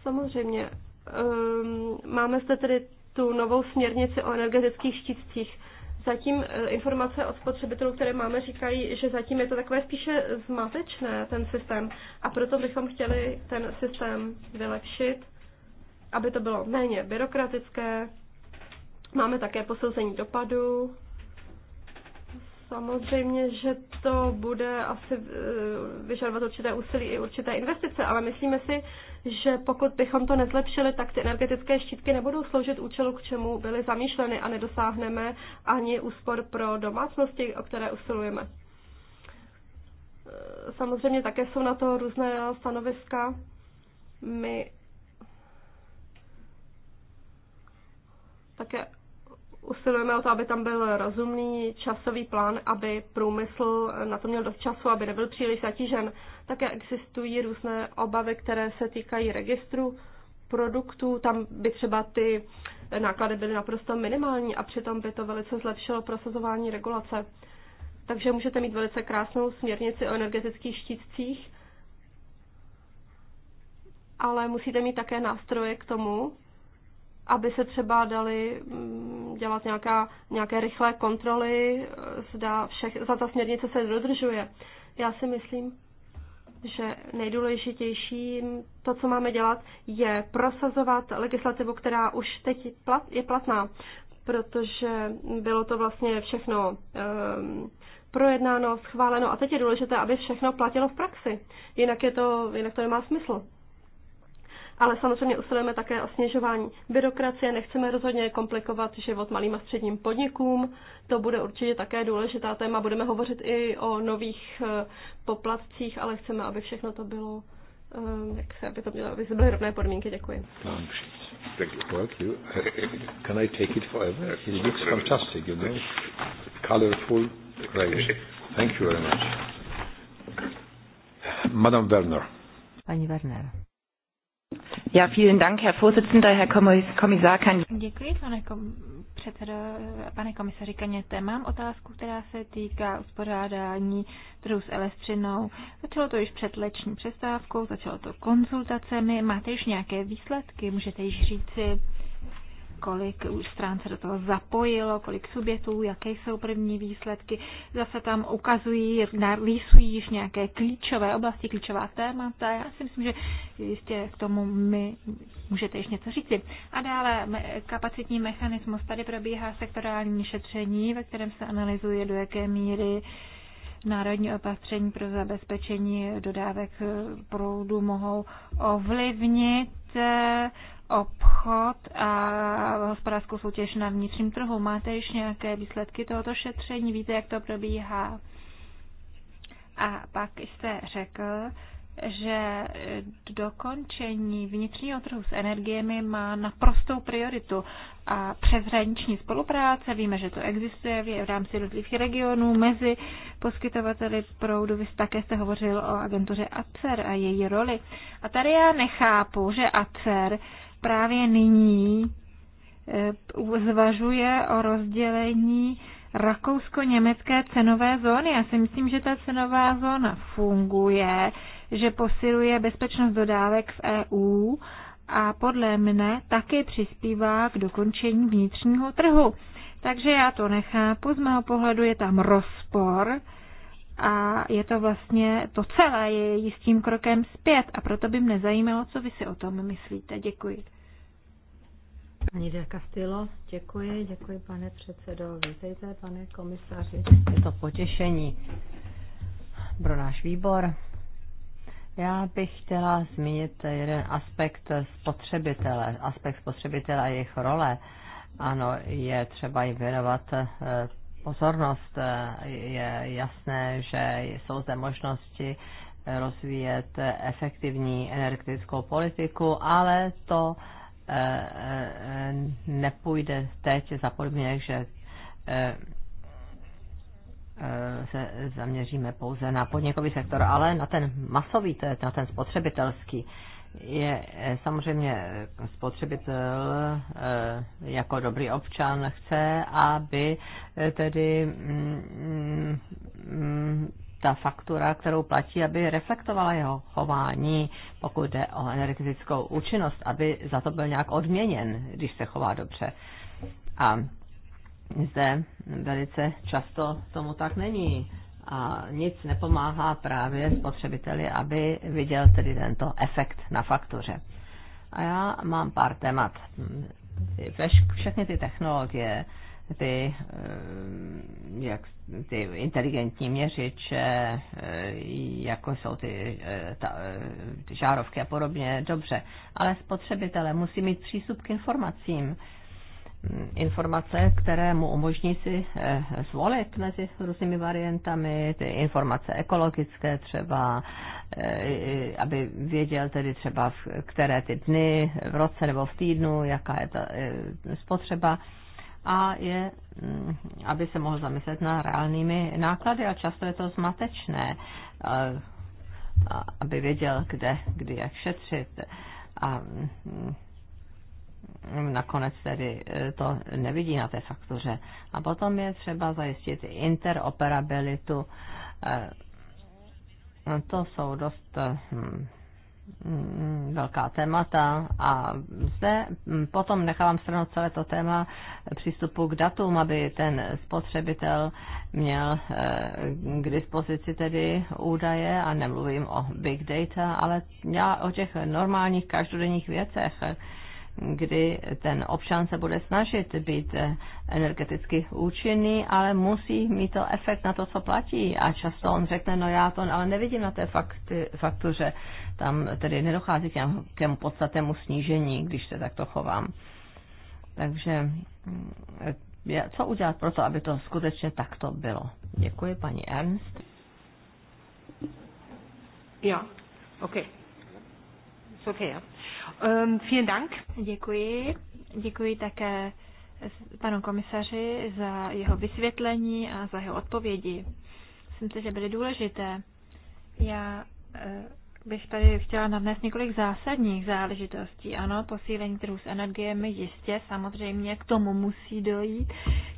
Samozřejmě. Um, máme zde tedy tu novou směrnici o energetických štítcích. Zatím e, informace od spotřebitelů, které máme, říkají, že zatím je to takové spíše zmatečné, ten systém. A proto bychom chtěli ten systém vylepšit, aby to bylo méně byrokratické. Máme také posouzení dopadu. Samozřejmě, že to bude asi e, vyžadovat určité úsilí i určité investice, ale myslíme si, že pokud bychom to nezlepšili, tak ty energetické štítky nebudou sloužit účelu, k čemu byly zamýšleny a nedosáhneme ani úspor pro domácnosti, o které usilujeme. E, samozřejmě také jsou na to různé stanoviska. My také usilujeme o to, aby tam byl rozumný časový plán, aby průmysl na to měl dost času, aby nebyl příliš zatížen. Také existují různé obavy, které se týkají registru produktů. Tam by třeba ty náklady byly naprosto minimální a přitom by to velice zlepšilo prosazování regulace. Takže můžete mít velice krásnou směrnici o energetických štítcích, ale musíte mít také nástroje k tomu, aby se třeba dali mm, dělat nějaká, nějaké rychlé kontroly, eh, zda všech, za ta směrnice se dodržuje. Já si myslím, že nejdůležitější to, co máme dělat, je prosazovat legislativu, která už teď plat, je platná, protože bylo to vlastně všechno um, projednáno, schváleno a teď je důležité, aby všechno platilo v praxi. Jinak, je to, jinak to nemá smysl ale samozřejmě usilujeme také o snižování byrokracie, nechceme rozhodně komplikovat život malým a středním podnikům, to bude určitě také důležitá téma, budeme hovořit i o nových eh, poplatcích, ale chceme, aby všechno to bylo, eh, jak se, aby to mělo, aby byly rovné podmínky, děkuji. Thank you. you. Can I take it forever? It looks fantastic, you know. Colorful, great. Thank you very much. Madame Werner. Pani Werner. Ja, vielen Dank, Herr Vorsitzender, Herr Kommissar. Kan... Děkuji, pane kom- předsedo, pane komisaři Kaněte. Mám otázku, která se týká uspořádání trhu s elektřinou. Začalo to již před leční přestávkou, začalo to konzultacemi. Máte již nějaké výsledky? Můžete již říci, kolik už stran se do toho zapojilo, kolik subjektů, jaké jsou první výsledky. Zase tam ukazují, narýsují již nějaké klíčové oblasti, klíčová témata. Já si myslím, že jistě k tomu my můžete ještě něco říci. A dále kapacitní mechanismus. Tady probíhá sektorální šetření, ve kterém se analyzuje, do jaké míry národní opatření pro zabezpečení dodávek e, proudu mohou ovlivnit e, obchod a hospodářskou soutěž na vnitřním trhu. Máte již nějaké výsledky tohoto šetření? Víte, jak to probíhá? A pak jste řekl, že dokončení vnitřního trhu s energiemi má naprostou prioritu a přeshraniční spolupráce, víme, že to existuje v rámci různých regionů, mezi poskytovateli proudu, vy také jste hovořil o agentuře ACER a její roli. A tady já nechápu, že ACER právě nyní eh, zvažuje o rozdělení rakousko-německé cenové zóny. Já si myslím, že ta cenová zóna funguje, že posiluje bezpečnost dodávek v EU a podle mne také přispívá k dokončení vnitřního trhu. Takže já to nechápu, z mého pohledu je tam rozpor a je to vlastně to celé je jistým krokem zpět a proto by mě zajímalo, co vy si o tom myslíte. Děkuji. Ani de Castillo, děkuji, děkuji pane předsedo, vítejte pane komisaři, je to potěšení pro náš výbor. Já bych chtěla zmínit jeden aspekt spotřebitele, aspekt spotřebitele a jejich role. Ano, je třeba jim věnovat eh, pozornost. Je jasné, že jsou zde možnosti rozvíjet efektivní energetickou politiku, ale to eh, eh, nepůjde teď za podmínek, že eh, se zaměříme pouze na podnikový sektor, ale na ten masový, na ten spotřebitelský je eh, samozřejmě eh, spotřebitel eh, jako dobrý občan chce, aby tedy mm, mm, ta faktura, kterou platí, aby reflektovala jeho chování, pokud jde o energetickou účinnost, aby za to byl nějak odměněn, když se chová dobře. A zde velice často tomu tak není a nic nepomáhá právě spotřebiteli, aby viděl tedy tento efekt na faktuře. A já mám pár témat. Všechny ty technologie, ty, eh, jak, ty inteligentní měřiče, eh, jako jsou ty, eh, ta, ty žárovky a podobně, dobře. Ale spotřebitele musí mít přístup k informacím informace, které mu umožní si eh, zvolit mezi různými variantami, ty informace ekologické třeba, eh, aby věděl tedy třeba v které ty dny v roce nebo v týdnu, jaká je ta eh, spotřeba a je, mm, aby se mohl zamyslet na reálnými náklady a často je to zmatečné, aby věděl, kde, kdy, jak šetřit. A mm, nakonec tedy e, to nevidí na té faktuře. A potom je třeba zajistit interoperabilitu. E, no, to jsou dost e, hm, velká témata a zde hm, potom nechávám stranou celé to téma přístupu k datům, aby ten spotřebitel měl k dispozici tedy údaje a nemluvím o big data, ale já o těch normálních každodenních věcech, kdy ten občan se bude snažit být eh, energeticky účinný, ale musí mít to efekt na to, co platí. A často on řekne, no já to ale nevidím na té fakty, faktuře. Tam tedy nedochází k nějakému podstatnému snížení, když se takto chovám. Takže mm, co udělat pro to, aby to skutečně takto bylo? Děkuji, paní Ernst. Jo, okay. It's okay. Yeah. Um, vielen Dank. Děkuji. Děkuji také panu komisaři za jeho vysvětlení a za jeho odpovědi. Myslím si, že byly důležité. Já eh, bych tady chtěla navnést několik zásadních záležitostí. Ano, posílení trhu s energiemi jistě, samozřejmě k tomu musí dojít.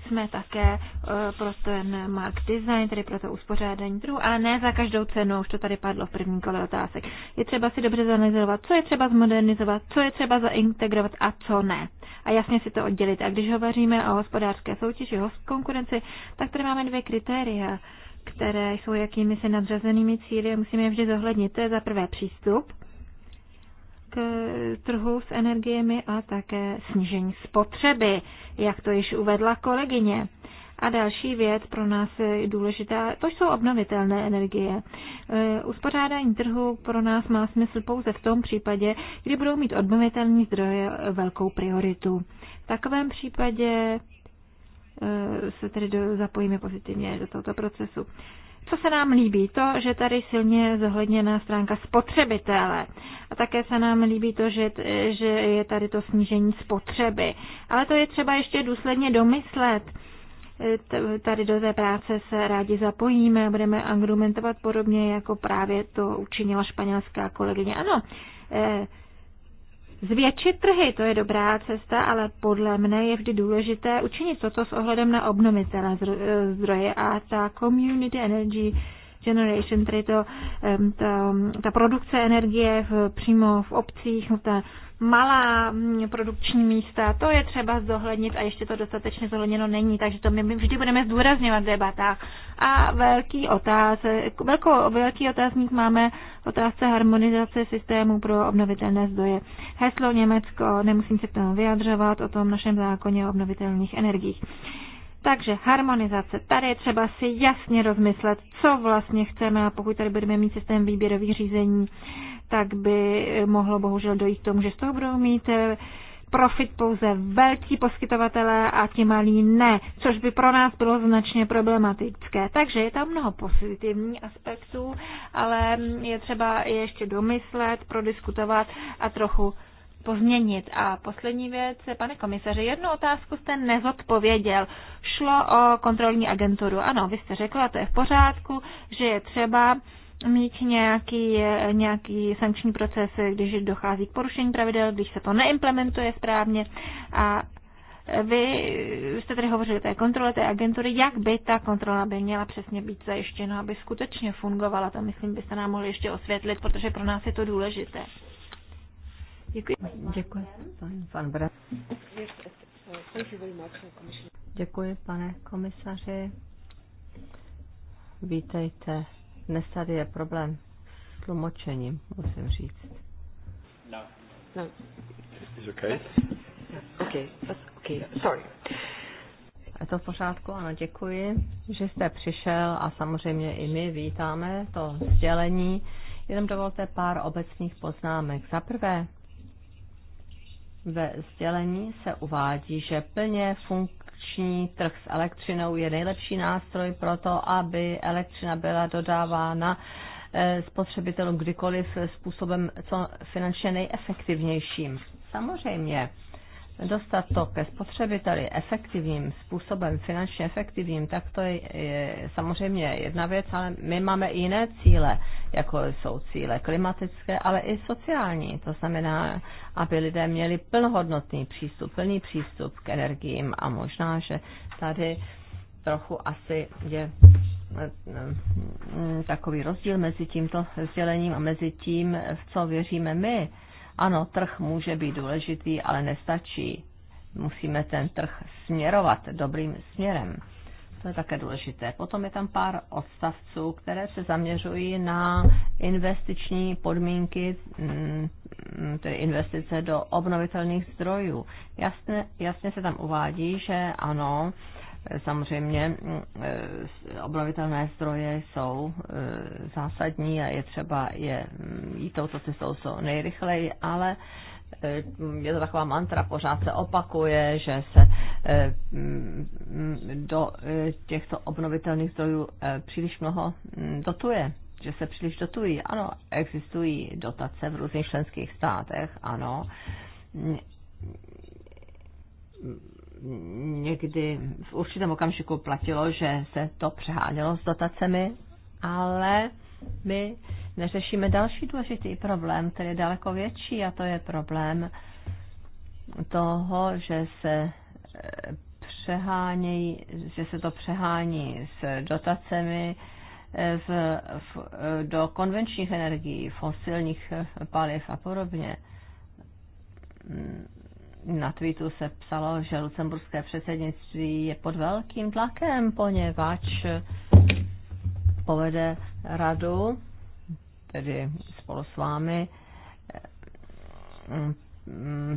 Jsme také e, pro ten mark design, tedy pro to uspořádání trhu, ale ne za každou cenu, už to tady padlo v prvním kole otázek. Je třeba si dobře zanalizovat, co je třeba zmodernizovat, co je třeba zaintegrovat a co ne. A jasně si to oddělit. A když hovoříme o hospodářské soutěži, o konkurenci, tak tady máme dvě kritéria které jsou jakými se nadřazenými cíly a musíme je vždy zohlednit. To je za prvé přístup k trhu s energiemi a také snížení spotřeby, jak to již uvedla kolegyně. A další věc pro nás je důležitá, to jsou obnovitelné energie. E, uspořádání trhu pro nás má smysl pouze v tom případě, kdy budou mít obnovitelné zdroje velkou prioritu. V takovém případě Eh, se tedy do, zapojíme pozitivně do tohoto procesu. Co se nám líbí? To, že tady silně je zohledněná stránka spotřebitele. A také se nám líbí to, že, že je tady to snížení spotřeby. Ale to je třeba ještě důsledně domyslet. Eh, tady do té práce se rádi zapojíme, a budeme argumentovat podobně, jako právě to učinila španělská kolegyně. Ano, eh, Zvětšit trhy, to je dobrá cesta, ale podle mne je vždy důležité učinit toto s ohledem na obnovitelné e, zdroje a ta community energy generation, tedy to, ta, ta produkce energie v, přímo v obcích, ta malá mm, produkční místa, to je třeba zohlednit a ještě to dostatečně zohledněno není, takže to my vždy budeme zdůrazňovat v debatách. A velký otázek, velkou, velký otázník máme otázce harmonizace systému pro obnovitelné zdroje. Heslo Německo, nemusím se k tomu vyjadřovat, o tom našem zákoně o obnovitelných energiích. Takže harmonizace. Tady je třeba si jasně rozmyslet, co vlastně chceme a pokud tady budeme mít systém výběrových řízení, tak by mohlo bohužel dojít k tomu, že z toho budou mít eh, profit pouze velcí poskytovatelé a ti malí ne, což by pro nás bylo značně problematické. Takže je tam mnoho pozitivních aspektů, ale je třeba je ještě domyslet, prodiskutovat a trochu pozměnit. A poslední věc, pane komisaře, jednu otázku jste nezodpověděl. Šlo o kontrolní agenturu. Ano, vy jste řekla, to je v pořádku, že je třeba mít nějaký, nějaký sankční proces, když dochází k porušení pravidel, když se to neimplementuje správně. A vy jste tady hovořili o té kontrole té agentury, jak by ta kontrola by měla přesně být zajištěna, aby skutečně fungovala. To myslím, byste nám mohli ještě osvětlit, protože pro nás je to důležité. Děkuji. Děkuji, pan Děkuji, pane komisaři. Vítejte dnes tady je problém s tlumočením, musím říct. No. No. Is okay? Okay, that's okay. Sorry. Je to v pořádku, ano, děkuji, že jste přišel a samozřejmě i my vítáme to sdělení. Jenom dovolte pár obecných poznámek. Za prvé, ve sdělení se uvádí, že plně fun- Akční trh s elektřinou je nejlepší nástroj pro to, aby elektřina byla dodávána eh, spotřebitelům kdykoliv způsobem co finančně nejefektivnějším. Samozřejmě dostat to ke spotřebiteli efektivním způsobem, finančně efektivním, tak to je, je samozřejmě jedna věc, ale my máme i jiné cíle, jako jsou cíle klimatické, ale i sociální. To znamená, aby lidé měli plnohodnotný přístup, plný přístup k energiím a možná, že tady trochu asi je mm, takový rozdíl mezi tímto sdělením a mezi tím, v co věříme my. Ano, trh může být důležitý, ale nestačí. Musíme ten trh směrovat dobrým směrem. To je také důležité. Potom je tam pár odstavců, které se zaměřují na investiční podmínky, mm, mm, tedy investice do obnovitelných zdrojů. Jasně, jasně se tam uvádí, že ano, Samozřejmě mm, eh, obnovitelné zdroje jsou eh, zásadní a je třeba je mm, jít touto cestou co nejrychleji, ale eh, je to taková mantra, pořád se opakuje, že se mm, do těchto obnovitelných zdrojů příliš mnoho dotuje, že se příliš dotují. Ano, existují dotace v různých členských státech, ano někdy v určitém okamžiku platilo, že se to přehánělo s dotacemi, ale my neřešíme další důležitý problém, který je daleko větší a to je problém toho, že se eh, přehánějí, že se to přehání s dotacemi eh, v, v, eh, do konvenčních energií, fosilních paliv a podobně hmm na tweetu se psalo, že lucemburské předsednictví je pod velkým tlakem, poněvadž povede radu, tedy spolu s vámi,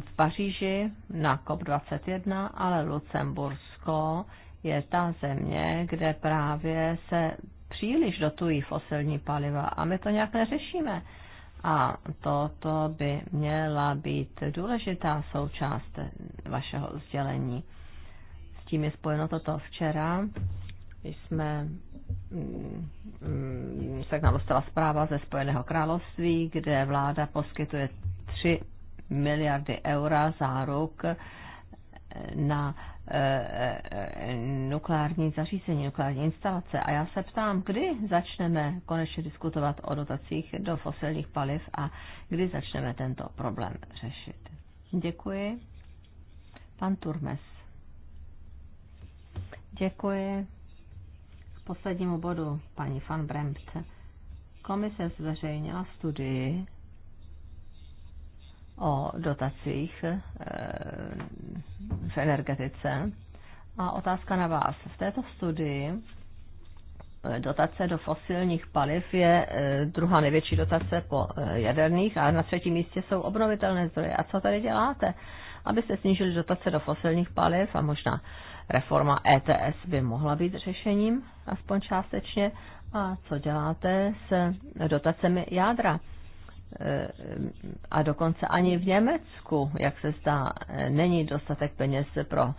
v Paříži na COP21, ale Lucembursko je ta země, kde právě se příliš dotují fosilní paliva a my to nějak neřešíme. A toto by měla být důležitá součást vašeho sdělení. S tím je spojeno toto včera. Jsme mm, se k nám dostala zpráva ze Spojeného království, kde vláda poskytuje 3 miliardy eura záruk na Eh, eh, eh, nukleární zařízení, nukleární instalace. A já se ptám, kdy začneme konečně diskutovat o dotacích do fosilních paliv a kdy začneme tento problém řešit. Děkuji. Pan Turmes. Děkuji. K poslednímu bodu paní van Bremt. Komise zveřejnila studii o dotacích eh, v energetice. A otázka na vás. V této studii eh, dotace do fosilních paliv je eh, druhá největší dotace po jaderných a na třetím místě jsou obnovitelné zdroje. A co tady děláte? Abyste snížili dotace do fosilních paliv a možná reforma ETS by mohla být řešením, aspoň částečně. A co děláte s dotacemi jádra? Eh, a dokonce ani v Německu, jak se zdá, eh, není dostatek peněz pro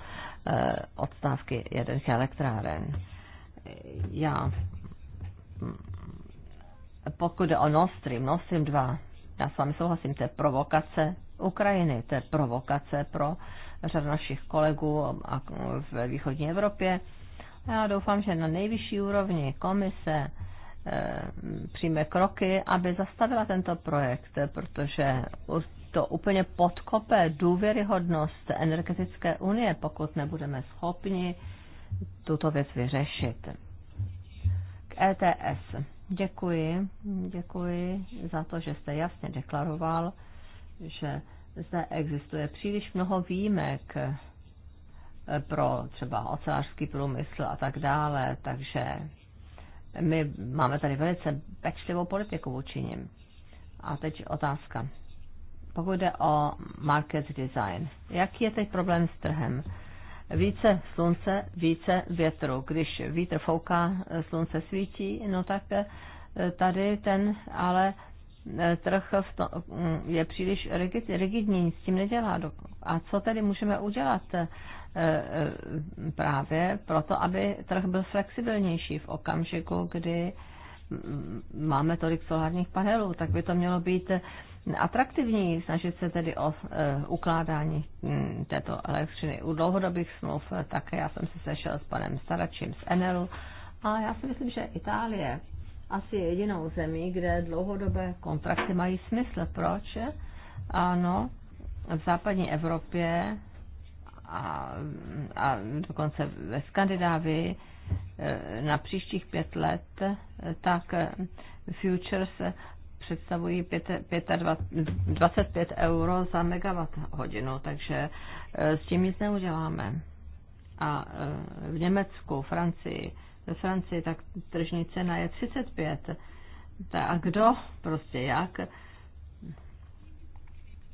eh, odstávky jaderných elektráren. Já, hm, pokud jde o Nord Stream, Nord Stream 2, já s vámi souhlasím, to je provokace Ukrajiny, to je provokace pro řadu našich kolegů ve východní Evropě. Já doufám, že na nejvyšší úrovni komise Eh, přijme kroky, aby zastavila tento projekt, protože to úplně podkope důvěryhodnost energetické unie, pokud nebudeme schopni tuto věc vyřešit. K ETS. Děkuji, děkuji za to, že jste jasně deklaroval, že zde existuje příliš mnoho výjimek eh, pro třeba ocelářský průmysl a tak dále, takže my máme tady velice pečlivou politiku vůči nim. A teď otázka. Pokud jde o market design, jaký je teď problém s trhem? Více slunce, více větru. Když vítr fouká, slunce svítí, no tak eh, tady ten ale eh, trh mm, je příliš rigidní, s tím nedělá. A co tedy můžeme udělat? právě proto, aby trh byl flexibilnější v okamžiku, kdy máme tolik solárních panelů, tak by to mělo být atraktivní, snažit se tedy o eh, ukládání hm, této elektřiny. U dlouhodobých smluv také já jsem se sešel s panem Staračím z Enelu a já si myslím, že Itálie asi je jedinou zemí, kde dlouhodobé kontrakty mají smysl. Proč? Ano, v západní Evropě a, a dokonce ve Skandinávii e, na příštích pět let, e, tak e, futures představují 5, 25, 25 euro za megawatt hodinu, takže s tím nic neuděláme. A v Německu, Francii, ve Francii tak tržní cena je 35. A kdo prostě jak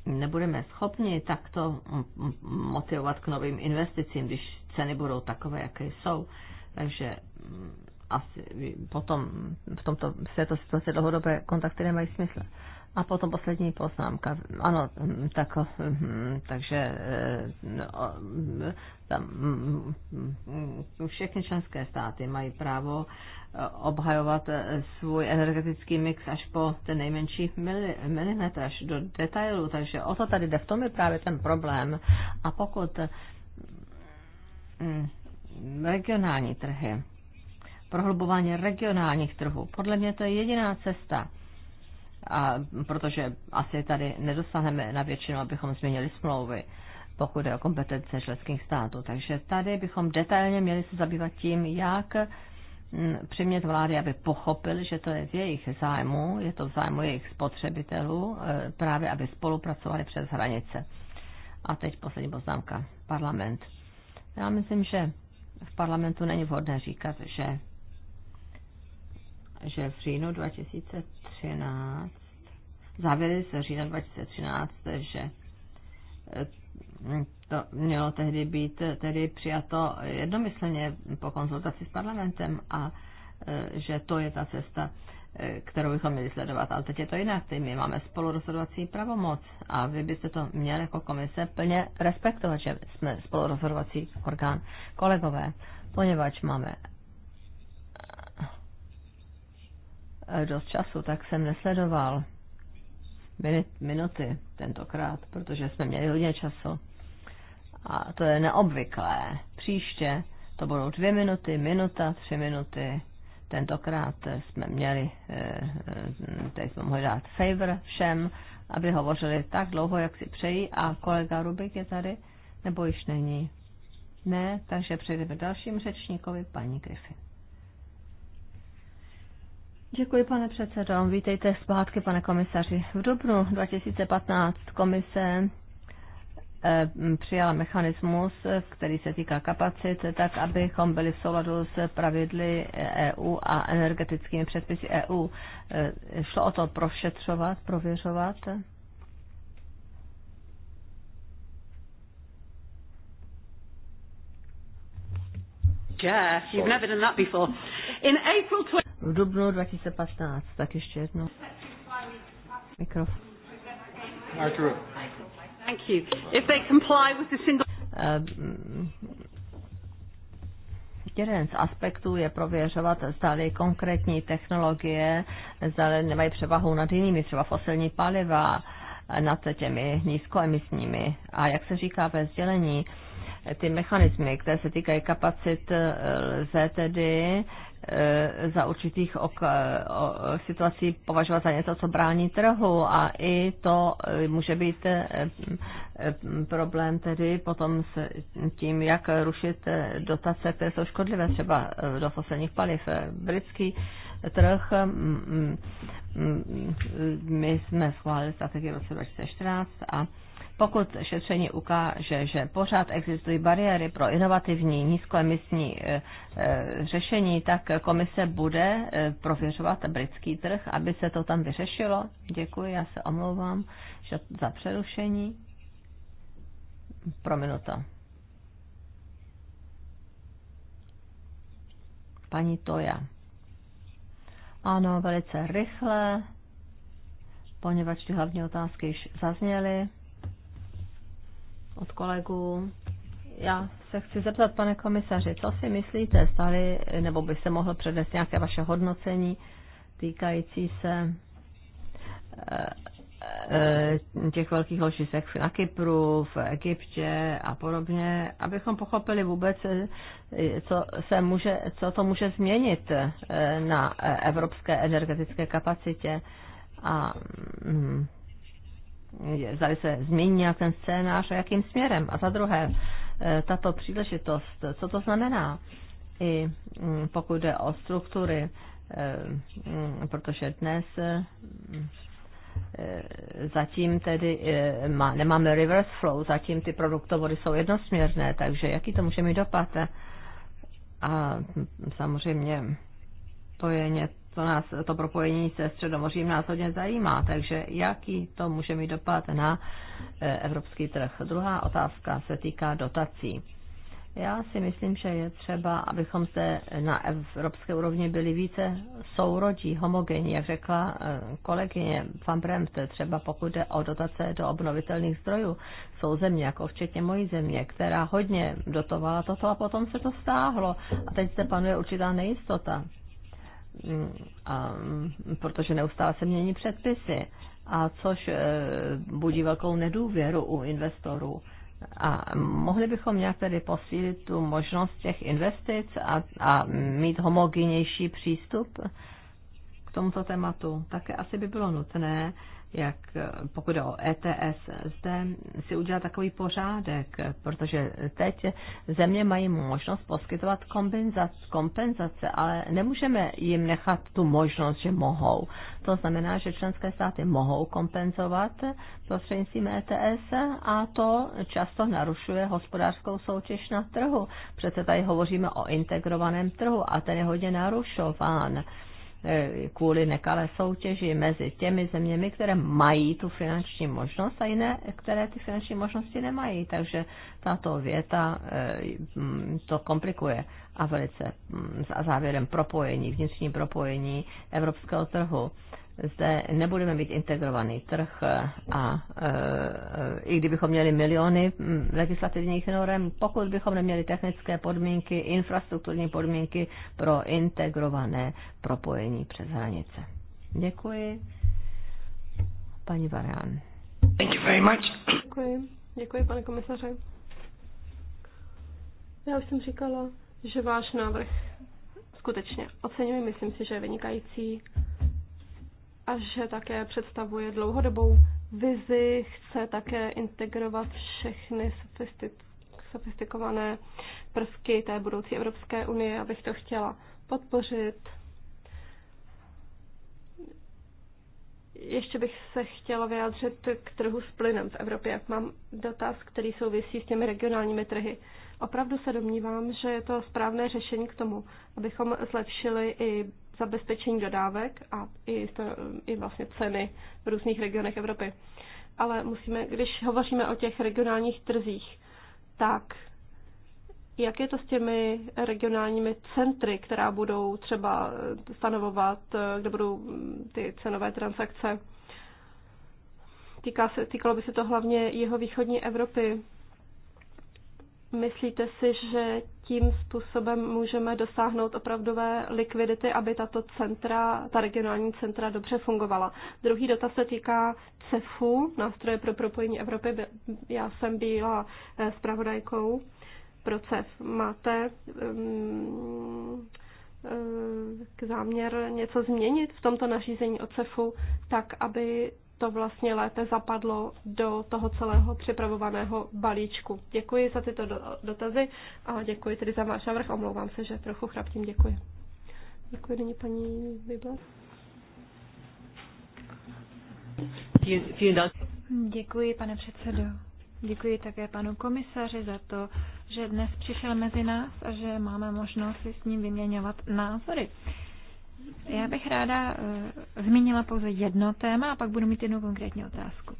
nebudeme schopni takto motivovat k novým investicím, když ceny budou takové, jaké jsou. Takže mm, asi potom v, tomto, v této situaci dlouhodobé kontakty nemají smysl. A potom poslední poznámka. Ano, mm, tak, mm, takže eh, mm, tam všechny členské státy mají právo eh, obhajovat eh, svůj energetický mix až po ten nejmenší milimetr, až do detailu. Takže o to tady jde. V tom je právě ten problém. A pokud regionální trhy, prohlubování regionálních trhů, podle mě to je jediná cesta a protože asi tady nedosáhneme na většinu, abychom změnili smlouvy, pokud je o kompetence členských států. Takže tady bychom detailně měli se zabývat tím, jak mm, přimět vlády, aby pochopili, že to je v jejich zájmu, je to v zájmu jejich spotřebitelů, e, právě aby spolupracovali přes hranice. A teď poslední poznámka. Parlament. Já myslím, že v parlamentu není vhodné říkat, že že v říjnu 2013, závěry se října 2013, že eh, to mělo tehdy být eh, tedy přijato jednomyslně po konzultaci s parlamentem a eh, že to je ta cesta, kterou bychom měli sledovat. Ale teď je to jinak. Teď my máme spolu rozhodovací pravomoc a vy byste to měli jako komise plně respektovat, že jsme spolu rozhodovací orgán. Kolegové, poněvadž máme dost času, tak jsem nesledoval minuty tentokrát, protože jsme měli hodně času. A to je neobvyklé. Příště to budou dvě minuty, minuta, tři minuty. Tentokrát jsme měli, eh, eh, teď jsme mohli dát favor všem, aby hovořili tak dlouho, jak si přejí. A kolega Rubik je tady, nebo již není? Ne, takže přejdeme dalším řečníkovi, paní Griffin. Děkuji, pane předsedo. Vítejte zpátky, pane komisaři. V dubnu 2015 komise eh, přijala mechanismus, který se týká kapacit, tak abychom byli v souladu s pravidly EU a energetickými předpisy EU. Eh, šlo o to prošetřovat, prověřovat. Yeah, you've never done that before. V dubnu 2015, tak ještě jednou. Mikrofon. Thank you. If they comply with the single... Ehm, jeden z aspektů je prověřovat, zdali konkrétní technologie zdali nemají převahu nad jinými, třeba fosilní paliva, nad těmi nízkoemisními. A jak se říká ve sdělení, ty mechanismy, které se týkají kapacit, eh, lze tedy Eh, za určitých ok, o, situací považovat za něco, co brání trhu a i to eh, může být eh, problém tedy potom s tím, jak rušit dotace, které jsou škodlivé třeba do fosilních paliv. Britský trh, mm, mm, mm, my jsme schválili strategii v roce 2014 a pokud šetření ukáže, že pořád existují bariéry pro inovativní nízkoemisní e, e, řešení, tak komise bude e, prověřovat britský trh, aby se to tam vyřešilo. Děkuji, já se omlouvám za přerušení. Prominuto. Paní Toja. Ano, velice rychle, poněvadž ty hlavní otázky již zazněly od kolegů. Já se chci zeptat, pane komisaři, co si myslíte, stali, nebo by se mohl přednést nějaké vaše hodnocení týkající se eh, eh, těch velkých ložisek na Kypru, v Egyptě a podobně, abychom pochopili vůbec, eh, co, se může, co to může změnit na evropské energetické kapacitě. A mm, zdali se nějak ten scénář a jakým směrem. A za druhé, e, tato příležitost, co to znamená, i mm, pokud jde o struktury, e, mm, protože dnes e, zatím tedy nemáme reverse flow, zatím ty produktovody jsou jednosměrné, takže jaký to může mít dopad? A samozřejmě to je něco, to nás, to propojení se Středomořím nás hodně zajímá, takže jaký to může mít dopad na eh, evropský trh. Druhá otázka se týká dotací. Já si myslím, že je třeba, abychom se na evropské úrovni byli více sourodí, homogenní, jak řekla eh, kolegyně Van Bremt, třeba pokud jde o dotace do obnovitelných zdrojů. Jsou země, jako včetně mojí země, která hodně dotovala toto a potom se to stáhlo. A teď se panuje určitá nejistota a, protože neustále se mění předpisy, a což e, budí velkou nedůvěru u investorů. A mohli bychom nějak tedy posílit tu možnost těch investic a, a mít homogenější přístup k tomuto tématu. Také asi by bylo nutné jak pokud o ETS, zde si udělat takový pořádek, protože teď země mají možnost poskytovat kompenzace, ale nemůžeme jim nechat tu možnost, že mohou. To znamená, že členské státy mohou kompenzovat prostřednictvím ETS a to často narušuje hospodářskou soutěž na trhu. Přece tady hovoříme o integrovaném trhu a ten je hodně narušován. E, kvůli nekalé soutěži mezi těmi zeměmi, které mají tu finanční možnost a jiné, které ty finanční možnosti nemají. Takže tato věta e, to komplikuje a velice a závěrem propojení, vnitřní propojení evropského trhu zde nebudeme mít integrovaný trh a e, i kdybychom měli miliony legislativních norm, pokud bychom neměli technické podmínky, infrastrukturní podmínky pro integrované propojení přes hranice. Děkuji. Pani Varian. Thank you very much. Děkuji. Děkuji, pane komisaře. Já už jsem říkala, že váš návrh skutečně oceňuji. Myslím si, že je vynikající a že také představuje dlouhodobou vizi, chce také integrovat všechny sofistikované prvky té budoucí Evropské unie, abych to chtěla podpořit. Ještě bych se chtěla vyjádřit k trhu s plynem v Evropě. Mám dotaz, který souvisí s těmi regionálními trhy. Opravdu se domnívám, že je to správné řešení k tomu, abychom zlepšili i zabezpečení dodávek a i, to, i vlastně ceny v různých regionech Evropy. Ale musíme, když hovoříme o těch regionálních trzích, tak jak je to s těmi regionálními centry, která budou třeba stanovovat, kde budou ty cenové transakce? Týká se, týkalo by se to hlavně jeho východní Evropy. Myslíte si, že tím způsobem můžeme dosáhnout opravdové likvidity, aby tato centra, ta regionální centra dobře fungovala. Druhý dotaz se týká CEFu, nástroje pro propojení Evropy. Já jsem byla eh, zpravodajkou pro CEF. Máte um, k záměr něco změnit v tomto nařízení o CEFu, tak aby to vlastně lépe zapadlo do toho celého připravovaného balíčku. Děkuji za tyto dotazy a děkuji tedy za váš návrh. Omlouvám se, že trochu chraptím. Děkuji. Děkuji nyní paní Vibler. Děkuji, pane předsedo. Děkuji také panu komisaři za to, že dnes přišel mezi nás a že máme možnost si s ním vyměňovat názory. Já bych ráda eh, zmínila pouze jedno téma a pak budu mít jednu konkrétní otázku.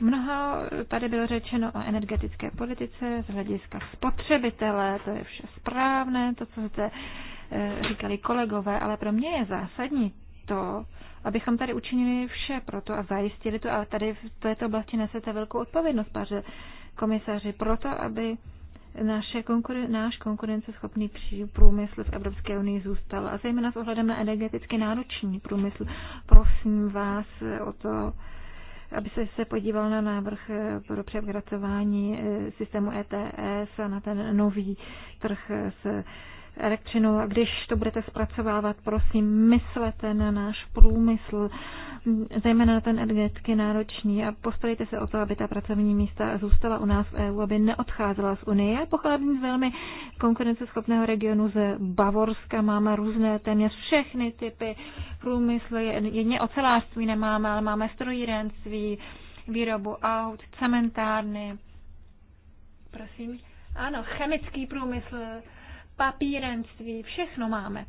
Mnoho tady bylo řečeno o energetické politice z hlediska spotřebitele, to je vše správné, to, co zde eh, říkali kolegové, ale pro mě je zásadní to, abychom tady učinili vše pro to a zajistili to, ale tady v této oblasti nesete velkou odpovědnost, paře komisaři, proto, aby naše konkuren- náš konkurenceschopný průmysl v Evropské unii zůstal. A zejména s ohledem na energeticky náročný průmysl. Prosím vás o to, aby se, se podíval na návrh eh, pro přepracování eh, systému ETS a na ten nový trh eh, s elektřinu A když to budete zpracovávat, prosím, myslete na náš průmysl, zejména na ten energeticky náročný a postarejte se o to, aby ta pracovní místa zůstala u nás v EU, aby neodcházela z Unie. Já pocházím z velmi konkurenceschopného regionu ze Bavorska, máme různé téměř všechny typy průmyslu, jedně ocelářství nemáme, ale máme strojírenství, výrobu aut, cementárny, prosím, ano, chemický průmysl, papírenství, všechno máme.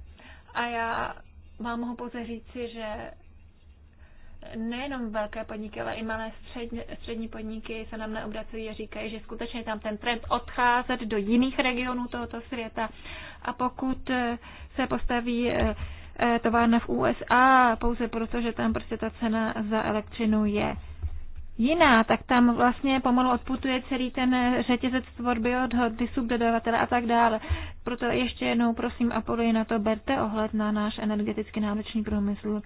A já vám mohu pouze říci, že nejenom velké podniky, ale i malé střední, střední podniky se nám neobracují a říkají, že skutečně tam ten trend odcházet do jiných regionů tohoto světa. A pokud eh, se postaví eh, eh, továrna v USA pouze proto, že tam prostě ta cena za elektřinu je jiná, tak tam vlastně pomalu odputuje celý ten řetězec tvorby od hody subdodavatele a tak dále. Proto ještě jednou prosím apeluji na to, berte ohled na náš energeticky náročný průmysl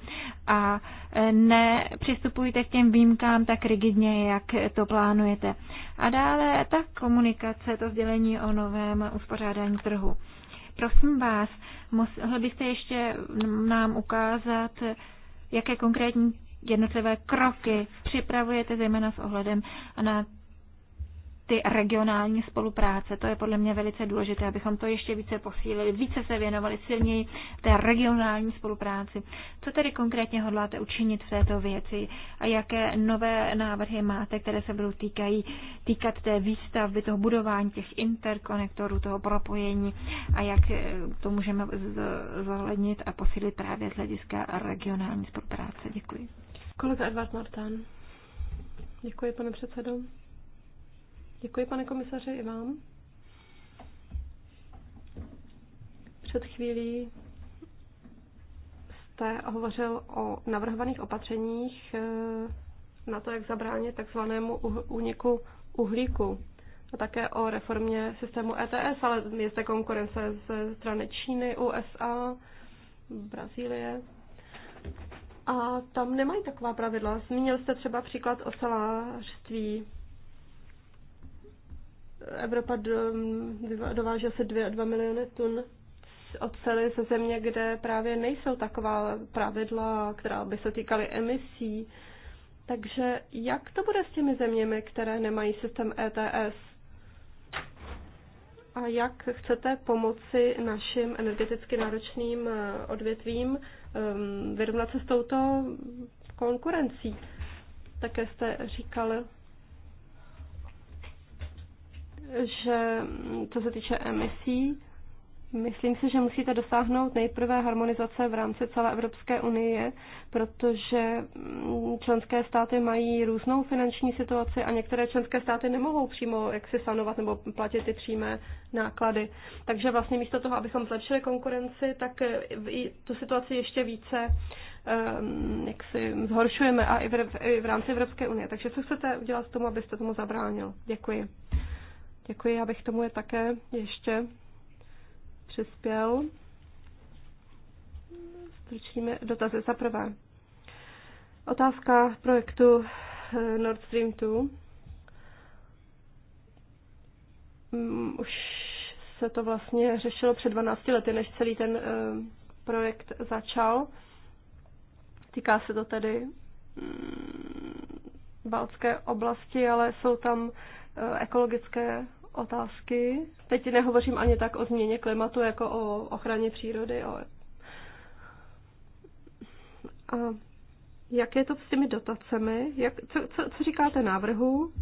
a e, ne přistupujte k těm výjimkám tak rigidně, jak to plánujete. A dále ta komunikace, to sdělení o novém uspořádání trhu. Prosím vás, mohli byste ještě nám ukázat, jaké konkrétní jednotlivé kroky připravujete zejména s ohledem na ty regionální spolupráce. To je podle mě velice důležité, abychom to ještě více posílili, více se věnovali silněji té regionální spolupráci. Co tedy konkrétně hodláte učinit v této věci a jaké nové návrhy máte, které se budou týkají, týkat té výstavby, toho budování těch interkonektorů, toho propojení a jak eh, to můžeme zohlednit a posílit právě z hlediska regionální spolupráce. Děkuji. Kolega Edvard Martán. Děkuji, pane předsedo. Děkuji, pane komisaři, i vám. Před chvílí jste hovořil o navrhovaných opatřeních eh, na to, jak zabránit takzvanému úniku uhlíku a také o reformě systému ETS, ale je zde konkurence ze strany Číny, USA, Brazílie a tam nemají taková pravidla. Zmínil jste třeba příklad ocelářství. Evropa dováže se 2 miliony tun oceli ze země, kde právě nejsou taková pravidla, která by se týkaly emisí. Takže jak to bude s těmi zeměmi, které nemají systém ETS? A jak chcete pomoci našim energeticky náročným eh, odvětvím Um, vyrovnat se s touto konkurencí. Také jste říkal, že co se týče emisí, Myslím si, že musíte dosáhnout nejprve harmonizace v rámci celé Evropské unie, protože mm, členské státy mají různou finanční situaci a některé členské státy nemohou přímo jak si sanovat nebo platit ty přímé náklady. Takže vlastně místo toho, abychom zlepšili konkurenci, tak eh, i tu situaci ještě více ehm, jak si zhoršujeme a i v, i v rámci Evropské unie. Takže co chcete udělat s tomu, abyste tomu zabránil? Děkuji. Děkuji, abych tomu je také ještě přispěl Stručníme dotazy. Za prvé, otázka projektu eh, Nord Stream 2. Mm, už se to vlastně řešilo před 12 lety, než celý ten eh, projekt začal. Týká se to tedy mm, Balcké oblasti, ale jsou tam eh, ekologické otázky. Teď nehovořím ani tak o změně klimatu, jako o ochraně přírody. O... A jak je to s těmi dotacemi? Jak, co, co, co říkáte návrhu?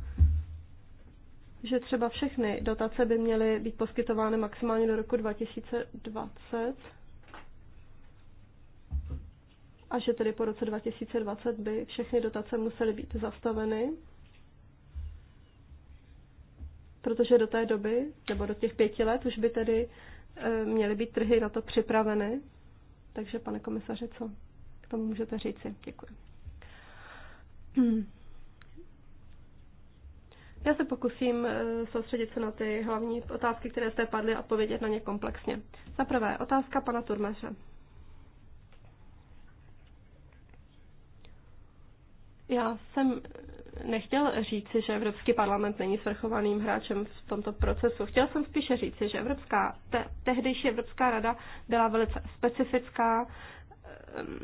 Že třeba všechny dotace by měly být poskytovány maximálně do roku 2020 a že tedy po roce 2020 by všechny dotace musely být zastaveny protože do té doby, nebo do těch pěti let, už by tedy eh, měly být trhy na to připraveny. Takže, pane komisaře, co k tomu můžete říci? Děkuji. *clears throat* Já se pokusím eh, soustředit se na ty hlavní otázky, které jste padly, a odpovědět na ně komplexně. Za prvé, otázka pana Turmeře. Já jsem nechtěl říci, že Evropský parlament není svrchovaným hráčem v tomto procesu. Chtěl jsem spíše říci, že Evropská, te, tehdejší Evropská rada byla velice specifická, ehm,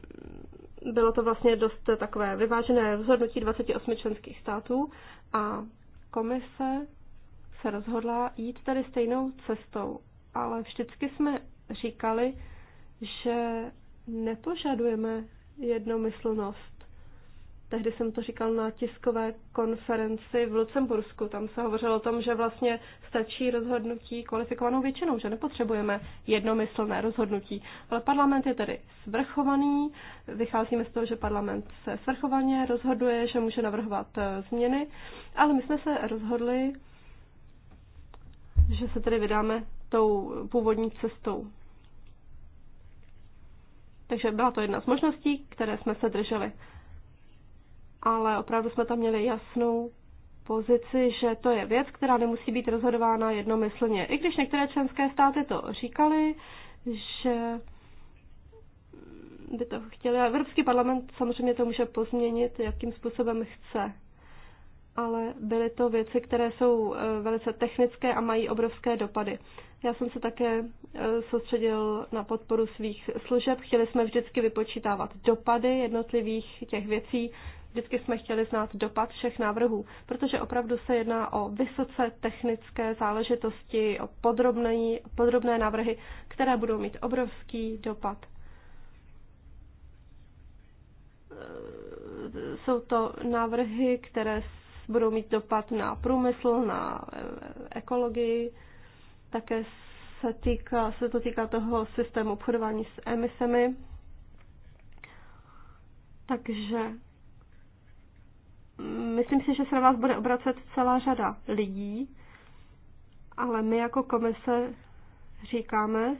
bylo to vlastně dost takové vyvážené rozhodnutí 28 členských států a komise se rozhodla jít tady stejnou cestou, ale vždycky jsme říkali, že nepožadujeme jednomyslnost tehdy jsem to říkal na tiskové konferenci v Lucembursku. Tam se hovořilo o tom, že vlastně stačí rozhodnutí kvalifikovanou většinou, že nepotřebujeme jednomyslné rozhodnutí. Ale parlament je tedy svrchovaný, vycházíme z toho, že parlament se svrchovaně rozhoduje, že může navrhovat eh, změny, ale my jsme se rozhodli, že se tedy vydáme tou původní cestou. Takže byla to jedna z možností, které jsme se drželi ale opravdu jsme tam měli jasnou pozici, že to je věc, která nemusí být rozhodována jednomyslně. I když některé členské státy to říkali, že by to chtěli. A Evropský parlament samozřejmě to může pozměnit, jakým způsobem chce. Ale byly to věci, které jsou eh, velice technické a mají obrovské dopady. Já jsem se také eh, soustředil na podporu svých služeb. Chtěli jsme vždycky vypočítávat dopady jednotlivých těch věcí Vždycky jsme chtěli znát dopad všech návrhů, protože opravdu se jedná o vysoce technické záležitosti, o podrobné, podrobné návrhy, které budou mít obrovský dopad. Eh, jsou to návrhy, které budou mít dopad na průmysl, na ekologii, také se, týká, se to týká toho systému obchodování s emisemi. Takže myslím si, že se na vás bude obracet celá řada lidí, ale my jako komise říkáme,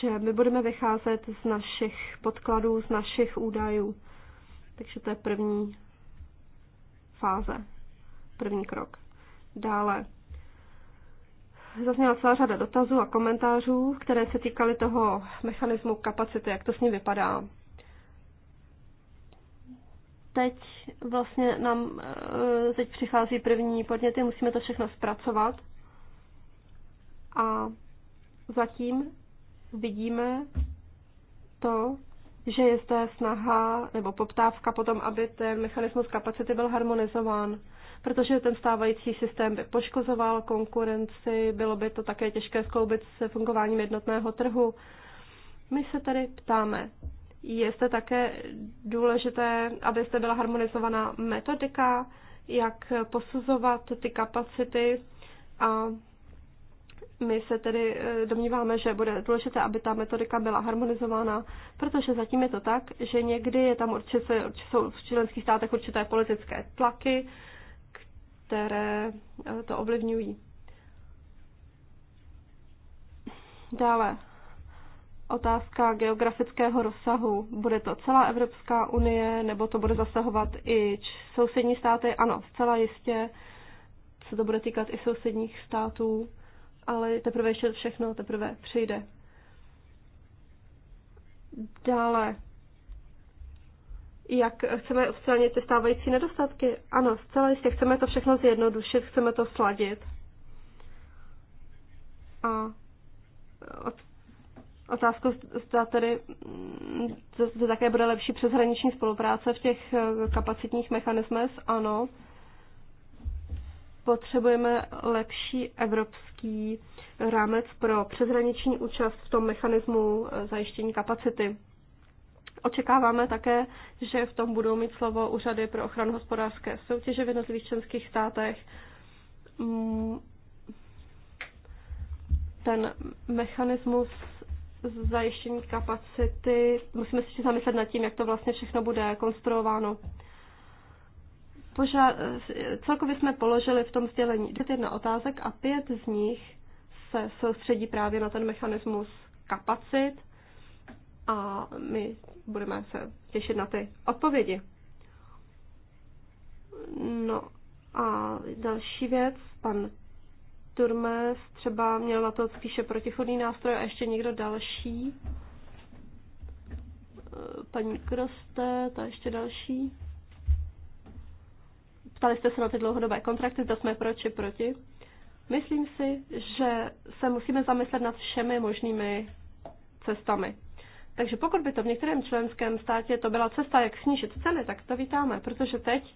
že my budeme vycházet z našich podkladů, z našich údajů. Takže to je první fáze, první krok. Dále zazněla celá řada dotazů a komentářů, které se týkaly toho mechanismu kapacity, jak to s ním vypadá teď vlastně nám eh, teď přichází první podněty, musíme to všechno zpracovat. A zatím vidíme to, že je zde snaha nebo poptávka potom, aby ten mechanismus kapacity byl harmonizován, protože ten stávající systém by poškozoval konkurenci, bylo by to také těžké skloubit se fungováním jednotného trhu. My se tady ptáme, je zde také důležité, aby zde byla harmonizovaná metodika, jak posuzovat ty kapacity a my se tedy eh, domníváme, že bude důležité, aby ta metodika byla harmonizována, protože zatím je to tak, že někdy je tam určitě, jsou v členských státech určité politické tlaky, které eh, to ovlivňují. Dále otázka geografického rozsahu. Bude to celá Evropská unie, nebo to bude zasahovat i sousední státy? Ano, zcela jistě se to bude týkat i sousedních států, ale teprve ještě všechno teprve přijde. Dále, jak chceme odstranit ty stávající nedostatky? Ano, zcela jistě chceme to všechno zjednodušit, chceme to sladit. A otázkou, zda tedy mm, zda také bude lepší přeshraniční spolupráce v těch eh, kapacitních mechanismech. Ano, potřebujeme lepší evropský rámec pro přeshraniční účast v tom mechanismu eh, zajištění kapacity. Očekáváme také, že v tom budou mít slovo úřady pro ochranu hospodářské soutěže v jednotlivých členských státech. Mm, ten mechanismus zajištění kapacity, musíme se zamyslet nad tím, jak to vlastně všechno bude konstruováno. Poža- celkově jsme položili v tom sdělení 21 otázek a pět z nich se soustředí právě na ten mechanismus kapacit a my budeme se těšit na ty odpovědi. No a další věc, pan Turmes třeba měl na to spíše protichodný nástroj a ještě někdo další. Eh, paní Kroste, ta ještě další. Ptali jste se na ty dlouhodobé kontrakty, zda jsme pro či proti. Myslím si, že se musíme zamyslet nad všemi možnými cestami. Takže pokud by to v některém členském státě to byla cesta, jak snížit ceny, tak to vítáme, protože teď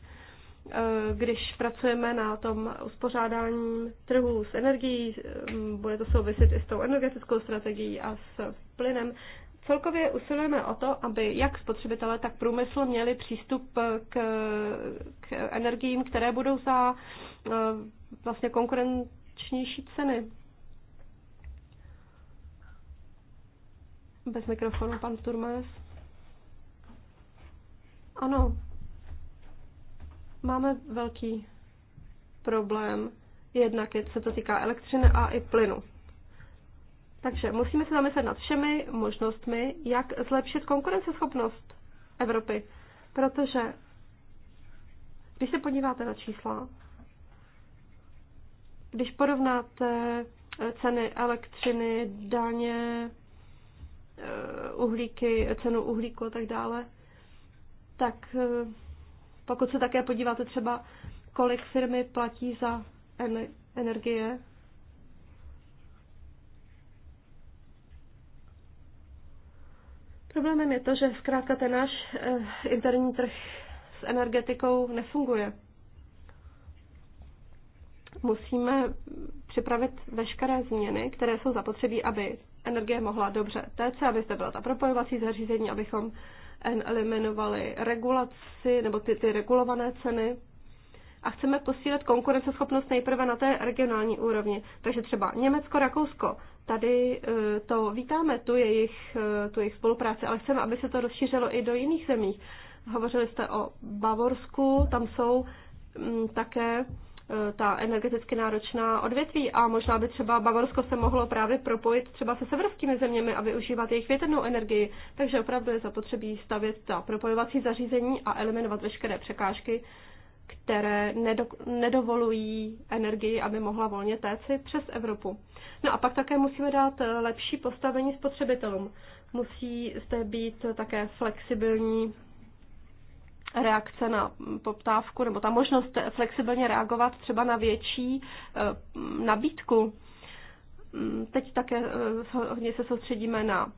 Eh, když pracujeme na tom uspořádání trhu s energií, mm, bude to souviset i s tou energetickou strategií a s plynem. Celkově usilujeme o to, aby jak spotřebitelé, tak průmysl měli přístup k, k energiím, které budou za eh, vlastně konkurenčnější ceny. Bez mikrofonu pan Turmes. Ano, Máme velký problém. Jednak je, se to týká elektřiny a i plynu. Takže musíme se zamyslet nad všemi možnostmi, jak zlepšit konkurenceschopnost Evropy. Protože když se podíváte na čísla, když porovnáte eh, ceny elektřiny, daně, eh, uhlíky, cenu uhlíku a tak dále, tak eh, pokud se také podíváte třeba, kolik firmy platí za energie, Problémem je to, že zkrátka ten náš eh, interní trh s energetikou nefunguje. Musíme připravit veškeré změny, které jsou zapotřebí, aby energie mohla dobře téct, aby zde byla ta propojovací zařízení, abychom eliminovali regulaci nebo ty, ty regulované ceny a chceme posílit konkurenceschopnost nejprve na té regionální úrovni. Takže třeba Německo, Rakousko, tady eh, to vítáme, tu jejich, eh, tu jejich spolupráci, ale chceme, aby se to rozšířilo i do jiných zemí. Hovořili jste o Bavorsku, tam jsou mm, také Eh, ta energeticky náročná odvětví a možná by třeba Bavorsko se mohlo právě propojit třeba se severskými zeměmi a využívat jejich větrnou energii. Takže opravdu je zapotřebí stavět ta propojovací zařízení a eliminovat veškeré překážky, které nedo, nedovolují energii, aby mohla volně téci přes Evropu. No a pak také musíme dát eh, lepší postavení spotřebitelům. Musí zde být také flexibilní reakce na poptávku nebo ta možnost flexibilně reagovat třeba na větší eh, nabídku. Mm, teď také eh, hodně se soustředíme na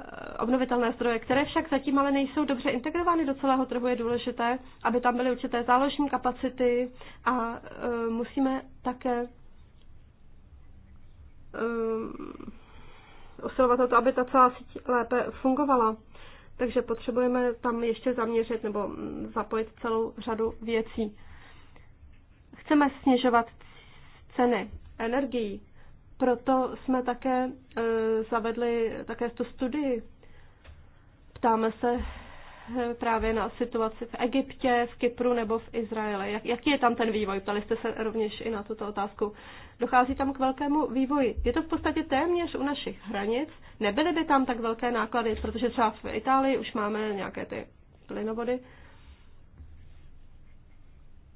eh, obnovitelné zdroje, které však zatím ale nejsou dobře integrovány do celého trhu, je důležité, aby tam byly určité záložní kapacity a musíme také usilovat o to, aby ta celá síť lépe fungovala. Takže potřebujeme tam ještě zaměřit nebo zapojit celou řadu věcí. Chceme snižovat ceny energií, proto jsme také e, zavedli také tu studii. Ptáme se právě na situaci v Egyptě, v Kypru nebo v Izraeli. Jak, jaký je tam ten vývoj? Ptali jste se rovněž i na tuto otázku. Dochází tam k velkému vývoji. Je to v podstatě téměř u našich hranic. Nebyly by tam tak velké náklady, protože třeba v Itálii už máme nějaké ty plynovody.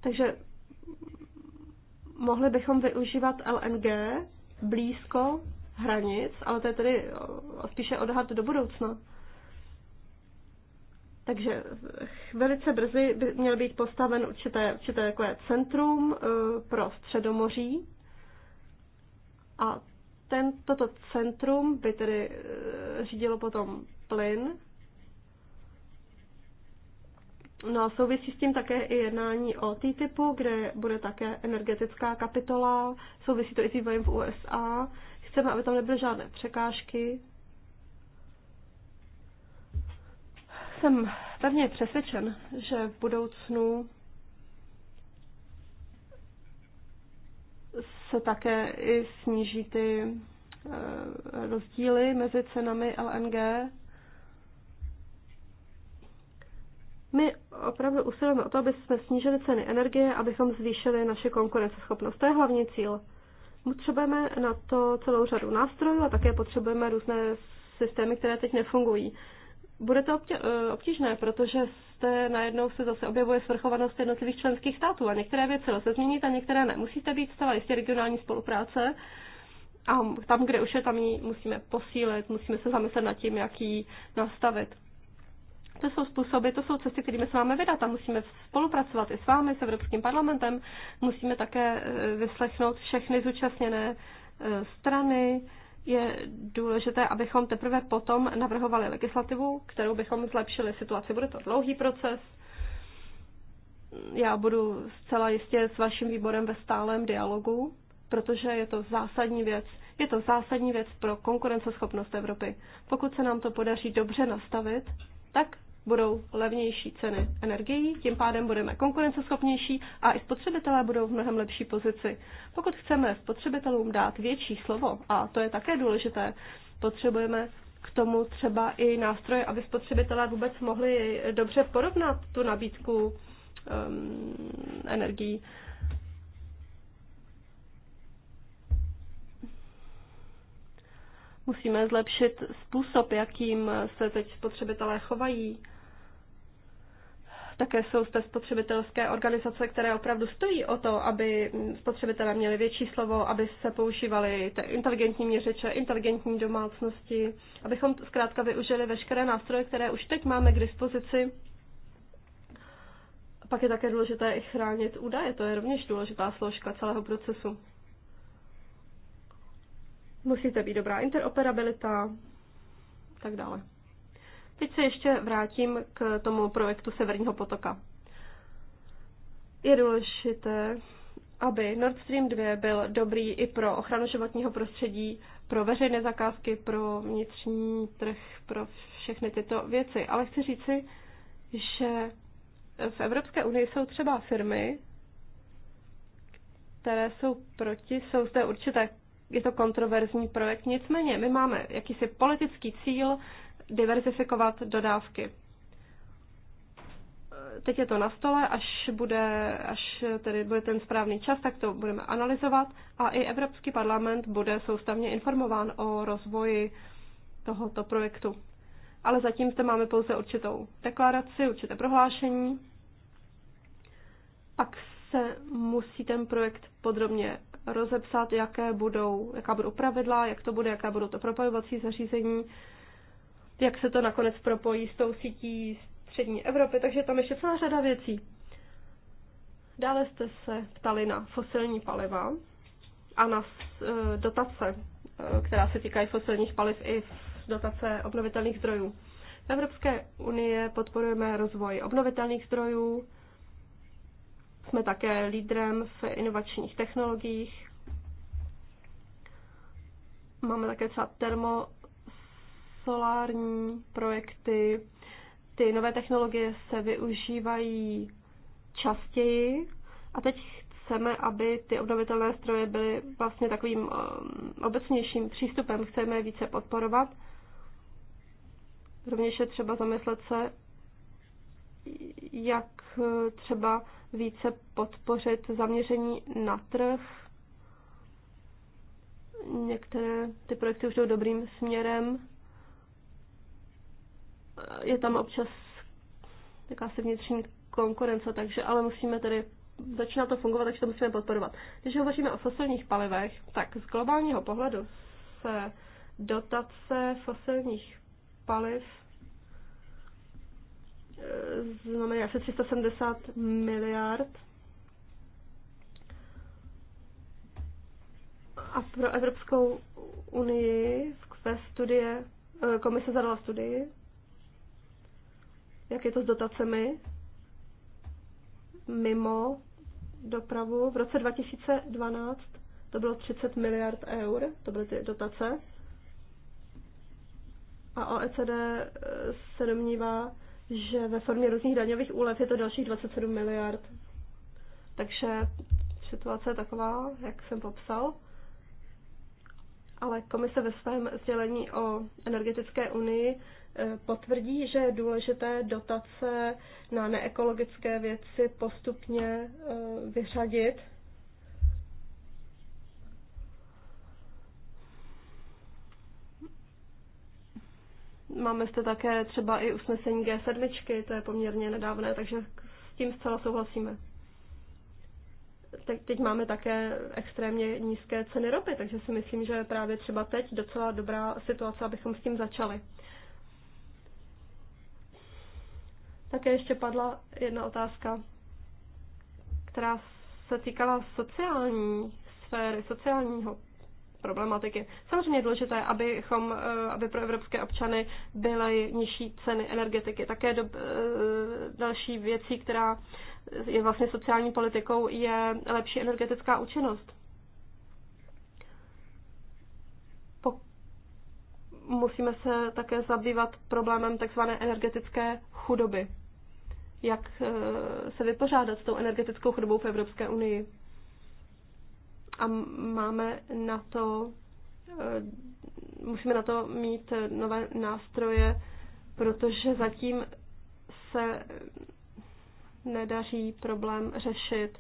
Takže mohli bychom využívat LNG blízko hranic, ale to je tedy spíše odhad do budoucna. Takže velice brzy by měl být postaven určité, určité je centrum eh, pro středomoří a ten, toto centrum by tedy eh, řídilo potom plyn. No a souvisí s tím také i jednání o T-typu, kde bude také energetická kapitola, souvisí to i s vývojem v USA. Chceme, aby tam nebyly žádné překážky, jsem pevně přesvědčen, že v budoucnu se také i sníží ty eh, rozdíly mezi cenami LNG. My opravdu usilujeme o to, aby jsme snížili ceny energie, abychom zvýšili naše konkurenceschopnost. To je hlavní cíl. Potřebujeme na to celou řadu nástrojů a také potřebujeme různé systémy, které teď nefungují. Bude to eh, obtížné, protože jste najednou se zase objevuje svrchovanost jednotlivých členských států a některé věci lze změnit a některé ne. Musíte být stále jistě regionální spolupráce a tam, kde už je, tam ji musíme posílit, musíme se zamyslet nad tím, jak ji nastavit. To jsou způsoby, to jsou cesty, kterými se máme vydat a musíme spolupracovat i s vámi, s Evropským parlamentem. Musíme také eh, vyslechnout všechny zúčastněné eh, strany, je důležité, abychom teprve potom navrhovali legislativu, kterou bychom zlepšili situaci. Bude to dlouhý proces. Já budu zcela jistě s vaším výborem ve stálém dialogu, protože je to zásadní věc. Je to zásadní věc pro konkurenceschopnost Evropy. Pokud se nám to podaří dobře nastavit, tak budou levnější ceny energií, tím pádem budeme konkurenceschopnější a i spotřebitelé budou v mnohem lepší pozici. Pokud chceme spotřebitelům dát větší slovo, a to je také důležité, potřebujeme k tomu třeba i nástroje, aby spotřebitelé vůbec mohli dobře porovnat tu nabídku um, energií. Musíme zlepšit způsob, jakým se teď spotřebitelé chovají také jsou zde spotřebitelské organizace, které opravdu stojí o to, aby spotřebitelé měli větší slovo, aby se používaly inteligentní měřeče, inteligentní domácnosti, abychom zkrátka využili veškeré nástroje, které už teď máme k dispozici. Pak je také důležité i chránit údaje, to je rovněž důležitá složka celého procesu. Musíte být dobrá interoperabilita, tak dále. Teď se ještě vrátím k tomu projektu Severního potoka. Je důležité, aby Nord Stream 2 byl dobrý i pro ochranu životního prostředí, pro veřejné zakázky, pro vnitřní trh, pro všechny tyto věci. Ale chci říci, že v Evropské unii jsou třeba firmy, které jsou proti, jsou zde určité, je to kontroverzní projekt, nicméně my máme jakýsi politický cíl diverzifikovat dodávky. Teď je to na stole, až, bude, až tedy bude ten správný čas, tak to budeme analyzovat a i Evropský parlament bude soustavně informován o rozvoji tohoto projektu. Ale zatím zde máme pouze určitou deklaraci, určité prohlášení. Pak se musí ten projekt podrobně rozepsat, jaké budou, jaká budou pravidla, jak to bude, jaká budou to propojovací zařízení, jak se to nakonec propojí s tou sítí střední Evropy, takže tam ještě celá řada věcí. Dále jste se ptali na fosilní paliva a na e, dotace, e, která se týkají fosilních paliv i dotace obnovitelných zdrojů. V Evropské unie podporujeme rozvoj obnovitelných zdrojů, jsme také lídrem v inovačních technologiích, máme také třeba termo solární projekty. Ty nové technologie se využívají častěji a teď chceme, aby ty obnovitelné stroje byly vlastně takovým um, obecnějším přístupem, chceme je více podporovat. Rovněž je třeba zamyslet se, jak eh, třeba více podpořit zaměření na trh. Některé ty projekty už jdou dobrým směrem je tam občas jakási vnitřní konkurence, takže ale musíme tedy začíná to fungovat, takže to musíme podporovat. Když hovoříme o fosilních palivech, tak z globálního pohledu se dotace fosilních paliv eh, znamená asi 370 miliard. A pro Evropskou unii ve studie, eh, komise zadala studii, jak je to s dotacemi mimo dopravu? V roce 2012 to bylo 30 miliard eur, to byly ty dotace. A OECD eh, se domnívá, že ve formě různých daňových úlev je to dalších 27 miliard. Takže situace je taková, jak jsem popsal. Ale komise ve svém sdělení o energetické unii potvrdí, že je důležité dotace na neekologické věci postupně e, vyřadit. Máme zde také třeba i usnesení G7, to je poměrně nedávné, takže s tím zcela souhlasíme. Teď máme také extrémně nízké ceny ropy, takže si myslím, že právě třeba teď docela dobrá situace, abychom s tím začali. Také ještě padla jedna otázka, která se týkala sociální sféry, sociálního problematiky. Samozřejmě je důležité, abychom, eh, aby pro evropské občany byly nižší ceny energetiky. Také do, eh, další věcí, která je vlastně sociální politikou, je lepší energetická účinnost. musíme se také zabývat problémem tzv. energetické chudoby jak eh, se vypořádat s tou energetickou chudobou v Evropské unii. A máme na to, eh, musíme na to mít nové nástroje, protože zatím se nedaří problém řešit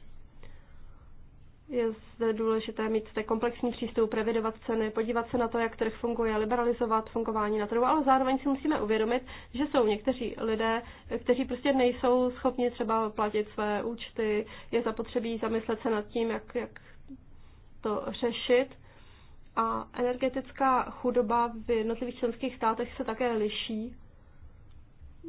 je zde důležité mít ten komplexní přístup, revidovat ceny, podívat se na to, jak trh funguje, liberalizovat fungování na trhu, ale zároveň si musíme uvědomit, že jsou někteří lidé, kteří prostě nejsou schopni třeba platit své účty, je zapotřebí zamyslet se nad tím, jak, jak to řešit. A energetická chudoba v jednotlivých členských státech se také liší.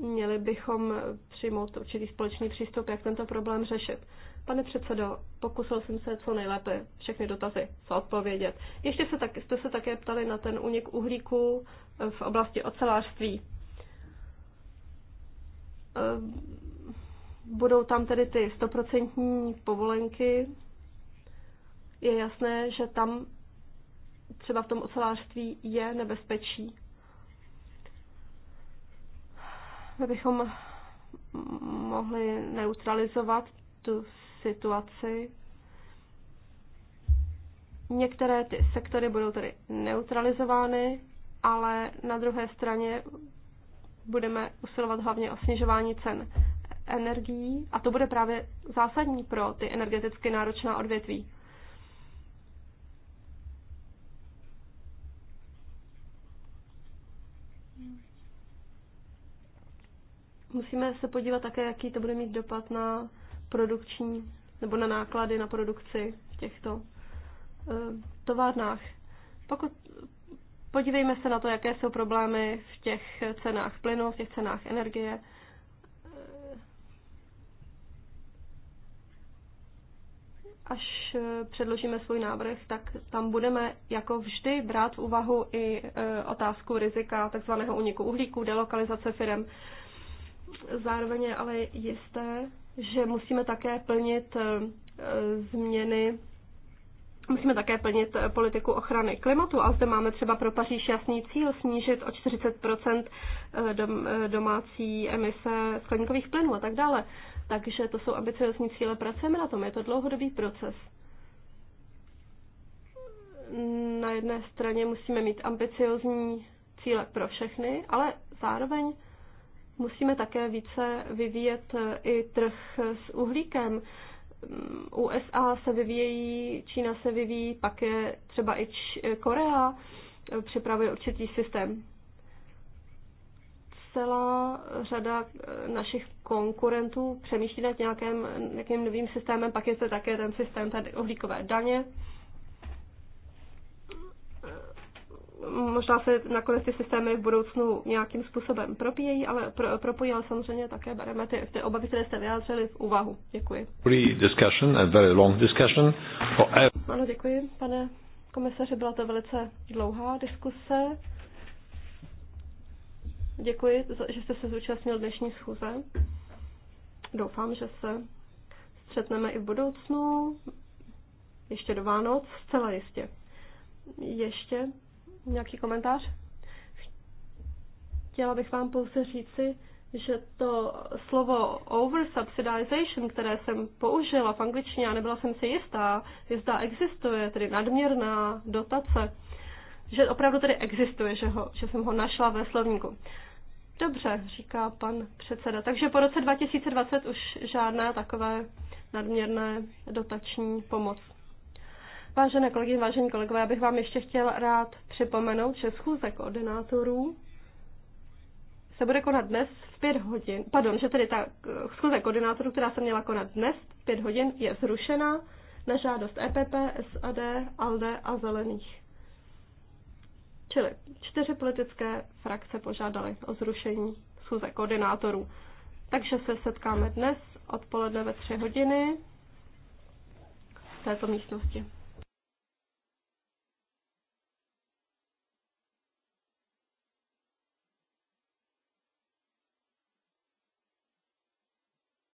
Měli bychom přijmout určitý společný přístup, jak tento problém řešit. Pane předsedo, pokusil jsem se co nejlépe všechny dotazy odpovědět. Ještě se tak, jste se také ptali na ten únik uhlíku eh, v oblasti ocelářství. Eh, budou tam tedy ty stoprocentní povolenky. Je jasné, že tam třeba v tom ocelářství je nebezpečí. My bychom mohli neutralizovat tu situaci. Některé ty sektory budou tedy neutralizovány, ale na druhé straně budeme usilovat hlavně o snižování cen energií a to bude právě zásadní pro ty energeticky náročná odvětví. Musíme se podívat také, jaký to bude mít dopad na produkční nebo na náklady na produkci v těchto eh, továrnách. Pokud podívejme se na to, jaké jsou problémy v těch cenách plynu, v těch cenách energie. Až eh, předložíme svůj návrh, tak tam budeme jako vždy brát v úvahu i eh, otázku rizika takzvaného uniku uhlíku, delokalizace firm. Zároveň je ale jisté, že musíme také plnit eh, změny Musíme také plnit eh, politiku ochrany klimatu a zde máme třeba pro Paříž jasný cíl snížit o 40 eh, domácí emise skleníkových plynů a tak dále. Takže to jsou ambiciozní cíle, pracujeme na tom, je to dlouhodobý proces. Na jedné straně musíme mít ambiciozní cíle pro všechny, ale zároveň Musíme také více vyvíjet eh, i trh eh, s uhlíkem. Mm, USA se vyvíjejí, Čína se vyvíjí, pak je třeba i eh, Korea připravuje určitý systém. Celá řada našich konkurentů přemýšlí nad nějakým, nějakým novým systémem, pak je to také ten systém tady uhlíkové daně. možná se nakonec ty systémy v budoucnu nějakým způsobem propíjejí, ale pro, propojí, ale samozřejmě také bereme ty, ty obavy, které jste vyjádřili v úvahu. Děkuji. discussion, a very long discussion. Ano, děkuji, pane komisaři, byla to velice dlouhá diskuse. Děkuji, že jste se zúčastnil dnešní schůze. Doufám, že se střetneme i v budoucnu, ještě do Vánoc, zcela jistě. Ještě Nějaký komentář? Chtěla bych vám pouze říci, že to slovo oversubsidization, které jsem použila v angličtině a nebyla jsem si jistá, jistá existuje, tedy nadměrná dotace, že opravdu tedy existuje, že, ho, že jsem ho našla ve slovníku. Dobře, říká pan předseda. Takže po roce 2020 už žádná takové nadměrné dotační pomoc Vážené kolegyně, vážení kolegové, já bych vám ještě chtěl rád připomenout, že schůze koordinátorů se bude konat dnes v 5 hodin. Pardon, že tedy ta schůze koordinátorů, která se měla konat dnes v 5 hodin, je zrušena na žádost EPP, SAD, ALDE a Zelených. Čili čtyři politické frakce požádaly o zrušení schůze koordinátorů. Takže se setkáme dnes odpoledne ve 3 hodiny v této místnosti.